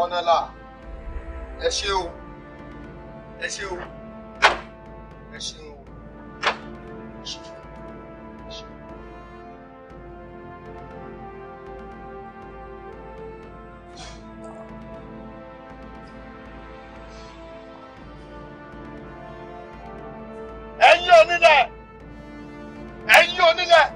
S1: ọ̀nàlà ẹ ṣé o ẹ ṣé o ẹ ṣé o. ẹ̀yin onílẹ̀ ẹ̀yin onílẹ̀.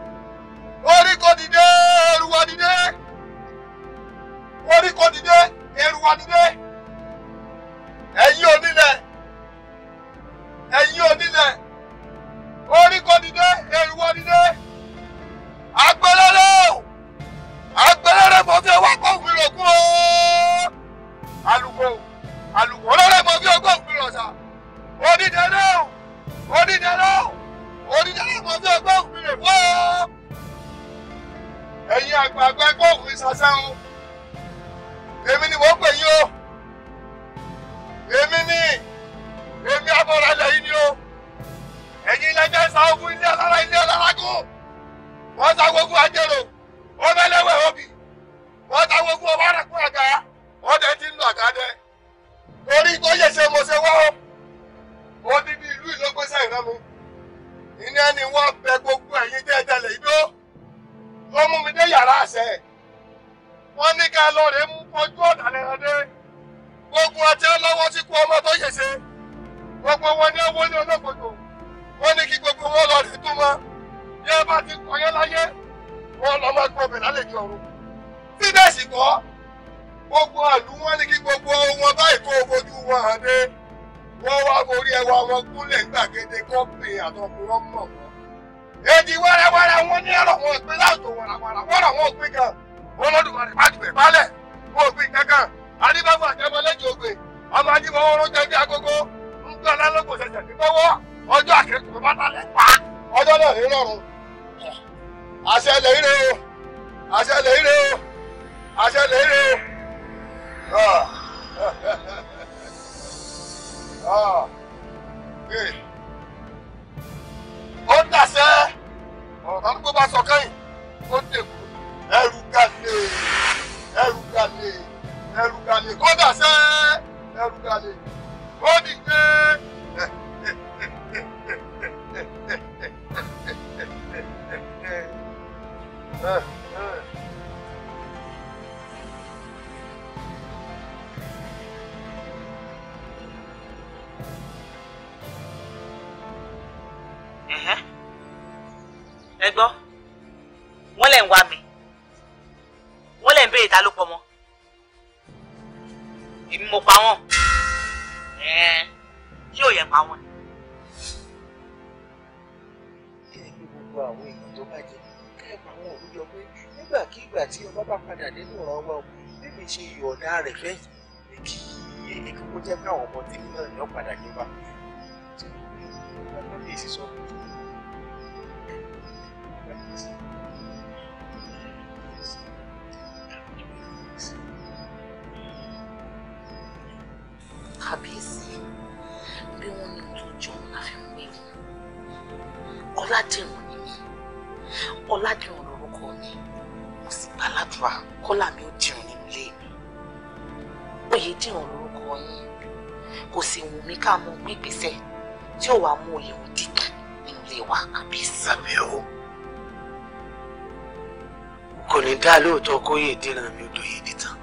S5: lóòótọ́ kóyè dènà mi odò yìí di tán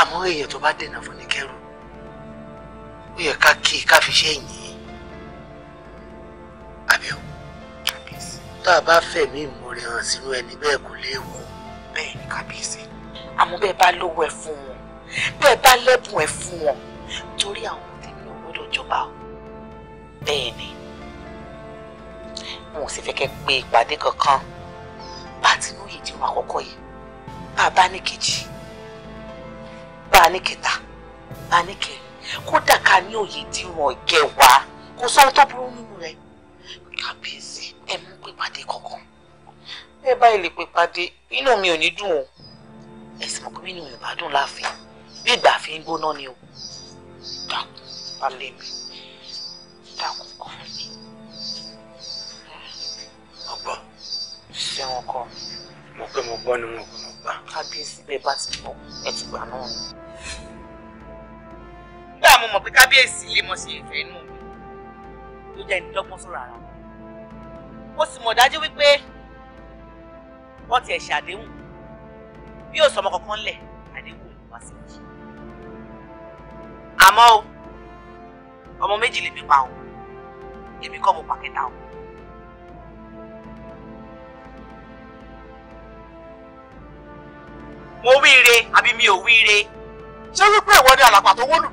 S5: àmọ́ èèyàn tó bá dènà fún ní kẹrù ó yẹ ká kí ká fi ṣe yìn àbí o tá a bá fẹ̀mí ìmoore hàn sínú ẹni bẹ́ẹ̀ kò léwu. bẹ́ẹ̀ ni kábíyèsí àmọ́ bẹ́ẹ̀ bá lówó ẹ fún wọn bẹ́ẹ̀ bá lẹ́bùn ẹ fún wọn torí àwọn tèmi ò gbọ́dọ̀ jọba o bẹ́ẹ̀ ni wọn ò sì fẹ́ kẹ́ pé ìpàdé kankan bá ti lóye tí wà kọ́kọ́ yìí bá a bá ní kejì bá a ní kẹta bá a ní kẹ kódà ká ní òye tí wọn gẹwàá kò sọ tó burú nínú rẹ kábíyèsí ẹ mú pípadé kankan ẹ báyìí lè pípadé inú mi ò ní dùn o ẹ sì mọ pé inú mi ò bá dùn láàfin bí ìgbà fi ń gbóná ni o dákun balẹ̀ mi dákun kọ́ mi ọgbọ́n ṣe wọn kọ. mo pé mo gbọ́ ni mo kò mọ̀ gbà. kábíyèsí bẹ́ẹ̀ bá ti mọ̀ ẹ ti gbà náà ni. bí àwọn mọ̀ pé kábíyèsí lè mọ̀ sí ìfẹ́ inú mi ló jẹ́ ìdílọ́gbọ́n sọ̀rọ̀ ara wọn. mo sì mọ̀ dájú wípé wọ́n ti ẹ̀ ṣàdéhùn bí yóò sọmọ kankan lẹ̀ àdéhùn ló wá sí i. àmọ́ o ọmọ méjì lèmi pa o èmi kọ́ mo pàkẹ́ta o. mo wíire àbí mi ò wíire. ṣé wípé ìwọ ni àlàpà tó wọ́lù.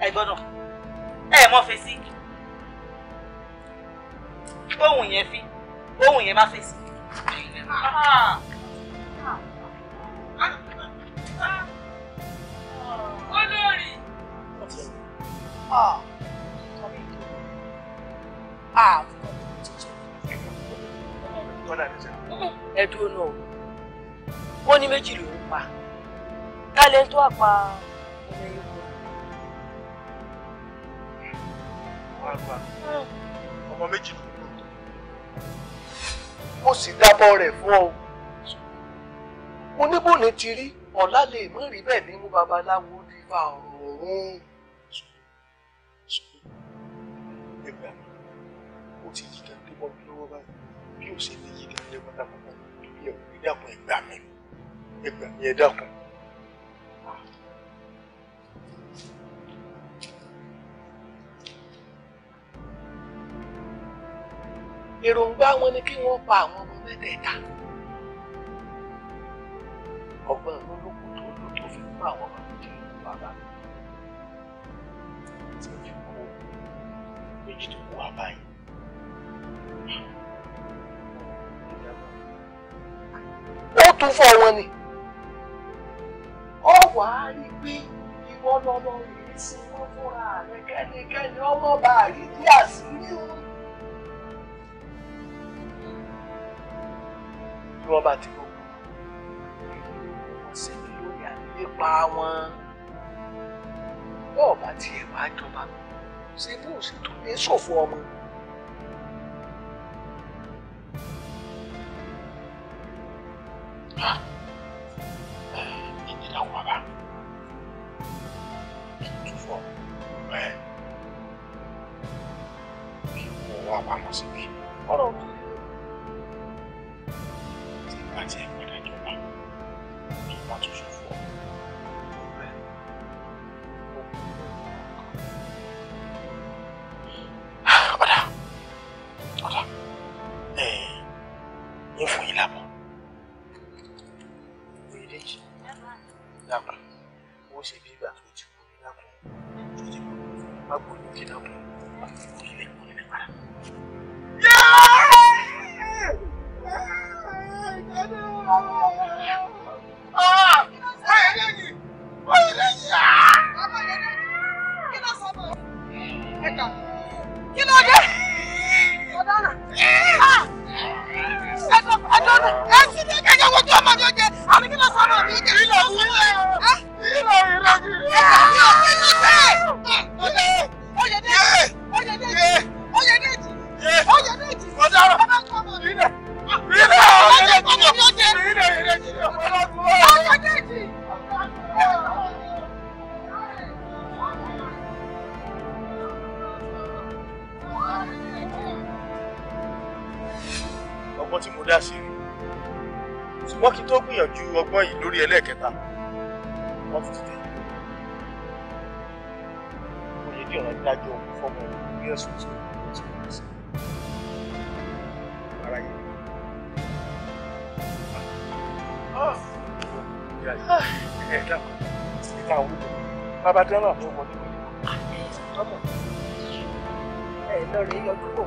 S5: ẹ gbọ́dọ̀ ẹ mọ̀ fèsì ohun yẹn fi ohun yẹn má fèsì. olórí. Ah ẹ dúró náà ó ní méjì ló ń pa
S4: tálẹ́ tó àpá ọmọ
S1: ẹ̀yìn kan. Hmm. ọmọ méjì ló ń lò mo sì dábọ̀ rẹ̀ fún ọ oníbòní ti rí ọ̀la lè mú rí bẹ́ẹ̀ ní mú babaláwo nípa ọ̀rọ̀ ọ̀hún. lọ́wọ́ báyìí bí ó ṣe ní yíká ilé pátápátá torí ẹ̀ ẹ dákun ẹgbà mi ẹgbà mi ẹ dákun. èròǹgbà wọn ni kí wọ́n pa àwọn ọmọ mẹ́tẹ̀ẹ̀ta ọgbọ́n olókùn tó lò tó fi mú àwọn ọmọ méjì lọ́wọ́ bàbá tí ó fi kú méjì tó kú wá báyìí.
S4: tún fọ́ wọn ni ọ wà á rí pé ìwọ lọ́lọ́ rèé sí wọn fúnra rẹ kẹ́nikẹ́ni
S3: ọmọ bá rí bí àṣírí o.
S1: bí wọ́n bá ti gbogbo wọ́n sì ní lórí àlépa wọn bọ́ọ̀ bá tiẹ̀ wá jọba ṣé bó o sì ṣòfò ọmọ. 啊 bàbá dẹ́rọ̀ mi wọlé ẹ
S4: lọ rèé yọjú bò.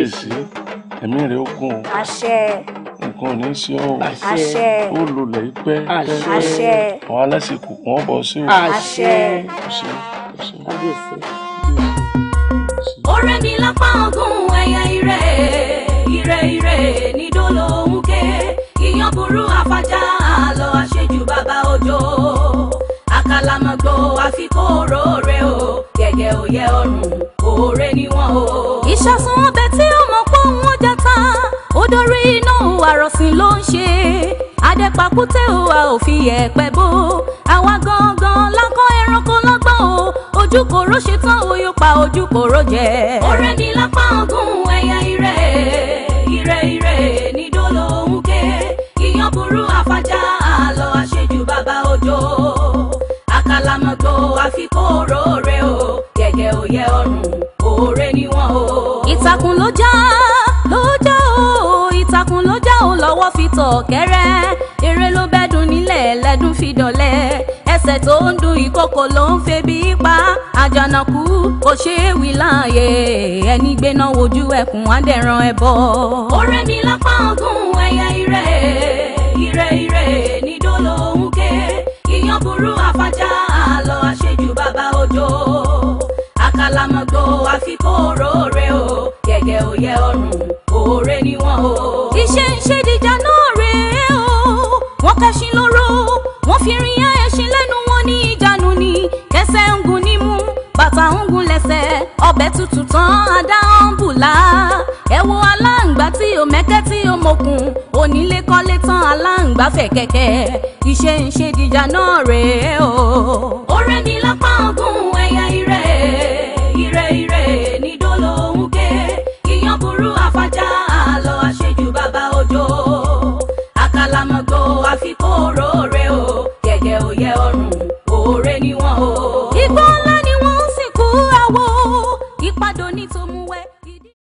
S6: kábíyèsí
S1: ẹ̀mí rẹ̀ ó gùn o. nǹkan ò ní sí ọ o. ó lulẹ̀ pẹ́. àwọn alásìkò wọn bọ̀ sí o. àṣẹ.
S6: mi lápá ọgùn ẹ̀yà ire ire ire nídó ló ń ké ìyàn burú afájá àlọ́ àṣejù bàbá òjò àkàlà mọ̀gbọ́ àfikún òróró rẹ̀ o gẹ́gẹ́ òye ọ̀run. fi ẹ̀pẹ̀ bò àwa gangan lákọ́ ẹranko lọ́gbọ́n o ojú kòró ṣetán oyún pa ojú kòró jẹ. ọ̀rẹ́ mi lápá ọ̀gùn ẹ̀yà ire ire ire nídó lòún ké iyán burú àfàjà àlọ́ àṣejù bàbá òjò àkàlàmọ̀gbò àfikún òróore o gẹ́gẹ́ òye ọ̀run òore ni wọ́n o. ìtàkùn ló já ló já o ìtàkùn ló já o lọ́wọ́ fi tọ̀ kẹ́rẹ́. kòkò ló ń febi pa àjànàkú kò ṣe é wí láàyè ẹni gbéná wojú ẹkùn adẹ̀ràn ẹbọ. ọ̀rẹ́ mi lápá ọ̀gùn ẹ̀yà ire ire ire nídó ló ń ké ìyàn burú àfájá àlọ́ àṣejù bàbá òjò àkàlàmọ̀gbò àfikún òróró o gẹ́gẹ́ òye o. ìgbafẹ́ kẹ̀kẹ́ iṣẹ́ ń ṣe dìjà náà rèé o.